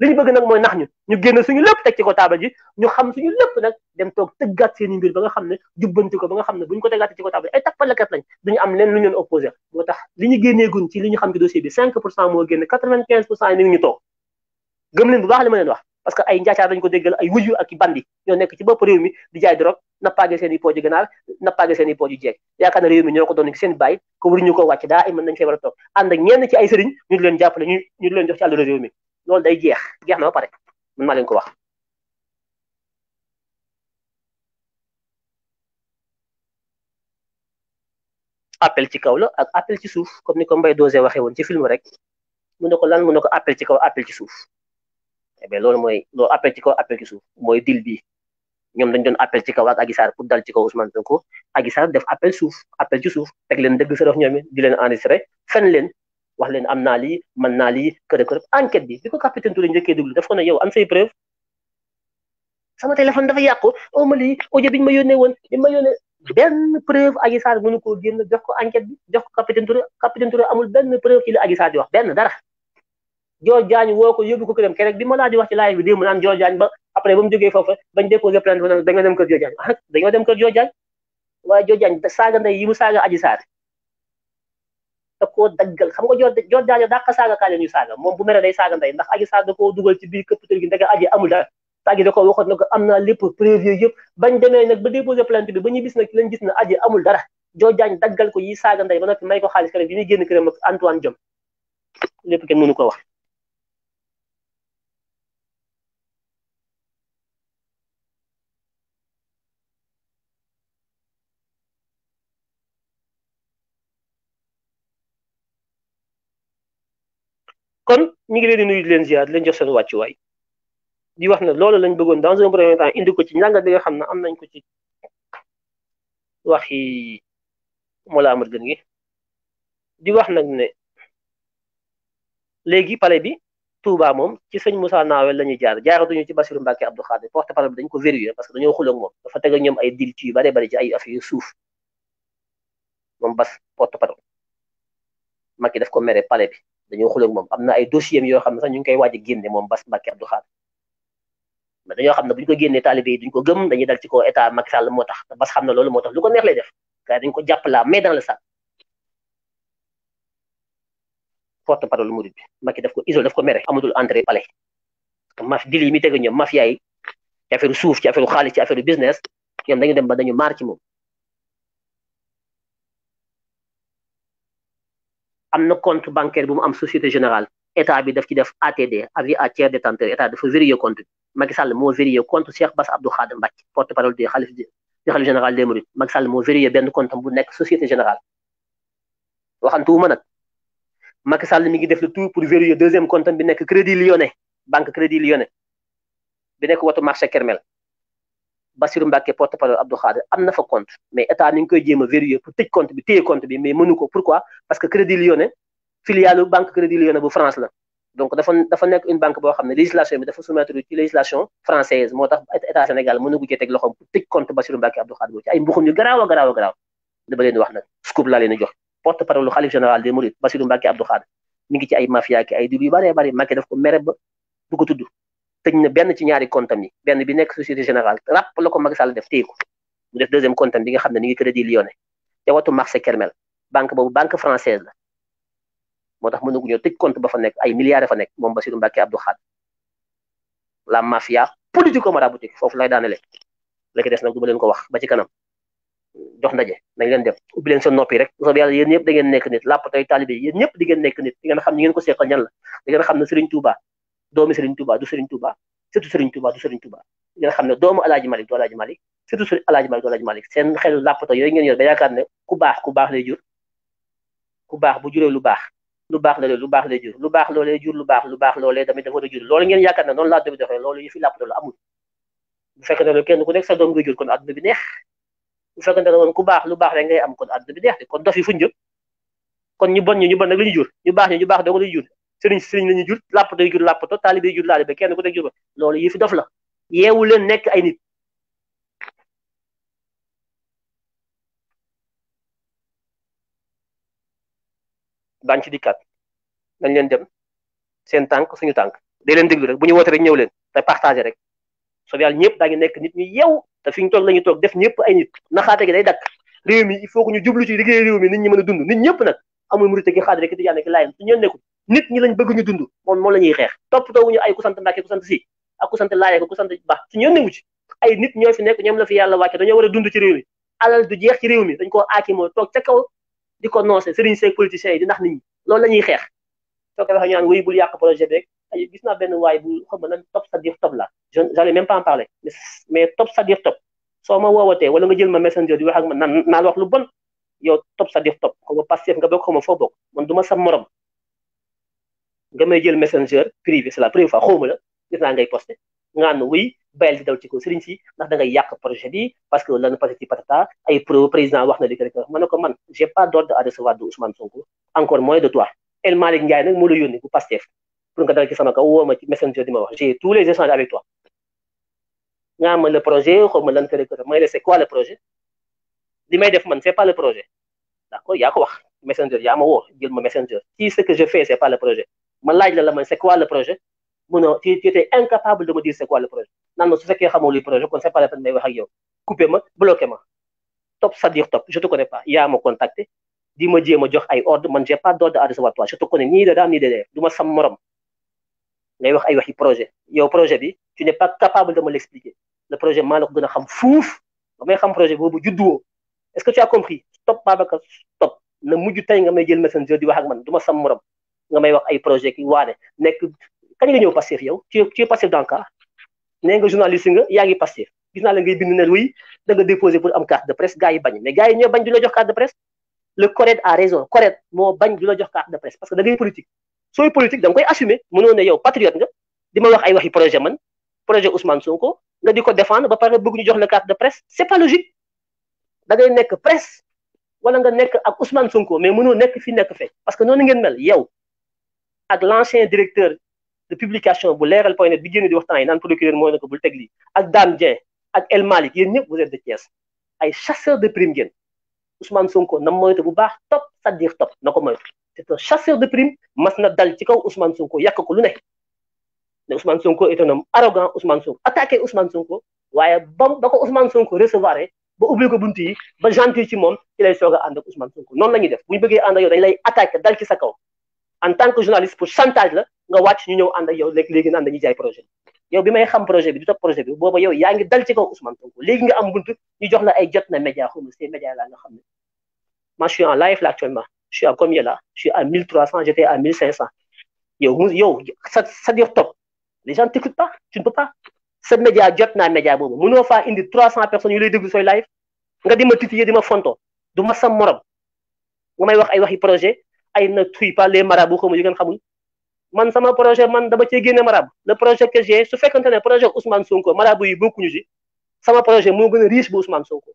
li ñu bëgg nag mooy nax ñu ñu génn suñu lépp teg ci ko taabal ji ñu xam suñu lépp nag dem toog tëggaat seeni mbir ba nga xam ne jubbanti ko ba nga xam ne bu ñu ko tëggaatee ci ko taabal ji ay tappalakat am leen lu ñu leen opposé moo tax li ñu génnee gun ci li ñu xam ci dossier bi 5 pour cent moo génn 95 pour cent yi ni toog gëm leen bu baax li ma leen wax parce que ay njaacaar dañu ko déggal ay wuyu ak i bandi ñoo nekk ci bopp réew a toog ànd ak ñenn ci ay sëriñ loolu day jeex jeex na ba pare man ma leen ko wax. appel ci kaw la ak appel ci suuf comme ni ko Mbaye Dosé waxee woon ci film rek mu ne ko lan mu ne ko appel ci kaw appel ci suuf eh loolu mooy loolu appel ci kaw appel ci suuf mooy dil bi ñoom dañ doon appel ci kaw ak a Sarr pour dal ci kaw Ousmane Sonko Adji Sarr def appel suuf appel ci suuf teg leen dëgg sa dox ñoom it di leen enregistré fen leen. wax leen am naa lii mën naa lii kër kër bi bi ko capitaine Touré njëkkee déglu daf ko ne yow am say preuve sama téléphone dafa yàqu oo oh, ma lii o bi ñu ma yónnee woon bi ma yónnee benn preuve Adji Sarr mënu koo génn jox ko enquête bi jox ko capitaine Touré capitaine Touré amul benn preuve ci li Adji di wax benn dara. Dior Diagne woo ko yóbbu ko këram keroog ma laa di wax ci live bi démb naan Dior Diagne ba après ba mu jógee foofu bañ déposé plainte dañoo dem kër Dior Diagne dañoo dem kër Dior yi mu saaga Adji Sarr da koo daggal xam nga joor joor jaajo daa ko saaga kaa leen ñu saaga moom bu mere day saaga ndey ndax aji saag da koo dugal ci biir këppatal gi ndeke aji amul dara saagi da koo waxoon na ko am naa lépp prévieux yëpp bañ demee nag ba déposé plainte bi ba ñu bis nag lañ gis na aji amul dara joor jaañ daggal ko yi saaga ndey ba may ko xaalis kare bi ñuy génn këram ak Antoine Diome lépp kenn mënu ko wax kon ñu ngi leen nuyu leen ziar di leen jox seen wàccuwaay di wax ne loolu lañ bëggoon dans un premier temps indi ko ci njàngat bi nga xam na am nañ ko ci waxi Mollah Morgun gën gi di wax nag ne léegi pale bi Touba moom ci sëñ Moussa Nawel la ñuy jaar jaaratuñu ci Bassirou Mbacké Abdou Khadre porte parole bi dañ ko vérifié parce que dañoo xul ak moom dafa teg ak ñoom ay dil ci yu bare ci ay affaire suuf moom bas porte parole Macky daf ko mere pale bi dañoo xuloo moom am na ay dossier yoo xam ne sax ñu ngi koy waaj a génne moom Bass Mbacké Abdou Khadre mais dañoo xam ne bu ñu ko génnee taalibe yi duñ ko gëm dañuy dal ci ko état Macky Sall moo tax Bass xam na loolu moo tax lu ko neex lay def gars dañ ko jàpp la mais dans le sac porte parole bi Macky daf ko isolé daf ko mere amatul entrée palais maf dil yi mi teg ñoom mafia yi ci affaire suuf ci affaire xaalis ci affaire business ñoom dañu dem ba dañu maar ci moom am na compte bancaire bu mu am société générale état bi daf ci def ATD avis à tiers détenteur état dafa vérifier compte bi Macky Sall moo vérifier compte Cheikh Bass Abdou Khadre Mbacké porte parole du xalif du xalif général des Mourides Macky Sall moo benn compte bu nekk société générale waxantuwuma nag Macky Sall mi ngi def le tout pour vérifier deuxième compte am bi nekk Crédit Lyonnais banque Crédit Lyonnais bi nekk watu marché Kermel Bassirou Mbacké porte parole Abdou am na fa compte mais état ni koy jéem a verrouiller pour tëj compte bi téye compte bi mais mënu ko pourquoi parce que Crédit Lyonnais filiale banque Crédit Lyonnais bu France la donc dafa nekk une banque boo xam ne législation bi dafa soumettre ci législation française moo tax état Sénégal mën agu cee teg loxoom pour compte Bassirou Mbacké Abdou Khadre ci ay mbuxum yu garaaw a garaaw a leen wax nag scoop laa leen jox porte parole xalif général des Mourides Bassirou Mbacké Abdou tëj na benn ci ñaari comptam yi benn bi nekk Société Générale ràpp la ko Macky Sall def téye ko def deuxième comptam bi nga xam ne ni ngi Crédit Lyonnais te watu marché Kermel banque boobu banque française la moo tax mënaguñoo tëj compte ba fa nekk ay milliards fa nekk moom ba Mbacké Abdou Khadre la mafia politico-maraboutique foofu lay daanale léegi des nag du ma leen ko wax ba ci kanam jox ndaje nañ leen dem ubbi leen seen noppi rek soob yàlla nekk nit làpp tey taalibe xam ni ngeen ko seqal doomi Serigne Touba du Serigne Touba surtout Serigne Touba du Serigne Touba ngeen xam ne doomu Alaaji Malik du Alaaji Malik surtout Serigne Alaaji Malik du Alaaji Malik seen xelu làppato yooyu ngeen yor yaakaar ne ku baax ku baax lay ku baax bu juree lu baax lu baax la lu baax lay jur lu baax loolee jur lu baax lu baax loolee tamit dafa a jur loolu ngeen yaakaar ne noonu laa dobi doxee loolu yu fi làppato la amul bu fekkee ne loolu kenn ku nekk sa doom ngay jur kon adduna bi neex ne woon ku baax lu baax rek ngay am kon adduna bi kon dof yi kon ñu bon ñu ñu bon rek baax ñu ñu baax dong la ñu jur sëriñ sëriñ la ñuy jur làpp day jur làpp to taalibe jur laale ba kenn ku nekk jur ba loolu yëfi dof la yeewu leen nekk ay nit daañ ci dikkaat dañ leen dem seen tànk suñu tànk day leen déglu rek bu ñu woote rek ñëw leen te partagé rek soo yàlla ñëpp daa ngi nekk nit ñu yeew te fi ñu toog la ñu toog def ñëpp ay nit naxaate gi day dakk réew mi il faut que ñu jublu ci liggéey réew mi nit ñi mën a dund nit ñëpp nag amul murit gi xaadire ki tijaan ki laayam su ñeen nekkul nit ñi lañ bëgg ñu dund moom moom la ñuy xeex toppatoo wuñu ay ku sant Mbàkke ku sant si ak ku sant Laaye ku sant Ba ci ñoom newu ci ay nit ñoo fi nekk ñoom la fi yàlla wàcce dañoo war a dund ci réew mi alal du jeex ci réew mi dañ ko aakimoo toog ca kaw di ko noose sëriñ seeg politiciens yi di ndax nit ñi loolu la xeex soo koy waxee ñu naan wuy bul yàq projet bi rek ay gis naa benn waay bu xam nan top sa top la j'allais même pas en parler mais top sa dir top soo ma woowatee wala nga jël ma messenger di wax ak man naan wax lu bon yow top sa dir top xaw ma Pastef nga bokk xaw ma foo bokk ma sa morom nga may jël messenger privé c'est la première fois xawma la gis naa ngay posté nga am oui, bayal di daw ci ko sëriñ si ndax da ngay yàq projet bi parce que lan patati patata ay pro président wax na li ko ma ne ko man j'ai pas d'ordre à recevoir de Ousmane Sonko encore moins de toi El Malick Ndiaye nag moo la yónni bu Pastef pour nga dal ci sama kaw woo ma ci messenger di ma wax j'ai tous les échanges avec toi nga am le projet xaw ma lan kërë kërë may la c'est quoi le projet li may def man c'est pas le projet d'accord yaa ko wax messenger yaa ma woo jël ma messenger si ce que je fais c'est pas le projet ma laaj la la man c'est quoi le projet munoo tu étais incapable de me dire c'est quoi le projet naan ma su fekkee xamoo luy projet kon c'est pas la peine may wax ak yow coupé ma bloqué ma top cest dire top je te connais pas yaa ma contacté di ma jéem a jox ay ordre man j'ai pas d'ordre à recevoir toi je te connais nii de daam nii de dee du ma sam morom ngay wax ay waxi projet yow projet bi tu n'es pas capable de me l'expliquer le projet maa la ko gën a xam fuuf ba may xam projet boobu judduwoo est-ce que tu as compris Stop, Babacar stop na mujj tey nga may jël messenger di wax ak man du ma sam morom nga may wax ay projet ki waane nek kañ nga ñëw Pastef yow ci ci Pastef dans cas nee nga journaliste nga yaa ngi Pastef gis na la ngay bind ne oui da nga déposer pour am carte de presse gaay yi bañ mais gaay yi ñoo bañ du la jox carte de presse le CORED a raison correct mo bañ du la jox carte de presse parce que da ngay politique soy politique da nga koy assumer mëno né yow patriote nga dima wax ay waxi projet man projet Ousmane Sonko nga diko défendre ba paré bëgg ñu jox la carte de presse c'est pas logique da ngay nek presse wala nga nek ak Ousmane Sonko mais mëno nek fi nek fekk parce que noonu ngeen mel yow ak l'ancien directeur de publication bu leeral bi génn di waxtaan yi naan procureur mooy na ko bul teg lii ak Dame ak El Malik, yéen ñëpp vous êtes de Thiès ay chasseur de prime ngeen Ousmane Sonko na moytu bu baax top cest top. dire topp na ko moytu c'est un chasseur de prime mas na dal ci kaw Ousmane Sonko yàq ko lu ne ne Ousmane Sonko est un homme arrogant Ousmane Sonko attaqué Ousmane Sonko waaye ba ba ko Ousmane Sonko recevoir ba ubbi ko bunt yi ba gentil ci moom ci lay soog a ànd ak Ousmane Sonko Non, la ñuy def bu ñu bëggee ànd ak yow dañ lay attaqué dal ci sa kaw en tant que journaliste pour chantage la nga wacc ñu ñëw and ak yow léegi léegi naan dañuy jaay projet yow bi may xam projet bi du topp projet bi booba yow yaa ngi dal ci kaw Ousmane Sonko léegi nga am bunt ñu jox la ay jot na média xawma ces médias la nga xam ne je suis en live là actuellement je suis à combien là je suis à 1300 j'étais à 1500 yow yow ça ça dure top les gens t'écoutent pas tu ne peux pas sa média jot naa média boobu mënoo faa indi 300 personnes yu lay déglu sooy live nga di ma titillé di ma fonto du ma sa morom nga may wax ay waxi projet ay ne tue pas les marabouts comme ngeen xamuñ man sama projet man dama ci génne marab le projet que j'ai su fekkante né projet Ousmane Sonko marabout yi ñu ci sama projet mo riche bu Ousmane Sonko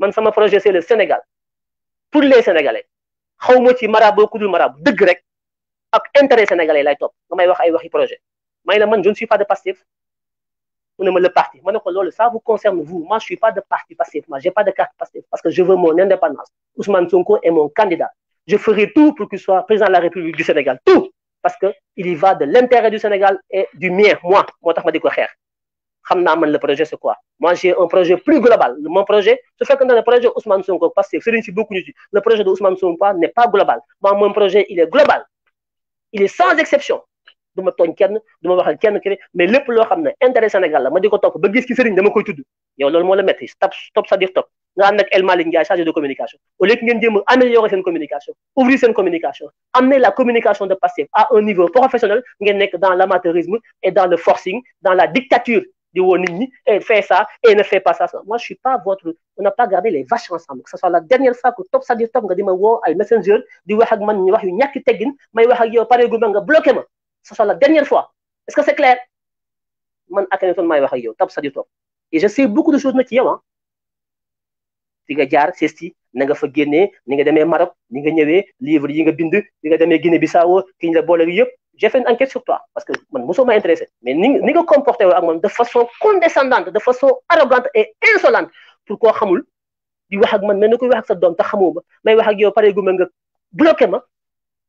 man sama projet c'est le Sénégal pour les Sénégalais xaw ci marabou ku dul marabout deug rek ak intérêt sénégalais lay top ngamay wax ay waxi projet may man je ne suis pas de passif passif. ne le parti mané ko ça vous concerne vous moi je suis pas de parti passif. moi j'ai pas de carte passif. parce que je veux mon indépendance Ousmane Sonko est mon candidat je ferai tout pour qu'il soit président de la République du Sénégal. Tout. Parce qu'il y va de l'intérêt du Sénégal et du mien, moi. Moi, je sais le projet, c'est quoi. Moi, j'ai un projet plus global. Mon projet, ce fait que dans le projet d'Ousmane Sonko, parce que c'est beaucoup le projet d'Ousmane Sonko n'est pas global. Moi, mon projet, il est global. Il est sans exception. De ma tooñ pas. de ma waxal kenn mais le plus important, ne intérêt Sénégal la ma di ko topp ba gis ki Je dama koy tudd yow loolu moo la metti stop stop ça à dire nga ànd ak El Malick Ndiaye chargé de communication au lieu que ngeen jéem améliorer seen communication ouvrir seen communication amener la communication de passif à un niveau professionnel ngeen nekk dans l'amateurisme et dans le forcing dans la dictature di wo nit ñi et eh, fais ça et ne fait pas ça moi je suis pas votre on n'a pas gardé les vaches ensemble que ce soit la dernière fois que top Sadio top nga di ma woo ay messenger di wax ak man ñu wax yu ñàkki teggin may wax ak yow pare gu ma nga bloqué ma que ce soit la dernière fois est-ce que c'est clair man Akhenaton may wax ak yow top Sadio top et je sais beaucoup de choses nag ci yow hein fi nga jaar ci na nga fa génnee ni nga demee Maroc ni nga ñëwee livre yi nga bind ni nga demee Guinée Bissau ki ñu la boole yëpp j'ai fait une enquête sur toi parce que man mosoo ma intéressé mais ni ni nga comporté ak man de façon condescendante de façon arrogante et insolente pour koo xamul di wax ak man mais na koy wax ak sa doom te xamoo ma may wax ak yow pare gu ma nga bloqué ma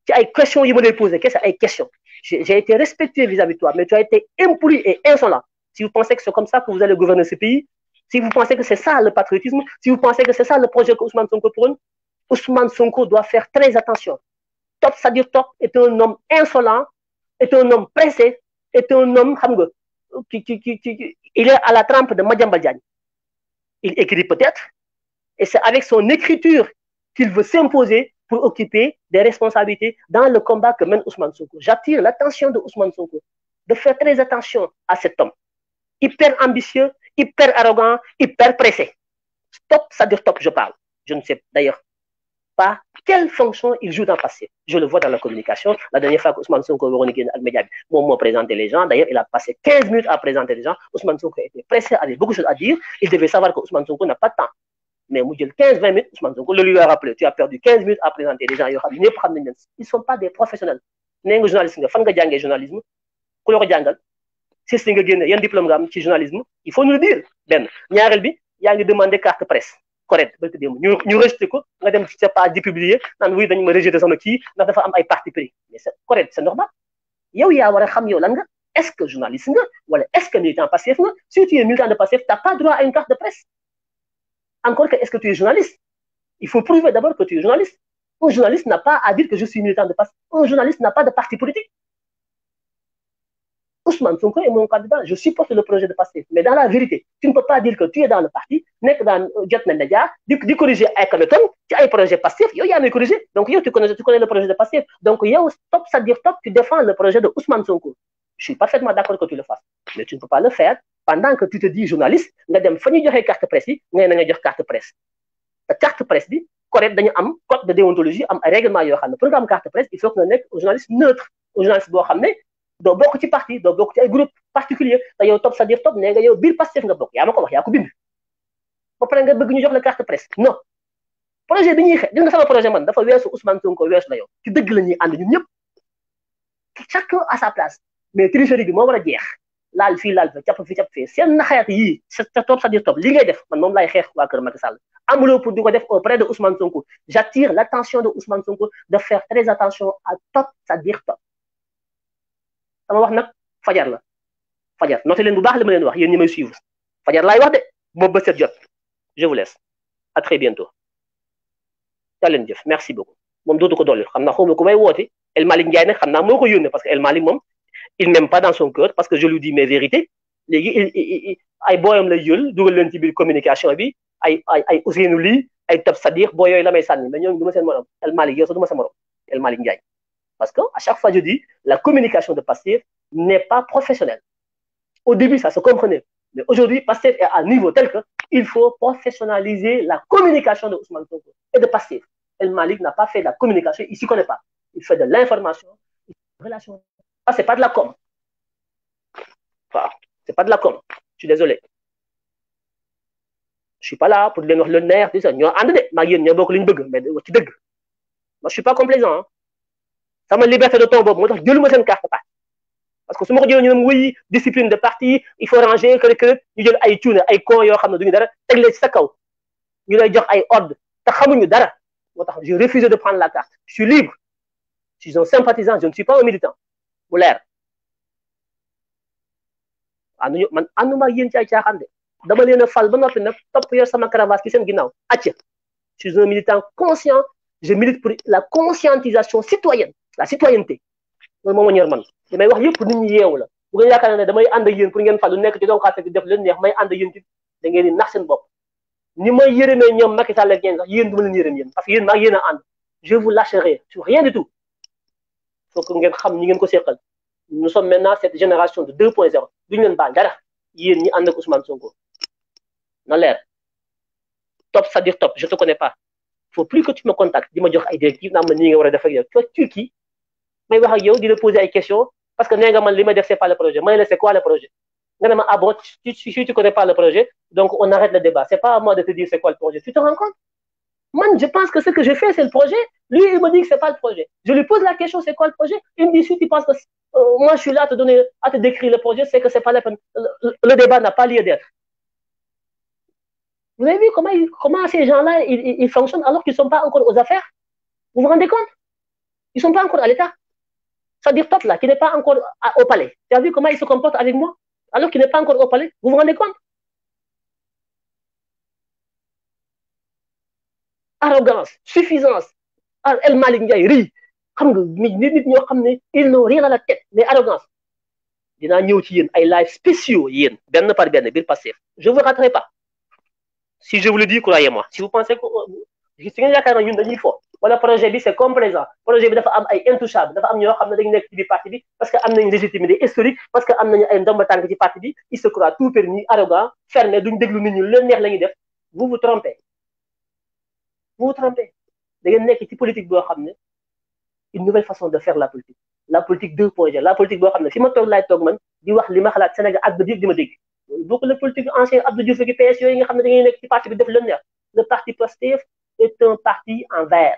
ci ay questions yi ma lay posé kese ay questions j'ai été respecté vis-à-vis de toi mais tu as été impoli et insolent si vous pensez que c'est comme ça que vous allez gouverner ce pays si vous pensez que c'est ça le patriotisme, si vous pensez que c'est ça le projet Ousmane Sonko prône, Ousmane Sonko doit faire très attention. Top Sadir Top est un homme insolent, est un homme pressé, est un homme qui, il est à la trempe de Madjam Il écrit peut-être, et c'est avec son écriture qu'il veut s'imposer pour occuper des responsabilités dans le combat que mène Ousmane Sonko. J'attire l'attention de Ousmane Sonko de faire très attention à cet homme, hyper ambitieux, hyper arrogant, hyper pressé. Stop, ça dire stop, je parle. Je ne sais d'ailleurs pas quelle fonction il joue dans le passé. Je le vois dans la communication. La dernière fois qu'Ousmane Sonko est bon, moi, présenté les gens. D'ailleurs, il a passé 15 minutes à présenter les gens. Ousmane Sonko était pressé, avait beaucoup de choses à dire. Il devait savoir qu'Ousmane Sonko n'a pas de temps. Mais de 15-20 minutes, Ousmane Sonko le lui a rappelé. Tu as perdu 15 minutes à présenter les gens. Ils ne sont pas des professionnels. Ils sont journalistes. Ils journalisme. Si c'est un un diplôme de journalisme il faut nous le dire il ñaareel bi yaa ngi demandé carte presse correct Nous démb Nous ñu pas ko nga dem sa pas di publier nous wuy pas ma rejeté sama kii ndax dafa am parti pris mais c'est correct c'est normal xam est-ce que journaliste ou est-ce que militant passif si tu es militant de tu n'as pas droit à une carte de presse encore que est-ce que tu es journaliste il faut prouver d'abord que tu es journaliste un journaliste n'a pas à dire que je suis militant de passif un journaliste n'a pas de parti politique Ousmane Sonko est mon candidat, je supporte le projet de passif, Mais dans la vérité, tu ne peux pas dire que tu es dans le parti, n'est que dans euh, Jotman Nadia, du corriger avec le ton, tu as un projet passif, yo, y a corrigé. Donc, yo, tu connais, tu connais le projet de passif. Donc, yo, stop, ça dire stop, tu défends le projet de Ousmane Sonko. Je suis parfaitement d'accord que tu le fasses. Mais tu ne peux pas le faire pendant que tu te dis journaliste, Tu dem fini de joxe carte presse Tu carte presse. La carte presse bi, correct dañu am code de déontologie, am règlement yo programme carte presse, il faut que nga un journaliste neutre, journaliste bo xamné do bok ci parti do bok ci ay groupe particulier te yow topp c'est-à-dire topp nee nga yow biir Pastef nga bokk yaa ma wax yaa ko bind ba pare nga bëgg ñu jox la carte presse non projet bi ñuy xé gis nga sama projet man dafa weesu Ousmane Sonko wess la yow ci dëgg la ñuy ànd ñun ñëpp chaque à sa place mais tricherie bi moo war a jeex fi fii fi fii fi fii capp fii seen naxayaat yii sa topp c'est-à-dire topp li ngay def man mom lay xeex wa keur Macky Sall amuloo pour di ko def auprès de Ousmane Sonko j'attire l'attention de Ousmane Sonko de faire très attention à top c'est-à-dire top sama wax nag fajar la fajar noté leen bu baax li ma leen wax yéen ñi may suivre fajar laay wax de boobu ba set jot je vous laisse à très bientôt yaa leen jëf merci beaucoup moom dootu ko dolli xam naa xawma ko may woote El Malick Ndiaye nag xam naa moo ko yónnee parce que El Malick moom il n'aime pas dans son cœur parce que je lui dis mes vérités léegi ay booyam lay jël dugal leen ci biir communication bi ay ay ay Ousseynou lii ay Tab Sadiq boo yooyu la may sànni mais ñoom du ma seen morom El Malick yow sax du ma sa morom El Malick Ndiaye parce qu'à chaque fois, je dis, la communication de passif n'est pas professionnelle. Au début, ça se comprenait. Mais aujourd'hui, passif est à un niveau tel qu'il faut professionnaliser la communication de Ousmane Togo et de Pasteur. El Malik n'a pas fait de la communication, il ne s'y connaît pas. Il fait de l'information, il fait de Ah, c'est pas de la com. Ce c'est pas de la com. Je suis désolé. Je suis pas là pour donner le nerf, Je ça. Moi, je suis pas complaisant. Hein sama liberté de ton boobu moo tax jëluma seen carte parti parce que su ma ko jëlee ñu ne wëyi discipline de parti il faut ranger quelque chose. ñu jël ay cuune ay con yoo xam ne duñu dara teg leen ci sa kaw ñu lay jox ay ordre te xamuñu dara moo tax j'ai refusé de prendre la carte je suis libre je suis un sympathisant je ne suis pas un militant mu leer ànduñu ah, man ànduma yéen ci ay caaxaan de dama leen a fal ba noppi nag topp yor sama caravage ci seen ginnaaw acca je suis un militant conscient je milite pour la conscientisation citoyenne la citoyenneté loolu moo ma ñor man li wax yëpp nit ñi yeewu la bu ngeen yaakaar ne damay ànd ak yéen pour ngeen fàllu nekk di donkaate di def leen neex may ànd ak yéen ci da ngeen di nax seen bopp ni may yërëmee ñoom Macky Sall ak yéen sax yéen du ma leen yërëm yéen parce que yéen maa yéen a ànd je vous lâcherai sur rien du tout faut que ngeen xam ñi ngeen ko seqal nous sommes maintenant cette génération de 2.0 duñ leen baal dara yéen ñi ànd ak Ousmane Sonko na leer top ça dire top je te connais pas faut plus que tu me contactes di ma jox ay directives naa ma nii nga war a def ak yow tu vois il wax ak la poser questions parce que nee nga man li def c'est pas le projet Moi, la c'est quoi le projet nga ne ah tu tu connais pas le projet donc on arrête le débat c'est pas à moi de te dire c'est quoi le projet tu te rends compte Moi, je pense que ce que je fais c'est le projet lui il me dit que c'est pas le projet je lui pose la question c'est quoi le projet il me dit si tu penses que euh, moi je suis là à te donner à te décrire le projet c'est que c'est pas le, débat n'a pas lieu d'être vous avez vu comment, comment ces gens-là ils, fonctionnent alors qu'ils ne sont pas encore aux affaires Vous vous rendez compte Ils ne sont pas encore à l'État dit toi là, qui n'est pas encore au palais. Tu as vu comment il se comporte avec moi alors qu'il n'est pas encore au palais Vous vous rendez compte Arrogance, suffisance. Ah, El Malik Ndiaye rit. xam nga nit ñoo ils n'ont rien à la tête mais arrogance Il y ci des ay live spéciaux yéen benn par benn biir Pastef je vous raterai pas si je vous le dis croyez-moi si vous pensez que je euh, suis yaakaar a ñun dañuy wala projet bi c'est comme présent projet bi dafa am ay intouchable dafa am ñoo xam ne dañu nekk ci biir parti bi parce que am nañ légitimité historique parce que am nañu ay ndomba tànk ci parti bi il se croit tout permis arrogant fermé duñ déglu nit ñi lu neex la ñuy def vous vous trompez vous vous trompez da ngeen nekk ci politique boo xam ne une nouvelle façon de faire la politique la politique deux projets la politique boo xam ne fi ma toog laay toog man di wax li ma xalaat Sénégal àdduna bi di ma dégg beaucoup la politique ancien Abdou Diouf ki PS yooyu nga xam ne dañuy nekk ci parti bi def leen neex le parti Pastef est un parti en vert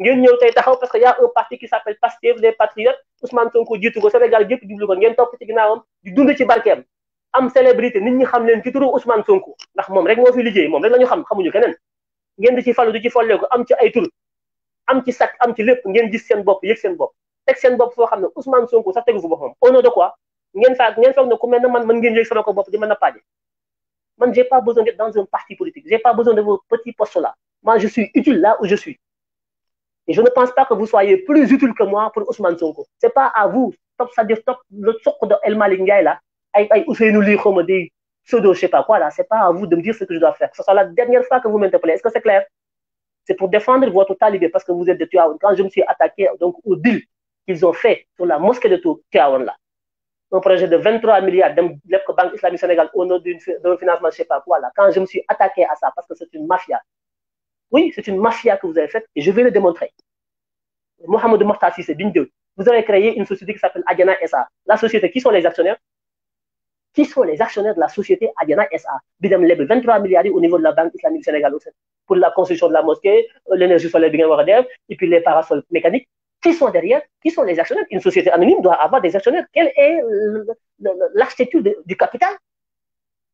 ngeen ñëw tey taxaw parce que y a un parti qui s'appelle Pastef les patriotes Ousmane Sonko jiitu ko Sénégal yëpp jublu ko topp ci ginnaawam di dund ci barkeem am célébrité nit ñi xam leen ci turu Ousmane Sonko ndax moom rek moo fi liggéey moom rek la ñu xam xamuñu keneen ngeen di ci falu di ci folleeku am ci ay tur am ci sac am ci lépp ngeen gis seen bopp yëg seen bopp teg seen bopp foo xam ne Ousmane Sonko sax tegu fu boppam au nom de quoi ngeen faak ngeen Et je ne pense pas que vous soyez plus utile que moi pour Ousmane Sonko. Ce n'est pas à vous. Top, ça dire top, le socle de El Malingay, là, pseudo, je sais pas quoi, là, ce pas à vous de me dire ce que je dois faire. Ce sera la dernière fois que vous m'interpellez. Est-ce que c'est clair C'est pour défendre votre talibé parce que vous êtes de Tiaoun. Quand je me suis attaqué donc, au deal qu'ils ont fait sur la mosquée de Tiaoun, là, un projet de 23 milliards de la Banque islamique Sénégal au nom d'un financement, je sais pas quoi, là, quand je me suis attaqué à ça parce que c'est une mafia, oui, c'est une mafia que vous avez faite et je vais le démontrer. Mohamed Mortasi, c'est Bindou. Vous avez créé une société qui s'appelle Adiana SA. La société, qui sont les actionnaires Qui sont les actionnaires de la société Adiana SA 23 milliards au niveau de la Banque islamique sénégalaise pour la construction de la mosquée, euh, l'énergie solaire et puis les parasols mécaniques. Qui sont derrière Qui sont les actionnaires Une société anonyme doit avoir des actionnaires. Quelle est l'architecture du capital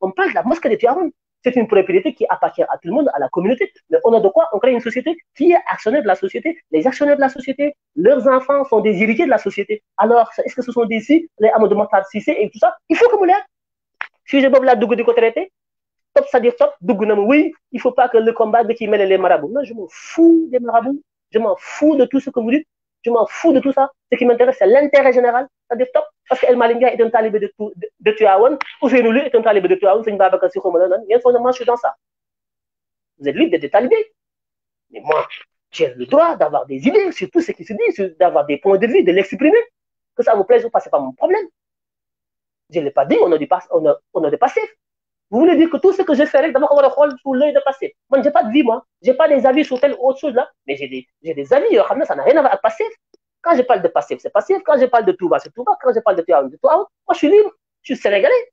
On parle de la mosquée de Tiaron c'est une propriété qui appartient à tout le monde, à la communauté. Mais on a de quoi On crée une société qui est actionnaire de la société. Les actionnaires de la société, leurs enfants sont des héritiers de la société. Alors, est-ce que ce sont des si, les Amadou Matar et tout ça Il faut que vous l'ayez. je Bob la Dougou de traité. Top, ça dit top. Dougou, oui, il ne faut pas que le combat de qui mène les marabouts. Moi, je m'en fous des marabouts. Je m'en fous de tout ce que vous dites je m'en fous de tout ça. Ce qui m'intéresse, c'est l'intérêt général, ça dit top. Parce que El Malinga est un talibé de, de, de ou est un talibé de Tuawan, c'est une a a Bien fondamentalement, je suis dans ça. Vous êtes libre d'être talibé. Mais moi, j'ai le droit d'avoir des idées sur tout ce qui se dit, d'avoir des points de vue, de l'exprimer. Que ça vous plaise ou pas, ce n'est pas mon problème. Je ne l'ai pas dit, on a des on vous voulez dire que tout ce que je ferai, d'abord, on va le sous l'œil de passif Moi, j'ai pas de vie, moi. J'ai pas des avis sur telle ou autre chose, là. Mais j'ai des, des avis, ça n'a rien à voir avec passif. Quand je parle de passif, c'est passif. Quand je parle de tout bas, c'est tout bas. Quand je parle de tout haut, c'est tout haut. Moi, je suis libre. Je suis sénégalais.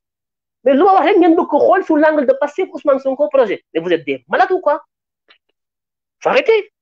Mais l'on va rien beaucoup rôle sous l'angle de passif Ousmane Sonko projet. Mais vous êtes des malades ou quoi? Faut arrêter.